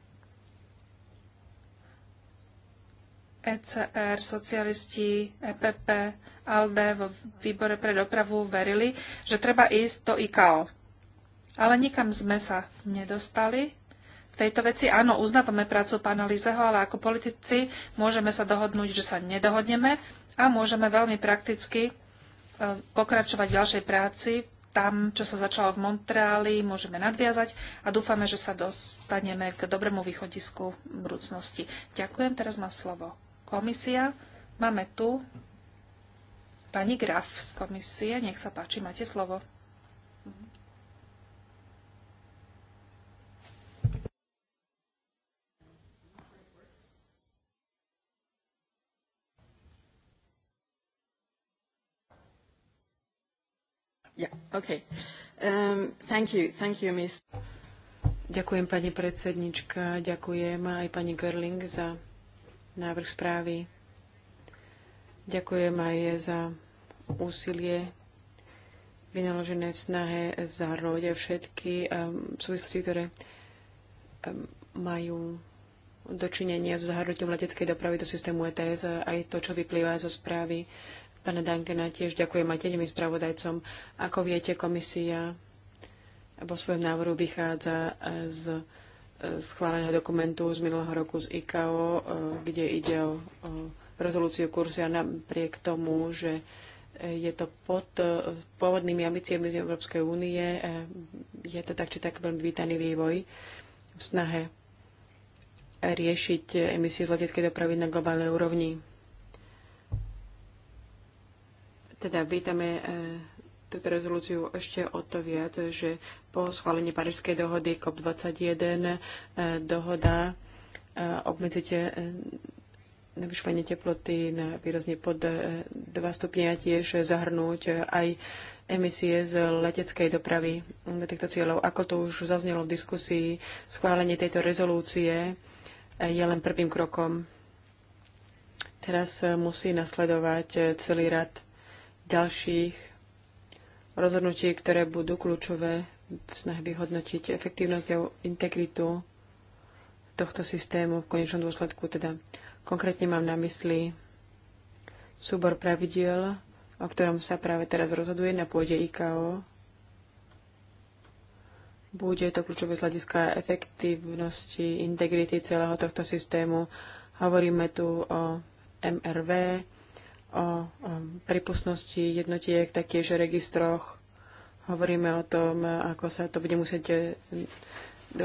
ECR, socialisti, EPP, ALDE vo výbore pre dopravu verili, že treba ísť do IKO. Ale nikam sme sa nedostali. V tejto veci. Áno, uznávame prácu pána Lizeho, ale ako politici môžeme sa dohodnúť, že sa nedohodneme a môžeme veľmi prakticky e, pokračovať v ďalšej práci. Tam, čo sa začalo v Montreali, môžeme nadviazať a dúfame, že sa dostaneme k dobrému východisku v budúcnosti. Ďakujem, teraz má slovo komisia. Máme tu pani Graf z komisie. Nech sa páči, máte slovo. Yeah, okay. um, thank you, thank you, miss. Ďakujem pani predsednička, ďakujem aj pani Gerling za návrh správy. Ďakujem aj za úsilie vynaložené v snahe zahrnúť aj všetky um, súvislosti, ktoré um, majú dočinenia so zahrnutím leteckej dopravy do systému ETS a aj to, čo vyplýva zo správy Pane Dankena, tiež ďakujem aj tedemi spravodajcom. Ako viete, komisia vo svojom návrhu vychádza e, z e, schváleného dokumentu z minulého roku z IKO, e, kde ide o rezolúciu a napriek tomu, že je to pod pôvodnými ambíciami z Európskej únie. Je to tak či tak veľmi vítaný vývoj v snahe riešiť emisie z leteckej dopravy na globálnej úrovni. Teda vítame e, túto rezolúciu ešte o to viac, že po schválení Parížskej dohody COP21 e, dohoda e, obmedzite navyšovanie teploty na výrazne pod 2 stupne a tiež zahrnúť aj emisie z leteckej dopravy do týchto cieľov. Ako to už zaznelo v diskusii, schválenie tejto rezolúcie je len prvým krokom. Teraz musí nasledovať celý rad ďalších rozhodnutí, ktoré budú kľúčové v snahe vyhodnotiť efektívnosť a integritu tohto systému v konečnom dôsledku. Teda konkrétne mám na mysli súbor pravidiel, o ktorom sa práve teraz rozhoduje na pôde IKO. Bude to kľúčové z hľadiska efektívnosti, integrity celého tohto systému. Hovoríme tu o MRV, o prípustnosti jednotiek, taktiež o registroch. Hovoríme o tom, ako sa to bude musieť e, e,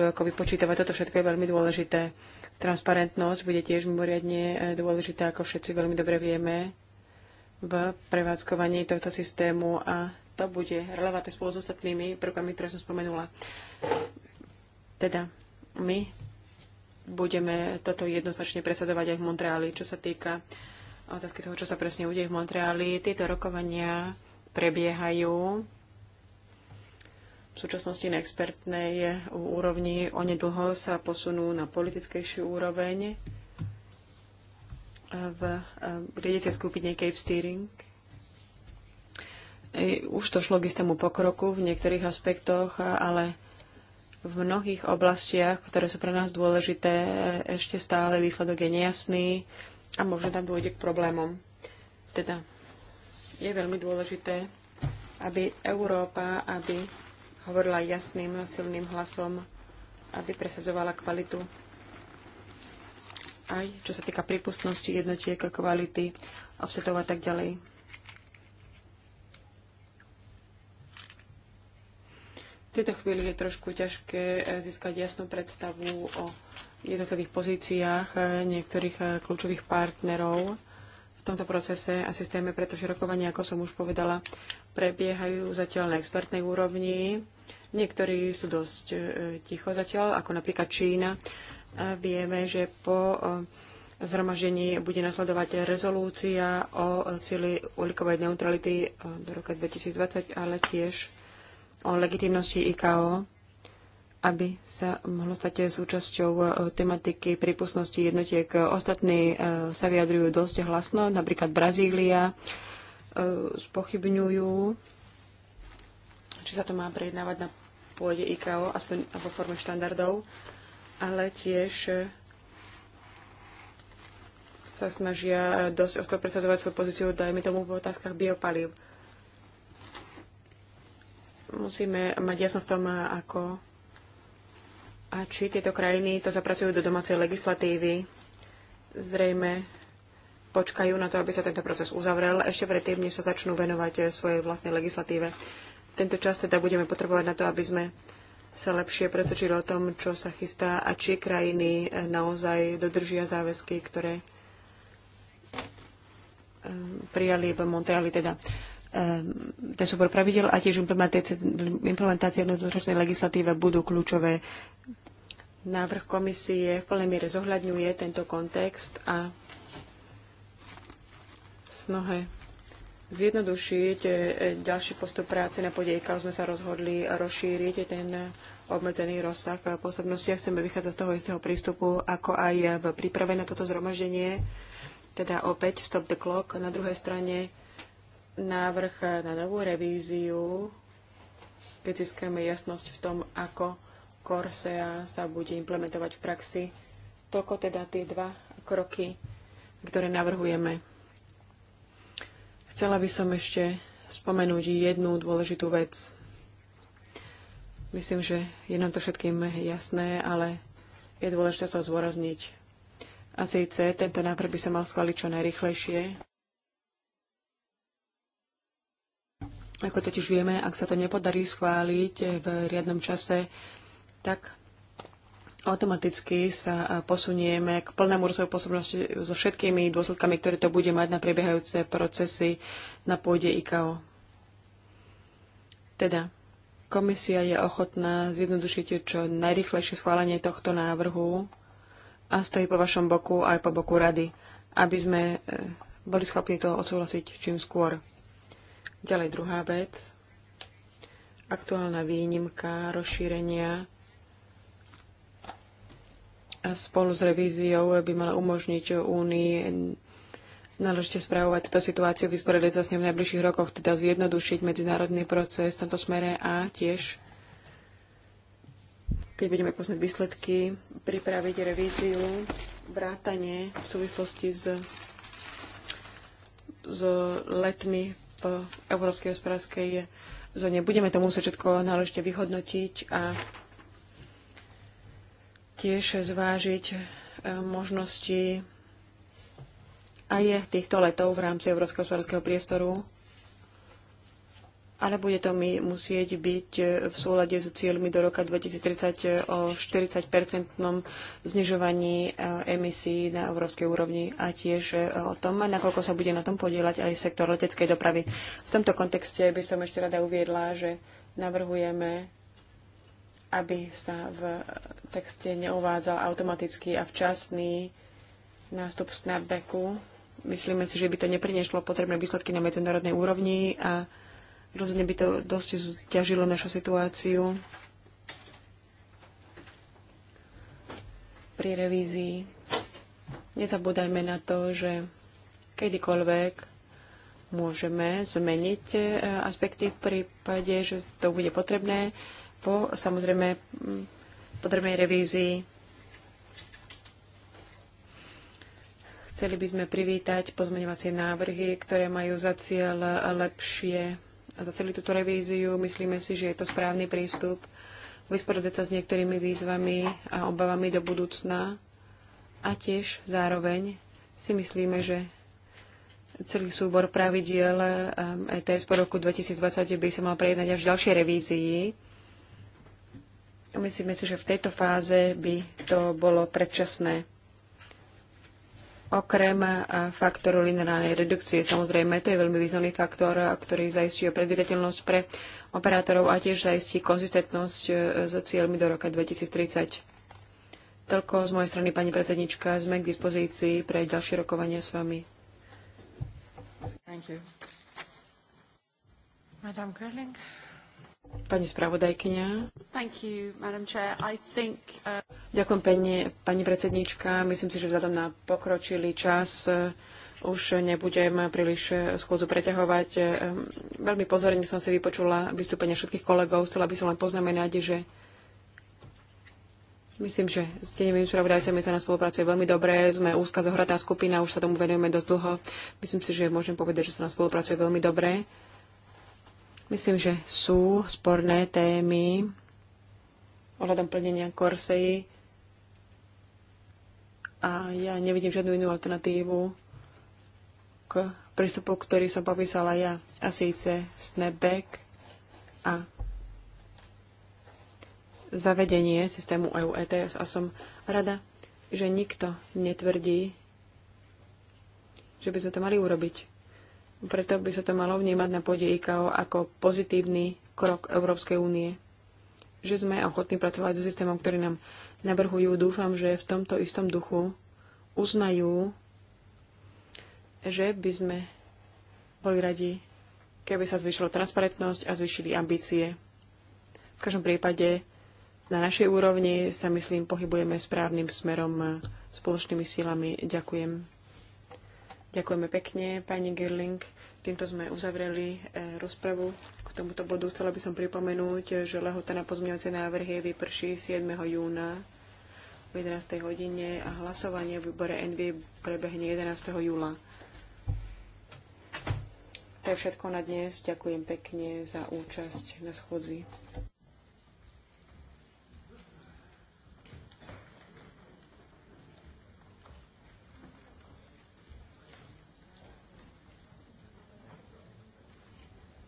ako vypočítavať. Toto všetko je veľmi dôležité. Transparentnosť bude tiež mimoriadne e, dôležitá, ako všetci veľmi dobre vieme, v prevádzkovaní tohto systému a to bude relevantné spolu s ostatnými prvkami, ktoré som spomenula. Teda my budeme toto jednoznačne presadovať aj v Montreali, čo sa týka otázky toho, čo sa presne udeje v Montreali. Tieto rokovania prebiehajú v súčasnosti na expertnej úrovni. Onedlho sa posunú na politickejšiu úroveň v riadiacej skupine Cape Steering. E, už to šlo k istému pokroku v niektorých aspektoch, ale v mnohých oblastiach, ktoré sú pre nás dôležité, ešte stále výsledok je nejasný a možno tam dôjde k problémom. Teda je veľmi dôležité, aby Európa, aby hovorila jasným, silným hlasom, aby presadzovala kvalitu aj čo sa týka prípustnosti jednotiek, kvality, offsetov a tak ďalej. V tejto chvíli je trošku ťažké eh, získať jasnú predstavu o jednotlivých pozíciách e, niektorých e, kľúčových partnerov v tomto procese a systéme, pretože rokovania, ako som už povedala, prebiehajú zatiaľ na expertnej úrovni. Niektorí sú dosť e, ticho zatiaľ, ako napríklad Čína. A vieme, že po zhromaždení bude nasledovať rezolúcia o cíli uhlíkovej neutrality do roka 2020, ale tiež o legitimnosti IKO aby sa mohlo stať súčasťou e, tematiky prípustnosti jednotiek. Ostatní e, sa vyjadrujú dosť hlasno, napríklad Brazília e, spochybňujú, či sa to má prejednávať na pôde IKO, aspoň vo forme štandardov, ale tiež sa snažia dosť ostro predsazovať svoju pozíciu, dajme tomu v otázkach biopalív. Musíme mať jasno v tom, ako a či tieto krajiny to zapracujú do domácej legislatívy. Zrejme počkajú na to, aby sa tento proces uzavrel ešte predtým, než sa začnú venovať eh, svojej vlastnej legislatíve. Tento čas teda budeme potrebovať na to, aby sme sa lepšie presvedčili o tom, čo sa chystá a či krajiny eh, naozaj dodržia záväzky, ktoré eh, prijali v Montreali. Teda Ehm, ten súbor pravidel a tiež implementácia, jednotočnej legislatíve budú kľúčové. Návrh komisie v plnej miere zohľadňuje tento kontext a snahe zjednodušiť e, ďalší postup práce na pôde ICAO sme sa rozhodli rozšíriť ten obmedzený rozsah pôsobnosti a chceme vychádzať z toho istého prístupu, ako aj v príprave na toto zhromaždenie, teda opäť stop the clock. Na druhej strane návrh na novú revíziu, keď získame jasnosť v tom, ako Corsea sa bude implementovať v praxi. Toľko teda tie dva kroky, ktoré navrhujeme. Chcela by som ešte spomenúť jednu dôležitú vec. Myslím, že je nám to všetkým jasné, ale je dôležité to zdôrazniť. A síce tento návrh by sa mal schváliť čo najrychlejšie. Ako totiž vieme, ak sa to nepodarí schváliť v riadnom čase, tak automaticky sa posunieme k plnému rozsahu pôsobnosti so všetkými dôsledkami, ktoré to bude mať na prebiehajúce procesy na pôde IKO. Teda, komisia je ochotná zjednodušiť čo najrychlejšie schválenie tohto návrhu a stojí po vašom boku aj po boku rady, aby sme eh, boli schopní to odsúhlasiť čím skôr. Ďalej druhá vec. Aktuálna výnimka rozšírenia a spolu s revíziou by mala umožniť Únii náležite správovať túto situáciu, vysporiadať sa s ňou v najbližších rokoch, teda zjednodušiť medzinárodný proces v tomto smere a tiež, keď budeme poznať výsledky, pripraviť revíziu, vrátanie v súvislosti s, s letmi v Európskej hospodárskej zóne. Budeme to musieť všetko náležite vyhodnotiť a tiež zvážiť e, možnosti aj týchto letov v rámci Európskeho hospodárskeho priestoru ale bude to mi musieť byť e, v súlade s cieľmi do roka 2030 e, o 40-percentnom znižovaní e, emisí na európskej úrovni a tiež o tom, nakoľko sa bude na tom podielať aj sektor leteckej dopravy. V tomto kontexte by som ešte rada uviedla, že navrhujeme, aby sa v texte neuvádzal automatický a včasný nástup snapbacku. Myslíme si, že by to neprinešlo potrebné výsledky na medzinárodnej úrovni a Rozhodne by to dosť zťažilo našu situáciu pri revízii. Nezabúdajme na to, že kedykoľvek môžeme zmeniť e, aspekty v prípade, že to bude potrebné po samozrejme potrebnej revízii. Chceli by sme privítať pozmeňovacie návrhy, ktoré majú za cieľ lepšie za celú túto revíziu. Myslíme si, že je to správny prístup vysporiadať sa s niektorými výzvami a obavami do budúcna a tiež zároveň si myslíme, že celý súbor pravidiel um, ETS po roku 2020 by sa mal prejednať až v ďalšej revízii. Myslíme si, že v tejto fáze by to bolo predčasné. Okrem eh, faktoru lineárnej redukcie, samozrejme, to je veľmi významný faktor, eh, ktorý zajistí predvydateľnosť pre operátorov a tiež zaistí konzistentnosť eh, so cieľmi do roka 2030. Toľko z mojej strany, pani predsednička. Sme k dispozícii pre ďalšie rokovania s vami. Thank you. Madame Gerling. Pani spravodajkyňa. Thank you, Madam Chair. I think, uh... Ďakujem pekne, pani predsedníčka. Myslím si, že vzhľadom na pokročilý čas uh, už nebudem príliš uh, schôdzu preťahovať. Um, veľmi pozorne som si vypočula vystúpenie všetkých kolegov. Chcela by som len poznamenať, že Myslím, že s tenými spravodajcami sa na spolupracuje veľmi dobre. Sme úzka zohratá skupina, už sa tomu venujeme dosť dlho. Myslím si, že môžem povedať, že sa na spolupracuje veľmi dobre. Myslím, že sú sporné témy ohľadom plnenia Korsei a ja nevidím žiadnu inú alternatívu k prístupu, ktorý som popísala ja, a síce snapback a zavedenie systému EU ETS a som rada, že nikto netvrdí, že by sme to mali urobiť. Preto by sa to malo vnímať na pôde IKO ako pozitívny krok Európskej únie. Že sme ochotní pracovať so systémom, ktorý nám navrhujú. Dúfam, že v tomto istom duchu uznajú, že by sme boli radi, keby sa zvyšila transparentnosť a zvyšili ambície. V každom prípade na našej úrovni sa, myslím, pohybujeme správnym smerom spoločnými silami. Ďakujem. Ďakujeme pekne, pani Gerling. Týmto sme uzavreli e, rozpravu k tomuto bodu. Chcela by som pripomenúť, že lehota na pozmeňovacie návrhy vyprší 7. júna v 11. hodine a hlasovanie v výbore NV prebehne 11. júla. To je všetko na dnes. Ďakujem pekne za účasť na schôdzi.